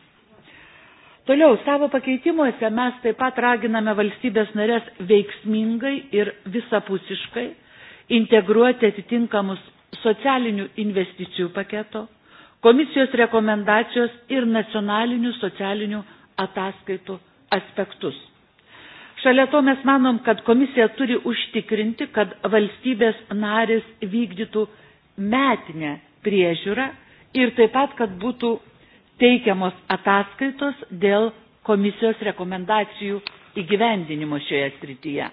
Toliau savo pakeitimuose mes taip pat raginame valstybės narės veiksmingai ir visapusiškai integruoti atitinkamus socialinių investicijų paketo, komisijos rekomendacijos ir nacionalinių socialinių ataskaitų aspektus. Šalia to mes manom, kad komisija turi užtikrinti, kad valstybės narės vykdytų metinę priežiūrą ir taip pat, kad būtų teikiamos ataskaitos dėl komisijos rekomendacijų įgyvendinimo šioje srityje.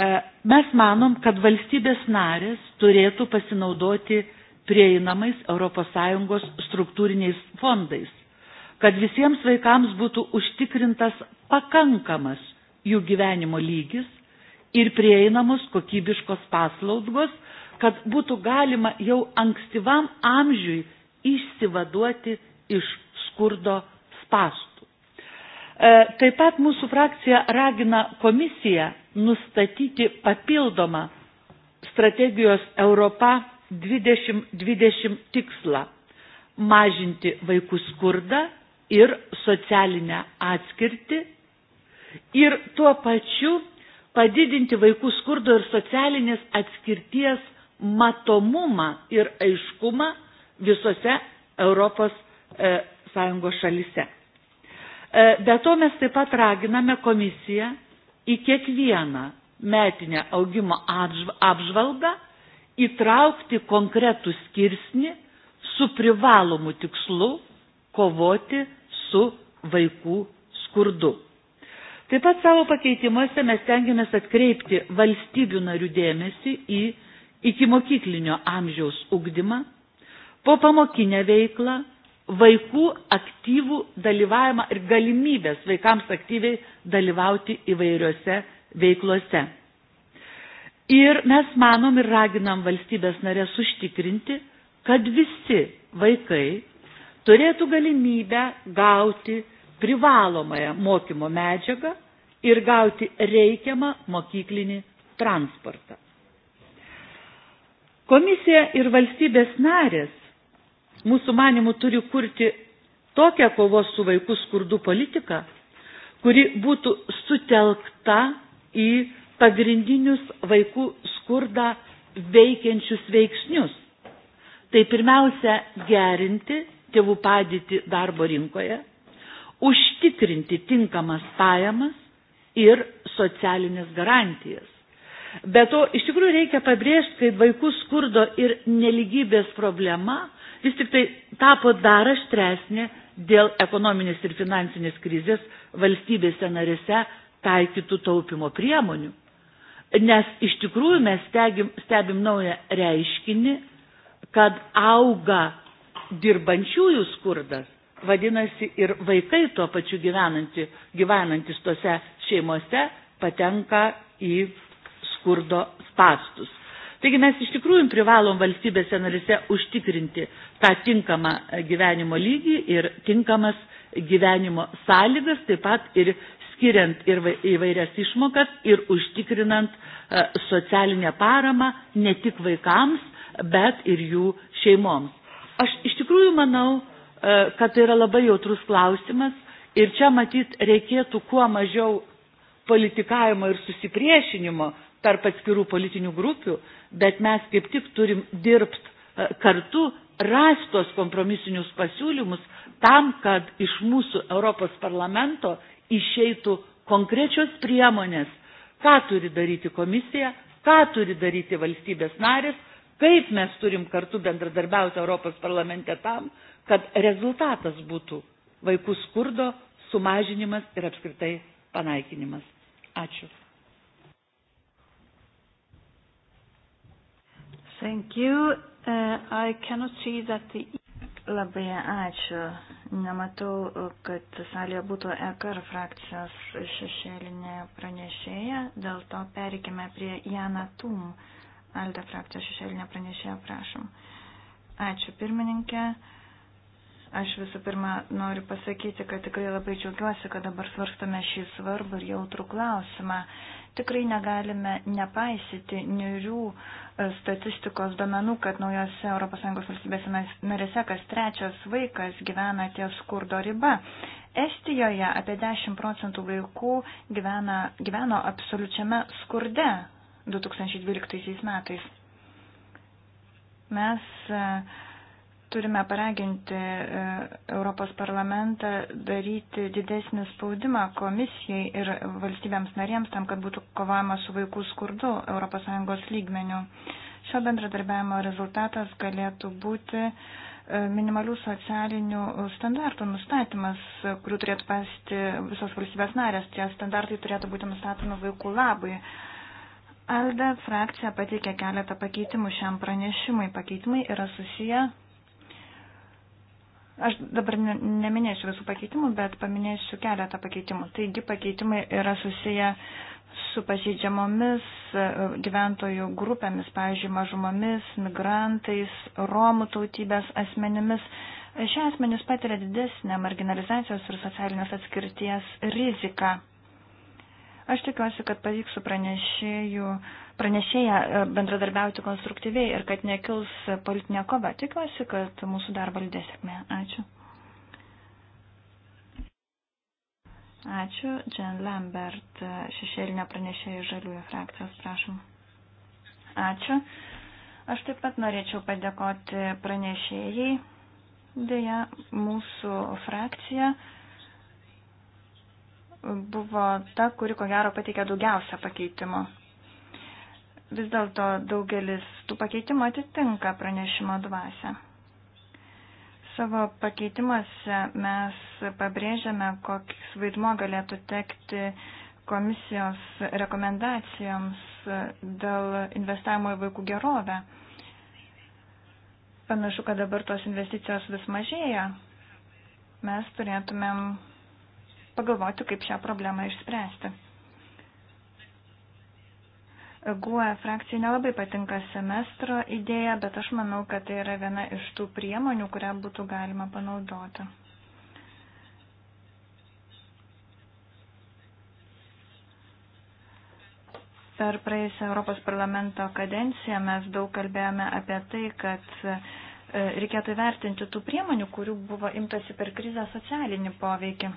E, mes manom, kad valstybės narės turėtų pasinaudoti prieinamais ES struktūriniais fondais, kad visiems vaikams būtų užtikrintas pakankamas jų gyvenimo lygis ir prieinamos kokybiškos paslaugos, kad būtų galima jau ankstyvam amžiui išsivaduoti iš skurdo spastų. E, taip pat mūsų frakcija ragina komisiją nustatyti papildomą strategijos Europa 2020 tikslą - mažinti vaikų skurdą ir socialinę atskirtį ir tuo pačiu padidinti vaikų skurdo ir socialinės atskirties matomumą ir aiškumą visose Europos e, Sąjungos šalise. E, be to mes taip pat raginame komisiją į kiekvieną metinę augimo apžvalgą įtraukti konkretų skirsnį su privalomu tikslu kovoti su vaikų skurdu. Taip pat savo pakeitimuose mes tengiamės atkreipti valstybių narių dėmesį į iki mokyklinio amžiaus ugdymą po pamokinę veiklą, vaikų aktyvų dalyvavimą ir galimybės vaikams aktyviai dalyvauti įvairiose veiklose. Ir mes manom ir raginam valstybės narės užtikrinti, kad visi vaikai turėtų galimybę gauti privalomąją mokymo medžiagą ir gauti reikiamą mokyklinį transportą. Komisija ir valstybės narės mūsų manimų turi kurti tokią kovos su vaikų skurdu politiką, kuri būtų sutelkta į pagrindinius vaikų skurdą veikiančius veiksnius. Tai pirmiausia, gerinti tėvų padėtį darbo rinkoje, užtikrinti tinkamas pajamas ir socialinės garantijas. Be to, iš tikrųjų reikia pabrėžti, kad vaikų skurdo ir neligybės problema vis tik tai tapo dar aštresnė dėl ekonominės ir finansinės krizės valstybėse narėse taikytų taupimo priemonių. Nes iš tikrųjų mes stebim, stebim naują reiškinį, kad auga dirbančiųjų skurdas, vadinasi ir vaikai tuo pačiu gyvenanti, gyvenantis tose šeimose patenka į skurdo spastus. Taigi mes iš tikrųjų privalom valstybėse narise užtikrinti tą tinkamą e, gyvenimo lygį ir tinkamas gyvenimo sąlygas, taip pat ir skiriant ir įvairias išmokas ir užtikrinant e, socialinę paramą ne tik vaikams, bet ir jų šeimoms. Aš iš tikrųjų manau, e, kad tai yra labai jautrus klausimas ir čia matyt reikėtų kuo mažiau politikavimo ir susipriešinimo tarp atskirų politinių grupių, bet mes kaip tik turim dirbti e, kartu, rastos kompromisinius pasiūlymus tam, kad iš mūsų Europos parlamento išeitų konkrečios priemonės, ką turi daryti komisija, ką turi daryti valstybės narės, kaip mes turim kartu bendradarbiauti Europos parlamente tam, kad rezultatas būtų vaikų skurdo sumažinimas ir apskritai panaikinimas. Ačiū. Thank you. Uh, I cannot see that the... E- Labai ačiū. Nematau, kad salėje būtų EKR frakcijos šešėlinė pranešėja, dėl to perikime prie Jana Tum. Alda frakcijos šešėlinė pranešėja, prašom. Ačiū pirmininkė. Uh, Aš visų pirma noriu pasakyti, kad tikrai labai džiaugiuosi, kad dabar svarstame šį svarbų ir jautrų klausimą. Tikrai negalime nepaisyti niurių e, statistikos domenų, kad naujose ES valstybėse narėse kas trečias vaikas gyvena ties skurdo riba. Estijoje apie 10 procentų vaikų gyvena, gyveno absoliučiame skurde 2012 metais. Mes uh, turime paraginti e, Europos parlamentą daryti didesnį spaudimą komisijai ir valstybėms narėms tam, kad būtų kovojama su vaikų skurdu ES lygmeniu. Šio bendradarbiavimo rezultatas galėtų būti e, minimalių socialinių standartų nustatymas, kurių turėtų pasti visos valstybės narės. Tie standartai turėtų būti nustatomi vaikų labai. ALDE frakcija pateikė keletą pakeitimų šiam pranešimui. Pakeitimai yra susiję Aš dabar neminėsiu visų pakeitimų, bet paminėsiu keletą pakeitimų. Taigi pakeitimai yra susiję su pažeidžiamomis e, gyventojų grupėmis, pavyzdžiui, mažumomis, migrantais, romų tautybės asmenimis. Šie asmenys patiria didesnę marginalizacijos ir socialinės atskirties riziką. Aš tikiuosi, kad pavyks su pranešėjų uh, pranešėją e, bendradarbiauti konstruktyviai ir kad nekils politinė kova. Tikiuosi, kad mūsų darbą lydės sėkmė. Ačiū. Ačiū. Jen Lambert, šešėlinė pranešėja žaliųjų frakcijos, prašom. Ačiū. Aš taip pat norėčiau padėkoti pranešėjai. Deja, mūsų frakcija buvo ta, kuri ko gero pateikė daugiausia pakeitimo vis dėlto daugelis tų pakeitimų atitinka pranešimo dvasę. Savo pakeitimuose mes pabrėžiame, koks vaidmo galėtų tekti komisijos rekomendacijoms dėl investavimo į vaikų gerovę. Panašu, kad dabar tos investicijos vis mažėja. Mes turėtumėm pagalvoti, kaip šią problemą išspręsti. GUE frakcijai nelabai patinka semestro idėja, bet aš manau, kad tai yra viena iš tų priemonių, kurią būtų galima panaudoti. Per praėjusią Europos parlamento kadenciją mes daug kalbėjome apie tai, kad e, reikėtų vertinti tų priemonių, kurių buvo imtasi per krizę socialinį poveikį.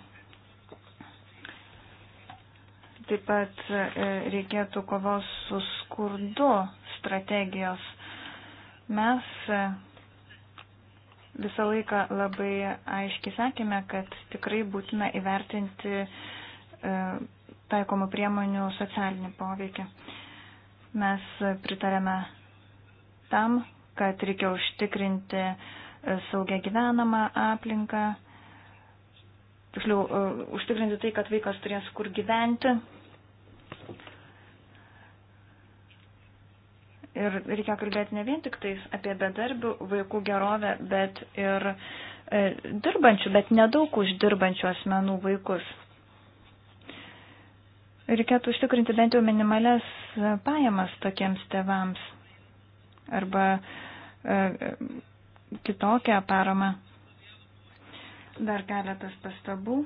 Taip pat e, reikėtų kovos su skurdu strategijos. Mes e, visą laiką labai aiškiai sakėme, kad tikrai būtina įvertinti e, taikomų priemonių socialinį poveikį. Mes pritarėme tam, kad reikia užtikrinti saugę gyvenamą aplinką, tiksliau, užtikrinti tai, kad vaikas turės kur gyventi, Ir reikia kalbėti ne vien tik tais apie bedarbių vaikų gerovę, bet ir e, dirbančių, bet nedaug uždirbančių asmenų vaikus. Reikėtų užtikrinti bent jau minimales e, pajamas tokiems tevams arba e, kitokią paramą. Dar keletas pastabų.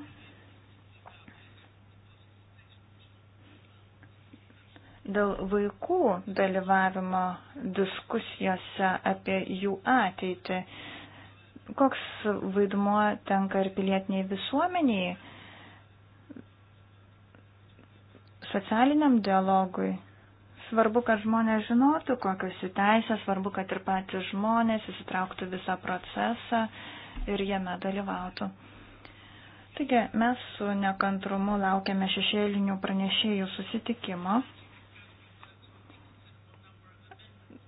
dėl vaikų dalyvavimo diskusijose apie jų ateitį. Koks vaidmuo tenka ir pilietiniai visuomeniai, socialiniam dialogui? Svarbu, kad žmonės žinotų, kokios jų teisės, svarbu, kad ir patys žmonės įsitrauktų visą procesą ir jame dalyvautų. Taigi mes su nekantrumu laukiame šešėlinių pranešėjų susitikimo.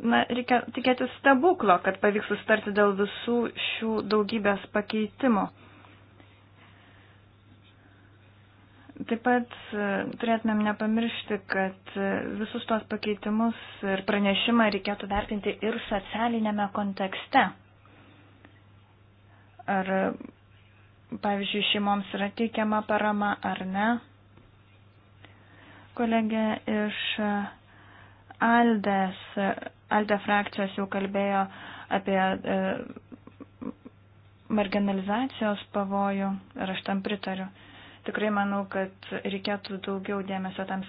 na, reikia tikėtis stebuklo, kad pavyks sustarti dėl visų šių daugybės pakeitimų. Taip pat e, turėtumėm nepamiršti, kad e, visus tos pakeitimus ir pranešimą reikėtų vertinti ir socialinėme kontekste. Ar, e, pavyzdžiui, šeimoms yra teikiama parama ar ne. Kolegė iš Aldės Alde frakcijos jau kalbėjo apie e, marginalizacijos pavojų ir aš tam pritariu. Tikrai manau, kad reikėtų daugiau dėmesio tam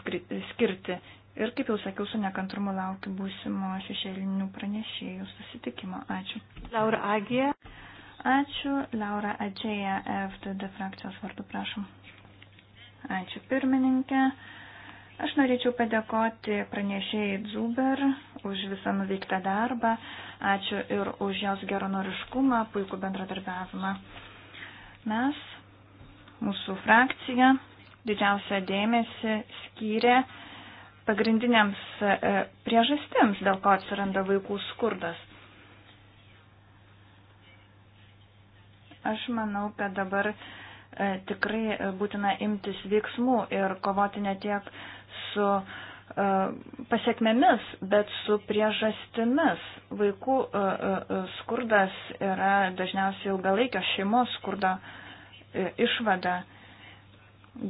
skirti. Ir kaip jau sakiau, su nekantrumu laukiu būsimo šešėlinių pranešėjų susitikimo. Ačiū. Laura Agija. Ačiū. Laura Adžėja, FDD frakcijos vardu, prašom. Ačiū pirmininkė. Aš norėčiau padėkoti pranešėjai Dzuber už visą nuveiktą darbą, ačiū ir už jos geronoriškumą, puikų bendradarbiavimą. Mes, mūsų frakcija, didžiausią dėmesį skyrė pagrindiniams e, priežastims, dėl ko atsiranda vaikų skurdas. Aš manau, kad dabar e, tikrai būtina imtis veiksmų ir kovoti ne tiek su uh, E, pasiekmėmis, bet su priežastimis. Vaikų e, e, skurdas yra dažniausiai ilgalaikio šeimos skurdo išvada.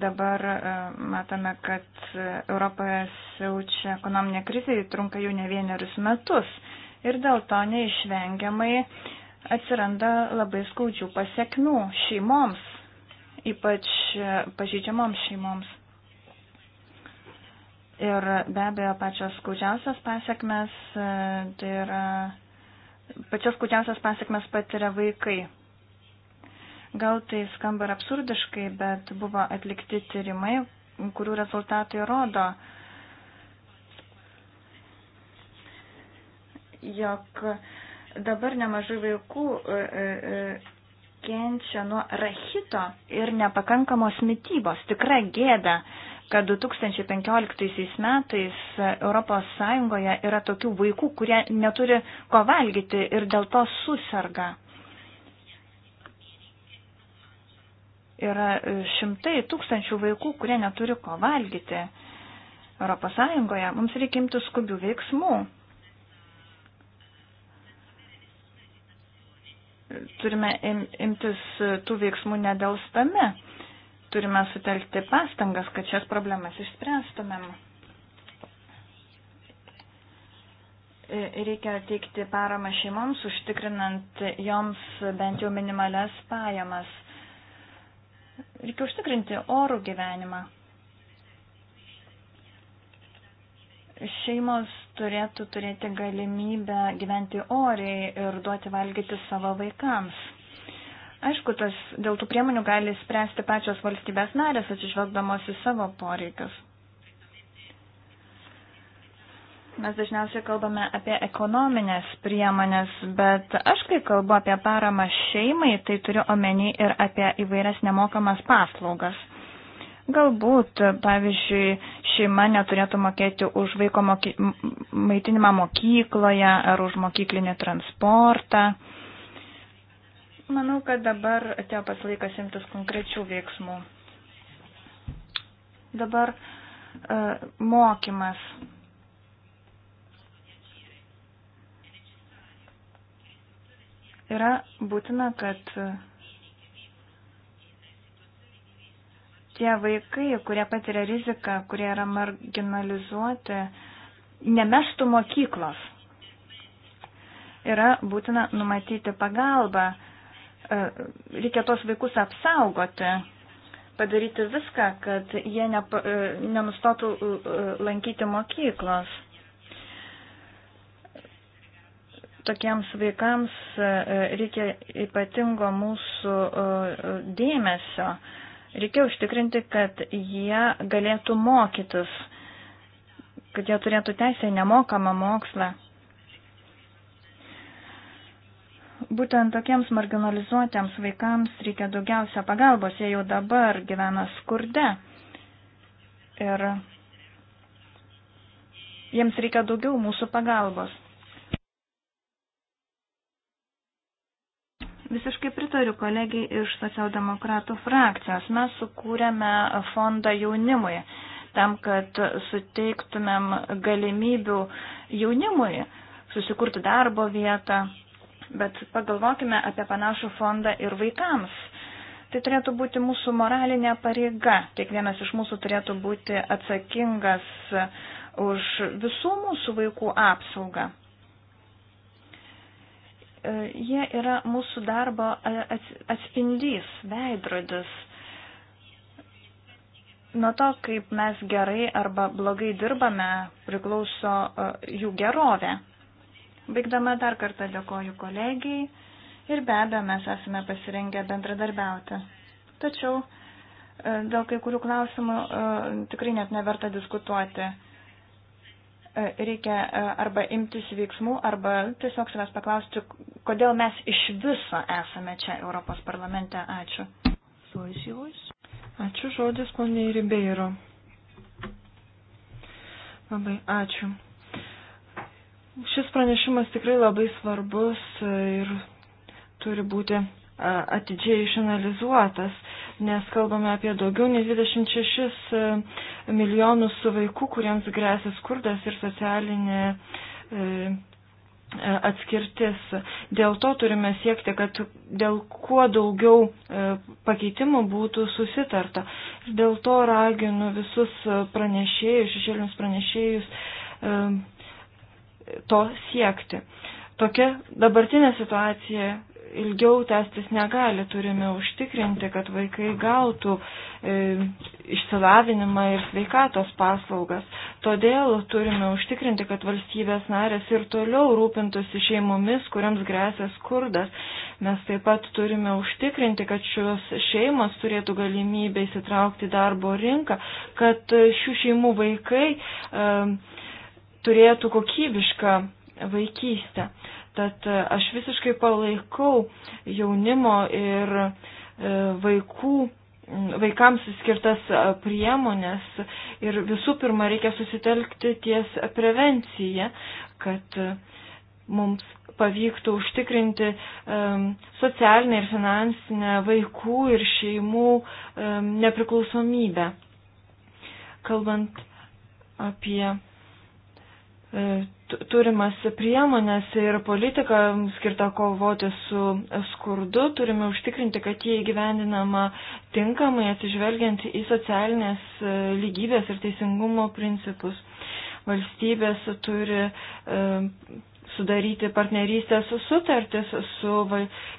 Dabar matome, kad Europoje siaučia ekonominė krizė, trunka jau ne vienerius metus ir dėl to neišvengiamai atsiranda labai skaudžių pasiekmių šeimoms, ypač pažydžiamoms šeimoms. Ir be abejo, pačios skaudžiausias pasiekmes, e, tai yra, pačios skaudžiausias pasiekmes patiria vaikai. Gal tai skamba ir absurdiškai, bet buvo atlikti tyrimai, kurių rezultatai rodo, jog dabar nemažai vaikų e, e, kenčia nuo rachito ir nepakankamos mytybos. Tikra gėda kad 2015 metais ES yra tokių vaikų, kurie neturi ko valgyti ir dėl to susirga. Yra šimtai tūkstančių vaikų, kurie neturi ko valgyti. ES mums reikia imti skubių veiksmų. Turime imtis tų veiksmų nedelstami Turime sutelkti pastangas, kad šias problemas išspręstumėm. Reikia teikti paramą šeimoms, užtikrinant joms bent jau minimales pajamas. Reikia užtikrinti orų gyvenimą. Šeimos turėtų turėti galimybę gyventi oriai ir duoti valgyti savo vaikams. Aišku, tas, dėl tų priemonių gali spręsti pačios valstybės narės, atsižvelgdamos į savo poreikius. Mes dažniausiai kalbame apie ekonominės priemonės, bet aš, kai kalbu apie paramą šeimai, tai turiu omeny ir apie įvairias nemokamas paslaugas. Galbūt, pavyzdžiui, šeima neturėtų mokėti už vaiko moky... maitinimą mokykloje ar už mokyklinį transportą. Uh, Manau, kad dabar atėjo pats laikas imtis konkrečių veiksmų. Dabar uh, mokymas. Yra būtina, kad e, tie vaikai, kurie patiria riziką, kurie yra marginalizuoti, nemestų mokyklos. Yra būtina numatyti pagalbą uh, E, reikia tos vaikus apsaugoti, padaryti viską, kad jie nepa, e, nenustotų e, lankyti mokyklos. Tokiems vaikams reikia ypatingo mūsų dėmesio. Reikia užtikrinti, kad jie galėtų mokytis, kad jie turėtų teisę nemokamą mokslą. būtent tokiems marginalizuotiems vaikams reikia daugiausia pagalbos, jie jau dabar gyvena skurde. Ir jiems reikia daugiau mūsų pagalbos. Visiškai pritariu kolegiai iš socialdemokratų frakcijos. Mes sukūrėme fondą jaunimui, tam, kad suteiktumėm galimybių jaunimui susikurti darbo vietą, bet pagalvokime apie panašų fondą ir vaikams. Tai turėtų būti mūsų moralinė pareiga. Kiekvienas iš mūsų turėtų būti atsakingas už visų mūsų vaikų apsaugą. E, jie yra mūsų darbo atspindys, veidrodis. Nuo to, kaip mes gerai arba blogai dirbame, priklauso e, jų gerovė. Baigdama dar kartą dėkoju kolegijai ir be abejo mes esame pasirengę bendradarbiauti. Tačiau e, dėl kai kurių klausimų e, tikrai net neverta diskutuoti. E, reikia arba imtis veiksmų, arba tiesiog savęs paklausti, kodėl mes iš viso esame čia Europos parlamente. Ačiū. Ačiū žodis, poniai Ribeiro. Labai ačiū. Šis pranešimas tikrai labai svarbus ir turi būti atidžiai išanalizuotas, nes kalbame apie daugiau nei 26 e, milijonus vaikų, kuriems grėsia skurdas ir socialinė e, e, atskirtis. Dėl to turime siekti, kad dėl kuo daugiau pakeitimų būtų susitarta. Ir dėl to raginu visus pranešėjus, šešėlinius pranešėjus to siekti. Tokia dabartinė situacija ilgiau tęstis negali. Turime užtikrinti, kad vaikai gautų e, išsilavinimą ir sveikatos paslaugas. Todėl turime užtikrinti, kad valstybės narės ir toliau rūpintųsi šeimomis, kuriams grėsia skurdas. Mes taip pat turime užtikrinti, kad šios šeimos turėtų galimybę įsitraukti darbo rinką, kad šių šeimų vaikai e, turėtų kokybišką vaikystę. Tad e, aš visiškai palaikau jaunimo ir e, vaikų, vaikams skirtas e, priemonės ir visų pirma reikia susitelkti ties prevenciją, kad mums pavyktų užtikrinti um, socialinę ir finansinę vaikų ir šeimų um, nepriklausomybę. Kalbant apie E, turimas priemonės ir politiką skirtą kovoti su skurdu, turime užtikrinti, kad jie įgyvendinama tinkamai atsižvelgiant į socialinės e, lygybės ir teisingumo principus. Valstybės turi e, sudaryti partnerystės sutartis su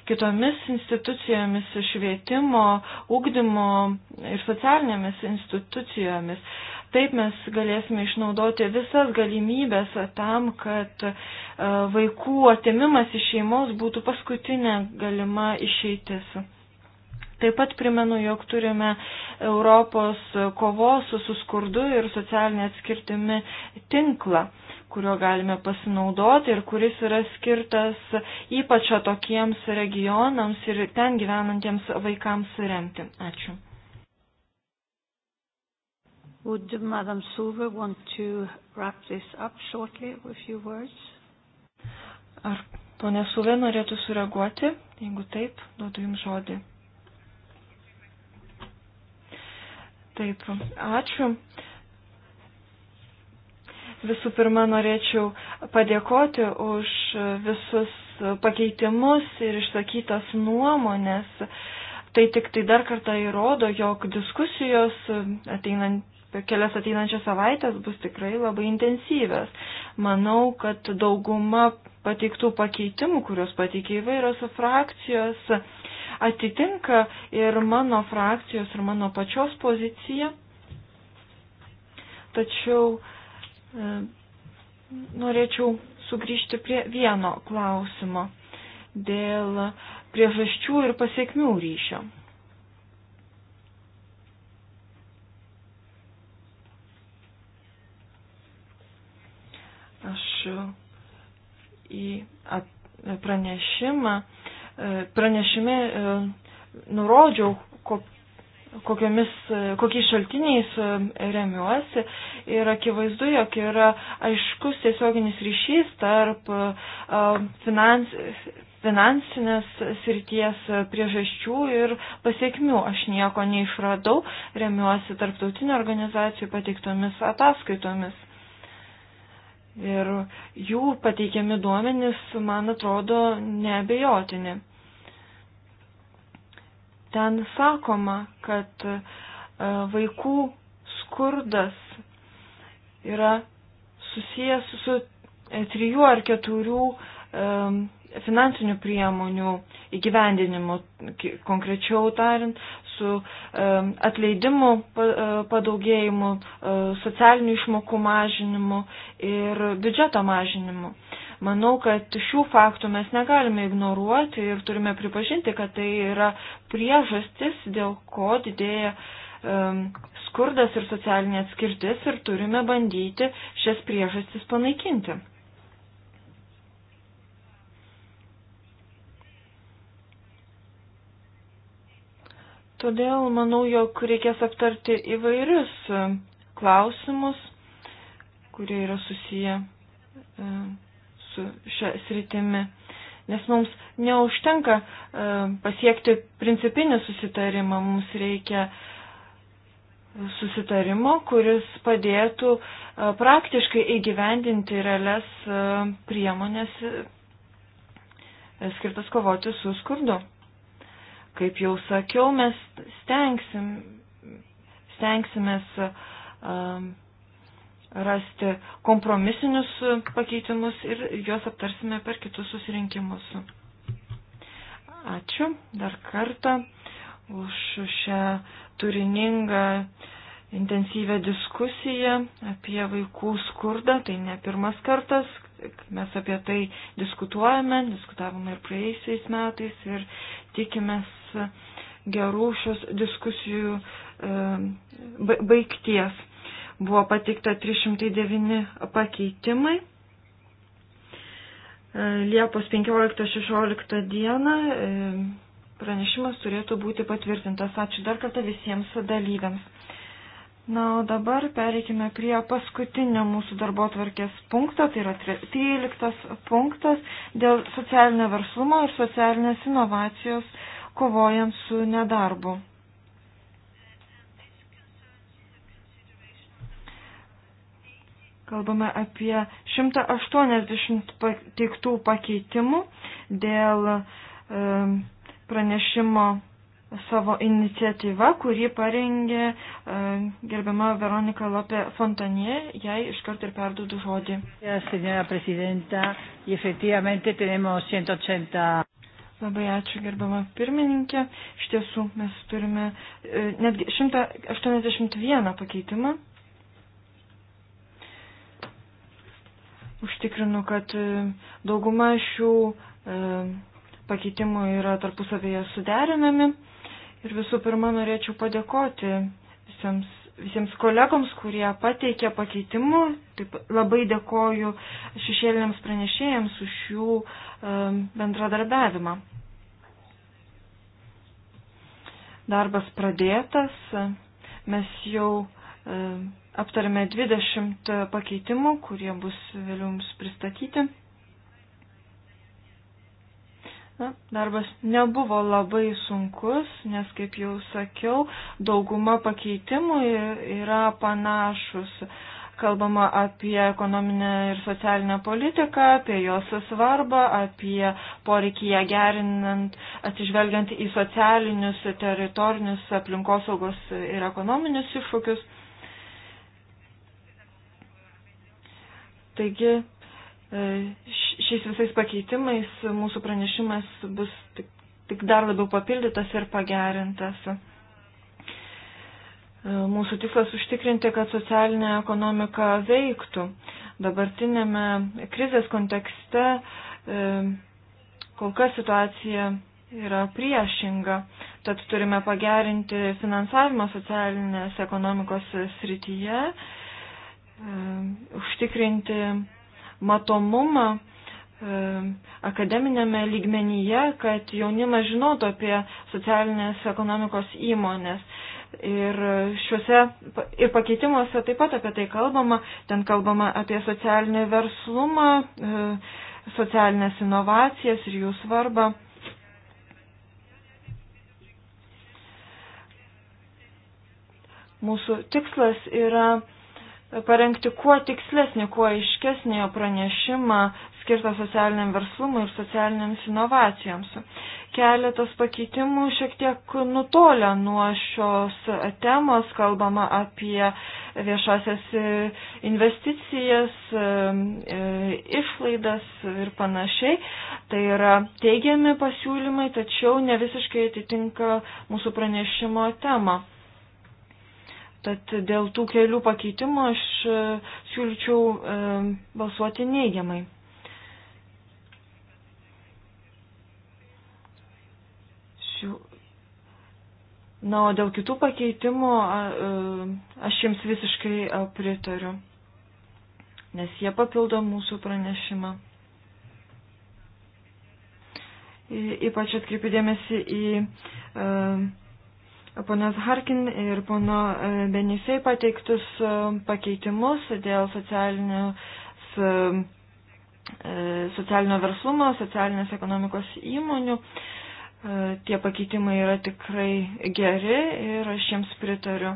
kitomis institucijomis, švietimo, ūkdymo ir socialinėmis institucijomis. Taip mes galėsime išnaudoti visas galimybės tam, kad e, vaikų atimimas iš šeimos būtų paskutinė galima išeitis. Taip pat primenu, jog turime Europos kovos su skurdu ir socialinė atskirtimi tinklą kuriuo galime pasinaudoti ir kuris yra skirtas ypač tokiems regionams ir ten gyvenantiems vaikams remti. Ačiū. Would Madam Suva want to wrap this up shortly with few words? Ar ponė Suve norėtų sureaguoti? Jeigu taip, duodu Jums žodį. Taip, ačiū. Visų pirma, norėčiau padėkoti už visus pakeitimus ir išsakytas nuomonės. Tai tik tai dar kartą įrodo, jog diskusijos ateinant, kelias ateinančias savaitės bus tikrai labai intensyvės. Manau, kad dauguma pateiktų pakeitimų, kuriuos pateikė įvairios frakcijos, atitinka ir mano frakcijos, ir mano pačios poziciją. Tačiau uh, E, norėčiau sugrįžti prie vieno klausimo dėl priežasčių ir pasiekmių ryšio. Aš į pranešimą, e, pranešime e, nurodžiau, kokiamis, e, kokiais šaltiniais e, remiuosi ir akivaizdu, jog yra aiškus tiesioginis ryšys tarp e, finans, finansinės srities priežasčių ir pasiekmių. Aš nieko neišradau, remiuosi tarptautinių organizacijų pateiktomis ataskaitomis. Ir jų pateikiami duomenys, man atrodo, nebejotini. Ten sakoma, kad e, vaikų skurdas yra susijęs su e, trijų ar keturių e, finansinių priemonių įgyvendinimu, konkrečiau tariant, su atleidimu padaugėjimu, socialinių išmokų mažinimu ir biudžeto mažinimu. Manau, kad šių faktų mes negalime ignoruoti ir turime pripažinti, kad tai yra priežastis, dėl ko didėja um, skurdas ir socialinė atskirtis ir turime bandyti šias priežastis panaikinti. Todėl manau, jog reikės aptarti įvairius klausimus, kurie yra susiję su šia sritimi. Nes mums neužtenka e, pasiekti principinį susitarimą, mums reikia susitarimo, kuris padėtų e, praktiškai įgyvendinti realias e, priemonės skirtas kovoti su skurdu. Kaip jau sakiau, mes stengsim, stengsimės um, rasti kompromisinius pakeitimus ir juos aptarsime per kitus susirinkimus. Ačiū dar kartą už šią turiningą intensyvę diskusiją apie vaikų skurdą. Tai ne pirmas kartas, mes apie tai diskutuojame, diskutavome ir praėjusiais metais ir tikimės gerų šios diskusijų e, baigties. Buvo pateikta 309 pakeitimai. E, Liepos 15-16 dieną e, pranešimas turėtų būti patvirtintas. Ačiū dar kartą visiems dalyviams. Na, o dabar pereikime prie paskutinio mūsų darbo tvarkės punkto, tai yra 13 punktas dėl socialinio verslumo ir socialinės inovacijos kovojant su nedarbu. Kalbame apie 180 teiktų pakeitimų dėl e, pranešimo savo iniciatyva, kurį parengė e, gerbiama Veronika Lopė Fontanie, jai iškart ir perduodu žodį. Labai ačiū, gerbama pirmininkė. Iš tiesų, mes turime e, netgi 181 pakeitimą. Užtikrinu, kad e, dauguma šių e, pakeitimų yra tarpusavėje suderinami. Ir visų pirma, norėčiau padėkoti visiems, visiems kolegoms, kurie pateikė pakeitimų. Taip labai dėkoju šešėliniams pranešėjams už jų e, bendradarbiavimą. Darbas pradėtas. Mes jau aptarėme 20 pakeitimų, kurie bus vėliau jums pristatyti. Na, darbas nebuvo labai sunkus, nes, kaip jau sakiau, dauguma pakeitimų yra panašus. Kalbama apie ekonominę ir socialinę politiką, apie jos svarbą, apie poreikį ją gerinant, atsižvelgiant į socialinius, teritorinius, aplinkosaugos ir ekonominius iššūkius. Taigi e, šiais visais pakeitimais mūsų pranešimas bus tik, tik dar labiau papildytas ir pagerintas. E, mūsų tikslas užtikrinti, kad socialinė ekonomika veiktų. Dabartinėme krizės kontekste e, kol kas situacija yra priešinga, tad turime pagerinti finansavimą socialinės ekonomikos srityje užtikrinti matomumą akademinėme lygmenyje, kad jaunimas žinotų apie socialinės ekonomikos įmonės. Ir šiuose ir pakeitimuose taip pat apie tai kalbama, ten kalbama apie socialinį verslumą, socialinės inovacijas ir jų svarbą. Mūsų tikslas yra parengti kuo tikslesnį, kuo aiškesnį pranešimą skirtą socialiniam verslumui ir socialiniams inovacijoms. Keletas pakeitimų šiek tiek nutolia nuo šios temos, kalbama apie viešasias investicijas, išlaidas ir panašiai. Tai yra teigiami pasiūlymai, tačiau ne visiškai atitinka mūsų pranešimo temą. Tad dėl tų kelių pakeitimų aš e, siūlyčiau e, balsuoti neigiamai. Šių... Na, o dėl kitų pakeitimų a, a, e, aš jiems visiškai a, pritariu, nes jie papildo mūsų pranešimą. Ypač atkreipiu dėmesį į a, e, ponios Harkin ir pono e, Benifei pateiktus e, pakeitimus dėl socialinės e, socialinio verslumo, socialinės ekonomikos įmonių. Tie pakeitimai yra tikrai geri ir aš jiems pritariu.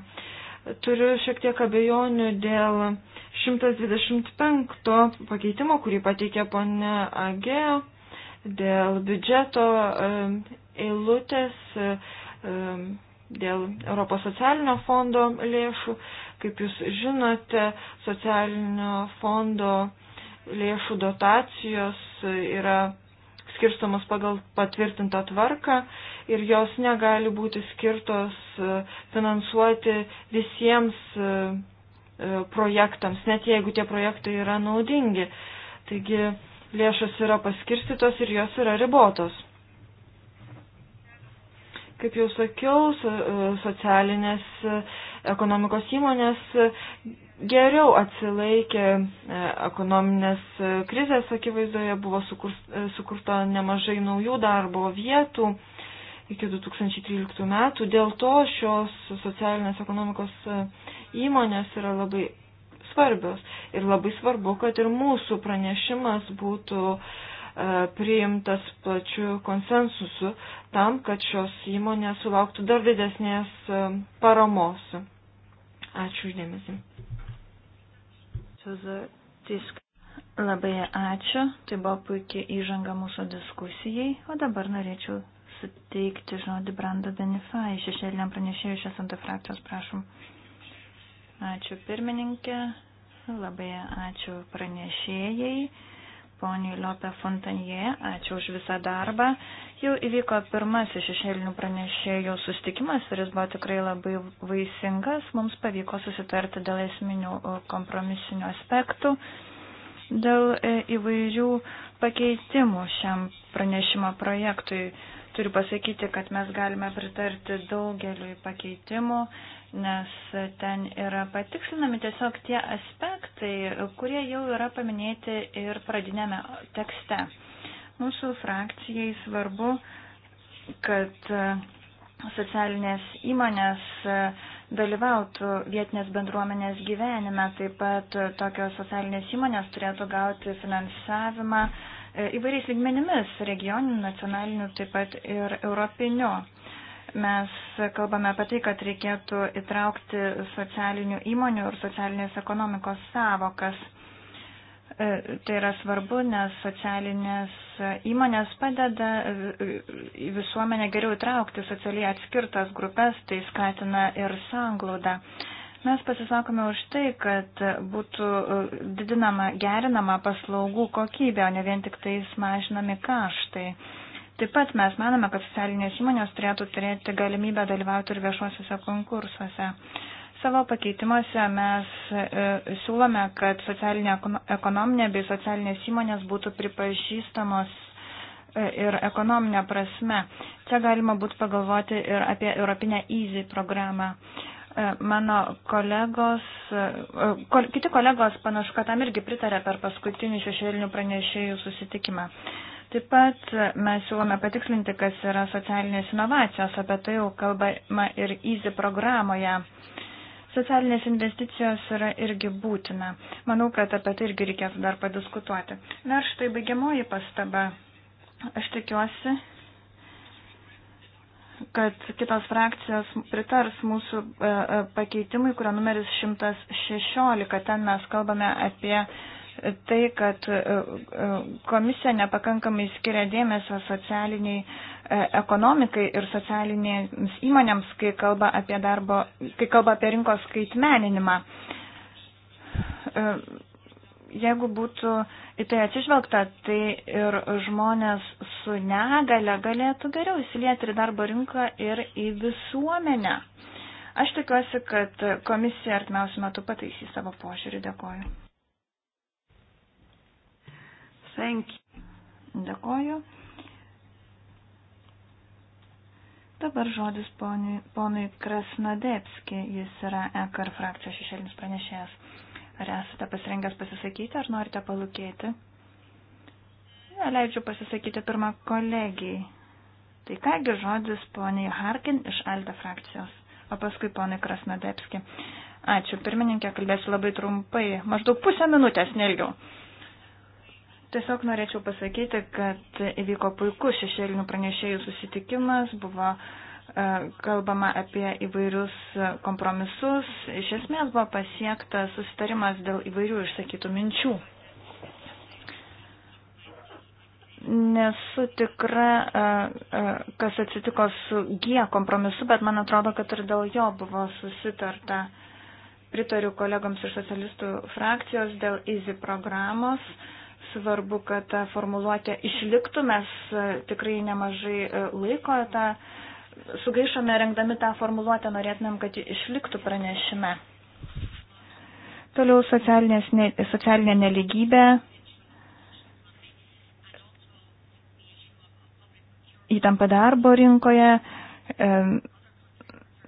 Turiu šiek tiek abejonių dėl 125 pakeitimo, kurį pateikė ponė Agėjo, dėl biudžeto eilutės dėl Europos socialinio fondo lėšų. Kaip jūs žinote, socialinio fondo lėšų dotacijos yra skirstamos pagal patvirtintą tvarką ir jos negali būti skirtos e, finansuoti visiems e, e, projektams, net jeigu tie projektai yra naudingi. Taigi lėšos yra paskirstytos ir jos yra ribotos. Kaip jau sakiau, e, socialinės e, ekonomikos įmonės geriau atsilaikė e, ekonominės krizės akivaizdoje, buvo sukurta nemažai naujų darbo vietų iki 2013 metų. Dėl to šios socialinės ekonomikos įmonės yra labai svarbios. Ir labai svarbu, kad ir mūsų pranešimas būtų uh, E, priimtas plačiu konsensusu tam, kad šios įmonės sulauktų dar didesnės e, paramos. Ačiū uždėmesi. Labai ačiū, tai buvo puikiai įžanga mūsų diskusijai, o dabar norėčiau suteikti žodį Brando Benifai, šešėliniam pranešėjui šios antifrakcijos, prašom. Ačiū pirmininkė, labai ačiū pranešėjai poniai Lope Fontanje, ačiū už visą darbą. Jau įvyko pirmasis šešėlinių pranešėjų sustikimas ir jis buvo tikrai labai vaisingas. Mums pavyko susitarti dėl esminių kompromisinių aspektų, dėl e, įvairių pakeitimų šiam pranešimo projektui. Turiu pasakyti, kad mes galime pritarti daugeliui pakeitimų nes ten yra patikslinami tiesiog tie aspektai, kurie jau yra paminėti ir pradinėme tekste. Mūsų frakcijai svarbu, kad socialinės įmonės dalyvautų vietinės bendruomenės gyvenime, taip pat tokios socialinės įmonės turėtų gauti finansavimą e, įvairiais lygmenimis - regioniniu, nacionaliniu, taip pat ir europiniu. Mes kalbame apie tai, kad reikėtų įtraukti socialinių įmonių ir socialinės ekonomikos savokas. E, tai yra svarbu, nes socialinės įmonės padeda e, į visuomenę geriau įtraukti socialiai atskirtas grupės, tai skatina ir sanglaudą. Mes pasisakome už tai, kad būtų e, didinama, gerinama paslaugų kokybė, o ne vien tik tais mažinami kaštai. Taip pat mes manome, kad socialinės įmonės turėtų turėti galimybę dalyvauti ir viešuosiuose konkursuose. Savo pakeitimuose mes e, siūlome, kad socialinė ekonominė bei socialinės įmonės būtų pripažįstamos e, ir ekonominė prasme. Čia galima būtų pagalvoti ir apie Europinę EASY programą. E, mano kolegos, kol, kiti kolegos panašu, kad tam irgi pritarė per paskutinį šešėlinių pranešėjų susitikimą. Taip pat mes siūlome patikslinti, kas yra socialinės inovacijos, apie tai jau kalbama ir EASY programoje. Socialinės investicijos yra irgi būtina. Manau, kad apie tai irgi reikėtų dar padiskutuoti. Na ir štai baigiamoji pastaba. Aš tikiuosi, kad kitos frakcijos pritars mūsų e, e, pakeitimui, kurio numeris 116. Ten mes kalbame apie tai, kad e, e, komisija nepakankamai skiria dėmesio socialiniai e, ekonomikai ir socialinėms įmonėms, kai kalba apie, darbo, kai kalba apie rinkos skaitmeninimą. Jeigu būtų į tai atsižvelgta, tai ir žmonės su negale galėtų geriau įsilieti į darbo rinką ir į visuomenę. Aš tikiuosi, kad komisija artimiausiu metu pataisys savo požiūrį. Dėkoju. Thank you. Dėkoju. Dabar žodis ponui, ponui Krasnodepski, jis yra EKR frakcijos šešėlinis pranešėjas. Ar esate pasirengęs pasisakyti, ar norite palūkėti? Ja, leidžiu pasisakyti pirmą kolegijai. Tai kągi žodis poniai Harkin iš Alde frakcijos, o paskui ponui Krasnodepski. Ačiū, pirmininkė, kalbėsiu labai trumpai, maždaug pusę minutės, nelgiau. Tiesiog norėčiau pasakyti, kad įvyko puikus šešėlinių pranešėjų susitikimas, buvo e, kalbama apie įvairius kompromisus. Iš esmės buvo pasiektas susitarimas dėl įvairių išsakytų minčių. Nesu tikra, e, e, kas atsitiko su G kompromisu, bet man atrodo, kad ir dėl jo buvo susitarta. Pritariu kolegams iš socialistų frakcijos dėl EASY programos. Svarbu, kad ta formuluotė išliktų, mes e, tikrai nemažai e, laiko tą sugaišome rengdami tą formuluotę, norėtumėm, kad ji išliktų pranešime. Toliau ne, socialinė neligybė. Įtampa darbo rinkoje, e,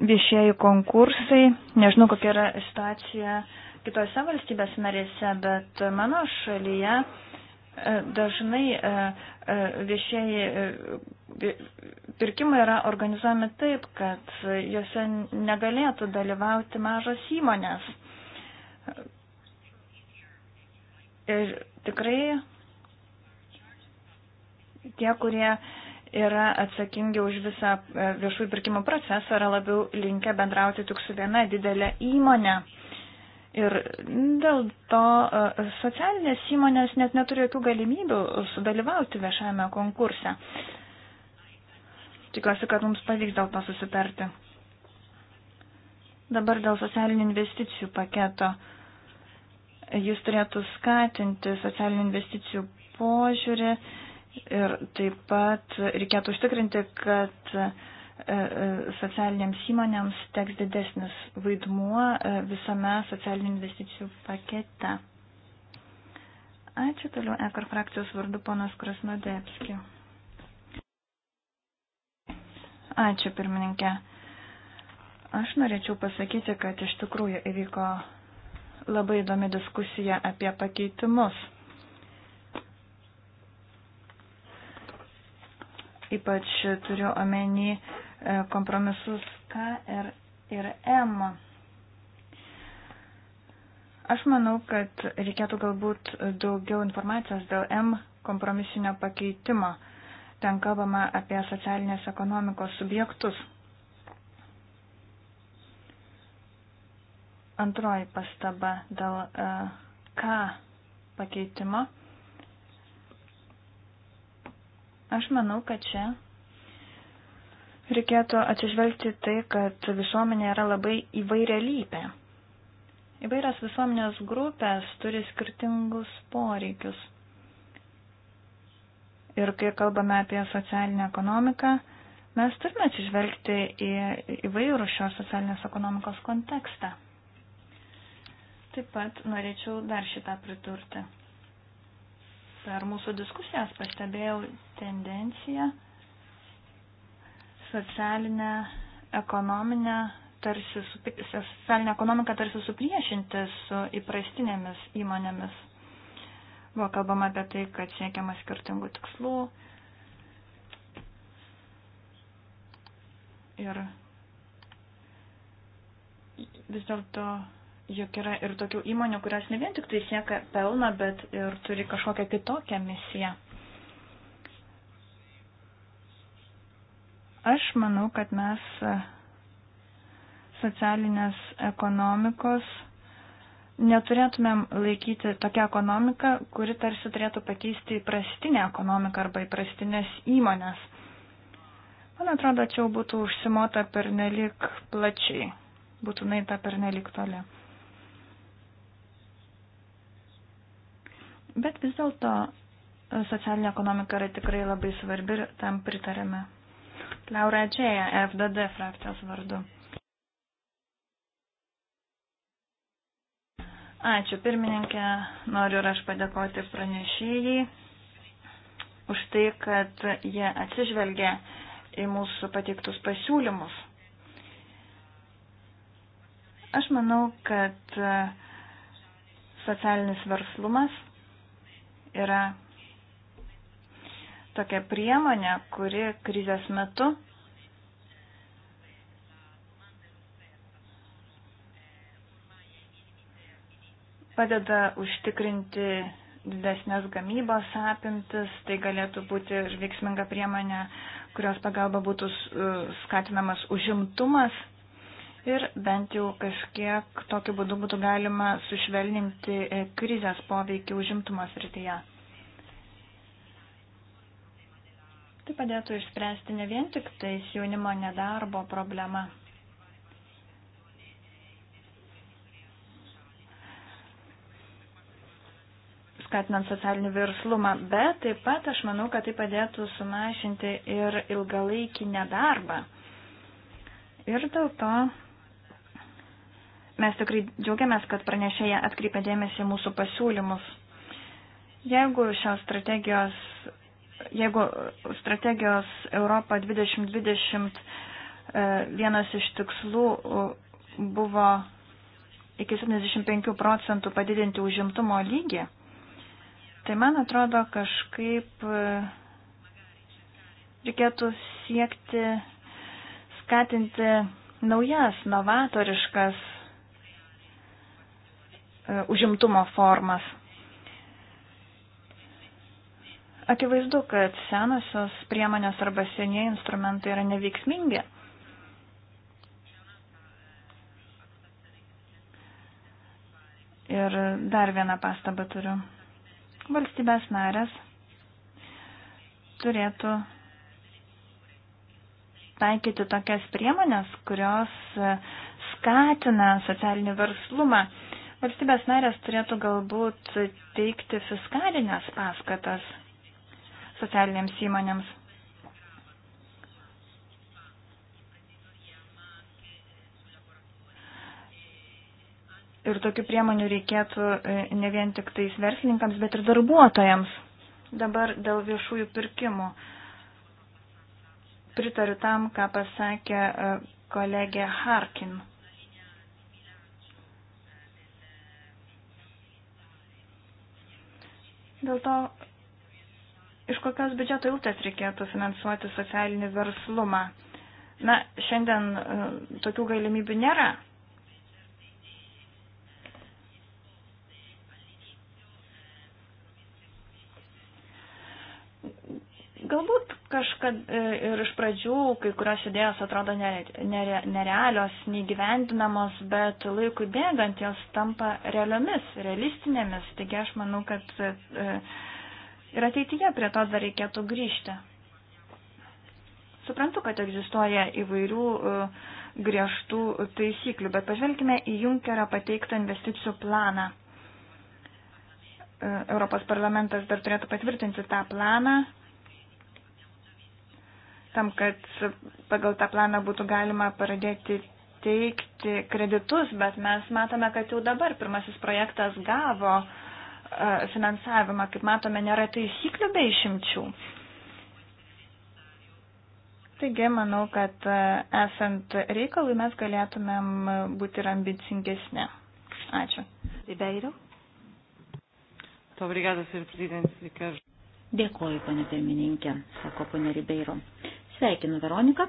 viešieji konkursai, nežinau kokia yra situacija kitose valstybės narėse, bet mano šalyje E, dažnai e, e, viešieji pirkimai yra organizuojami taip, kad juose negalėtų dalyvauti mažos įmonės. Ir tikrai tie, kurie yra atsakingi už visą viešųjų pirkimų procesą, yra labiau linkę bendrauti tik su viena didelė įmonė. Uh, Ir dėl to e, socialinės įmonės net neturi jokių galimybių sudalyvauti viešame konkurse. Tikiuosi, kad mums pavyks dėl to susitarti. Dabar dėl socialinių investicijų paketo. Jis turėtų skatinti socialinių investicijų požiūrį ir taip pat reikėtų užtikrinti, kad E, e, socialiniams įmonėms teks didesnis vaidmuo e, visame socialinių investicijų pakete. Ačiū toliau EKR frakcijos vardu ponas Krasnodepski. Ačiū pirmininkė. Aš norėčiau pasakyti, kad iš tikrųjų įvyko labai įdomi diskusija apie pakeitimus. Ypač turiu omeny uh, E, kompromisus K ir, ir M. Aš manau, kad reikėtų galbūt daugiau informacijos dėl M kompromisinio pakeitimo. Ten kalbama apie socialinės ekonomikos subjektus. Antroji pastaba dėl e, K pakeitimo. Aš manau, kad čia Reikėtų atsižvelgti tai, kad visuomenė yra labai įvairialypė. Įvairios visuomenės grupės turi skirtingus poreikius. Ir kai kalbame apie socialinę ekonomiką, mes turime atsižvelgti į įvairų šios socialinės ekonomikos kontekstą. Taip pat norėčiau dar šitą pridurti. Per mūsų diskusijas pastebėjau tendenciją, socialinę, ekonominę, tarsi, socialinę ekonomiką tarsi supriešinti su įprastinėmis įmonėmis. Buvo kalbama apie tai, kad siekiama skirtingų tikslų ir vis dėlto juk yra ir tokių įmonių, kurios ne vien tik tai siekia pelną, bet ir turi kažkokią kitokią misiją. Aš manau, kad mes e, socialinės ekonomikos neturėtumėm laikyti tokią ekonomiką, kuri tarsi turėtų pakeisti įprastinę ekonomiką arba įprastinės įmonės. Man atrodo, čia jau būtų užsimota per nelik plačiai, būtų naita per nelik toli. Bet vis dėlto e, socialinė ekonomika yra tikrai labai svarbi ir tam pritarėme. Laura Džėja, FDD frakcijos vardu. Ačiū pirmininkė, noriu ir aš padėkoti pranešėjai už tai, kad jie atsižvelgia į mūsų pateiktus pasiūlymus. Aš manau, kad socialinis verslumas yra tokia priemonė, kuri krizės metu padeda užtikrinti didesnės gamybos apimtis, tai galėtų būti ir veiksminga priemonė, kurios pagalba būtų e, skatinamas užimtumas ir bent jau kažkiek tokiu būdu būtų galima sušvelninti e, krizės poveikį užimtumo srityje. Tai padėtų išspręsti ne vien tik tais jaunimo nedarbo problemą. skatinant socialinį verslumą, bet taip pat aš manau, kad tai padėtų sumažinti ir ilgalaikį nedarbą. Ir dėl to mes tikrai džiaugiamės, kad pranešėja atkreipė dėmesį mūsų pasiūlymus. Jeigu šios strategijos jeigu strategijos Europa 2020 e, vienas iš tikslų e, buvo iki 75 procentų padidinti užimtumo lygį, tai man atrodo kažkaip e, reikėtų siekti skatinti naujas, novatoriškas užimtumo formas. Akivaizdu, kad senosios priemonės arba senieji instrumentai yra neveiksmingi. Ir dar vieną pastabą turiu. Valstybės narės turėtų taikyti tokias priemonės, kurios skatina socialinį verslumą. Valstybės narės turėtų galbūt teikti fiskalinės paskatas socialinėms įmonėms. Ir tokių priemonių reikėtų e, ne vien tik tais verslininkams, bet ir darbuotojams. Dabar dėl viešųjų pirkimų. Pritariu tam, ką pasakė e, kolegė Harkin. Dėl to Iš kokios biudžeto eilutės reikėtų finansuoti socialinį verslumą? Na, šiandien e, tokių galimybių nėra. Galbūt kažkad e, ir iš pradžių kai kurios idėjos atrodo nerealios, neįgyvendinamos, bet laikui bėgant jos tampa realiomis, realistinėmis. Taigi aš manau, kad e, Ir ateityje prie to dar reikėtų grįžti. Suprantu, kad egzistuoja įvairių e, griežtų taisyklių, bet pažvelkime į Junkerio pateiktą investicijų planą. E, Europos parlamentas dar turėtų patvirtinti tą planą, tam, kad pagal tą planą būtų galima pradėti teikti kreditus, bet mes matome, kad jau dabar pirmasis projektas gavo uh, finansavimą, kaip matome, nėra taisyklių bei išimčių. Taigi, manau, kad esant reikalui mes galėtumėm būti ir ambicingesnė. Ačiū. Ribeiro. Obrigada, Sr. Presidente. Dėkuoju, ponė pirmininkė, sako ponė Ribeiro. Sveikinu Veroniką.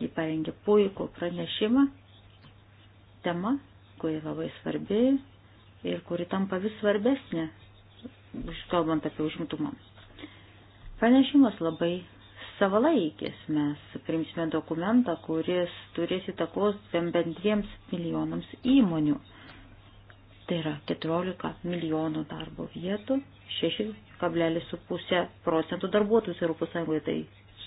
Ji parengė puikų pranešimą. Tema, kuri labai svarbi, ir kuri tampa vis svarbesnė, kalbant apie užimtumą. Pranešimas labai savalaikis. Mes primsime dokumentą, kuris turės įtakos bent dviems milijonams įmonių. Tai yra 14 milijonų darbo vietų, 6,5 procentų darbuotojus Europos Sąjungoje tai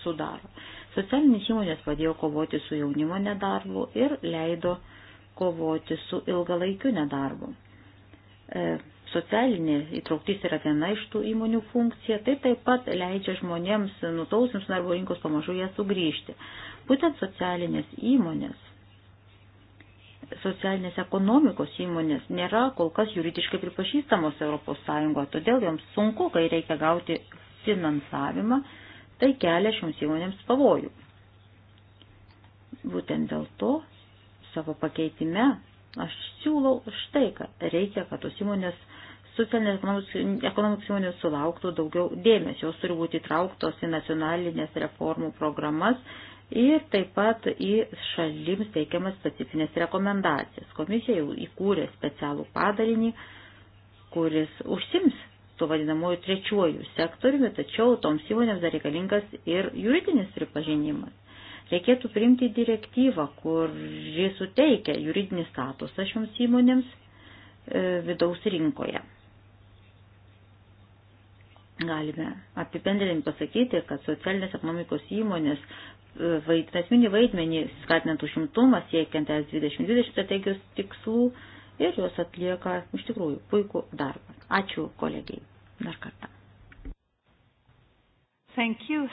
sudaro. Socialinės įmonės padėjo kovoti su jaunimo nedarbu ir leido kovoti su ilgalaikiu nedarbu. E, socialinė įtrauktis yra viena iš tų įmonių funkcija, tai taip pat leidžia žmonėms nutausiams darbo rinkos pamažu ją sugrįžti. Būtent socialinės įmonės, socialinės ekonomikos įmonės nėra kol kas juridiškai pripažįstamos ES, todėl joms sunku, kai reikia gauti finansavimą, tai kelia šioms įmonėms pavojų. Būtent dėl to savo pakeitime Aš siūlau štai, kad reikia, kad tos įmonės, socialinės ekonomikos įmonės sulauktų daugiau dėmesio, jos turi būti įtrauktos į nacionalinės reformų programas ir taip pat į šalims teikiamas specifines rekomendacijas. Komisija jau įkūrė specialų padalinį, kuris užsims tuo vadinamuoju trečiuoju sektoriumi, tačiau toms įmonėms dar reikalingas ir juridinis pripažinimas. Reikėtų priimti direktyvą, kuri suteikia juridinį statusą šioms įmonėms e, vidaus rinkoje. Galime apibendrinti pasakyti, kad socialinės ekonomikos įmonės e, esminį vaidmenį skatinant užimtumą siekiant S2020 strategijos tikslų ir jos atlieka iš tikrųjų puikų darbą. Ačiū kolegijai dar kartą. Thank you.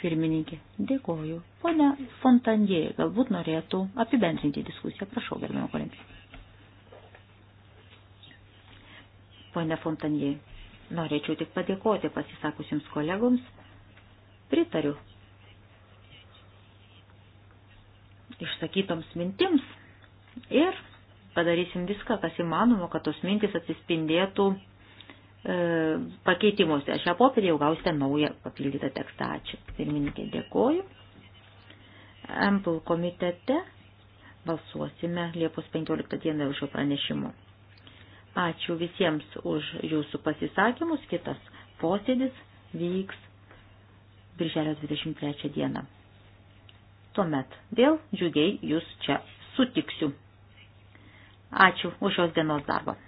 Pirmininkė, dėkoju. Pone Fontandėjai, galbūt norėtų apibendrinti diskusiją. Prašau, gerbėjau kolegė. Pone Fontandėjai, norėčiau tik padėkoti pasisakusiems kolegoms. Pritariu išsakytoms mintims ir padarysim viską, kas įmanoma, kad tos mintis atsispindėtų E, pakeitimuose. Šią popietę jau gausite naują papildytą tekstą. Ačiū. Pirmininkė, dėkoju. Ample komitete balsuosime Liepos 15 dieną už šio pranešimu. Ačiū visiems už jūsų pasisakymus. Kitas posėdis vyks Birželio 23 dieną. Tuomet vėl džiugiai jūs čia sutiksiu. Ačiū už šios dienos darbą.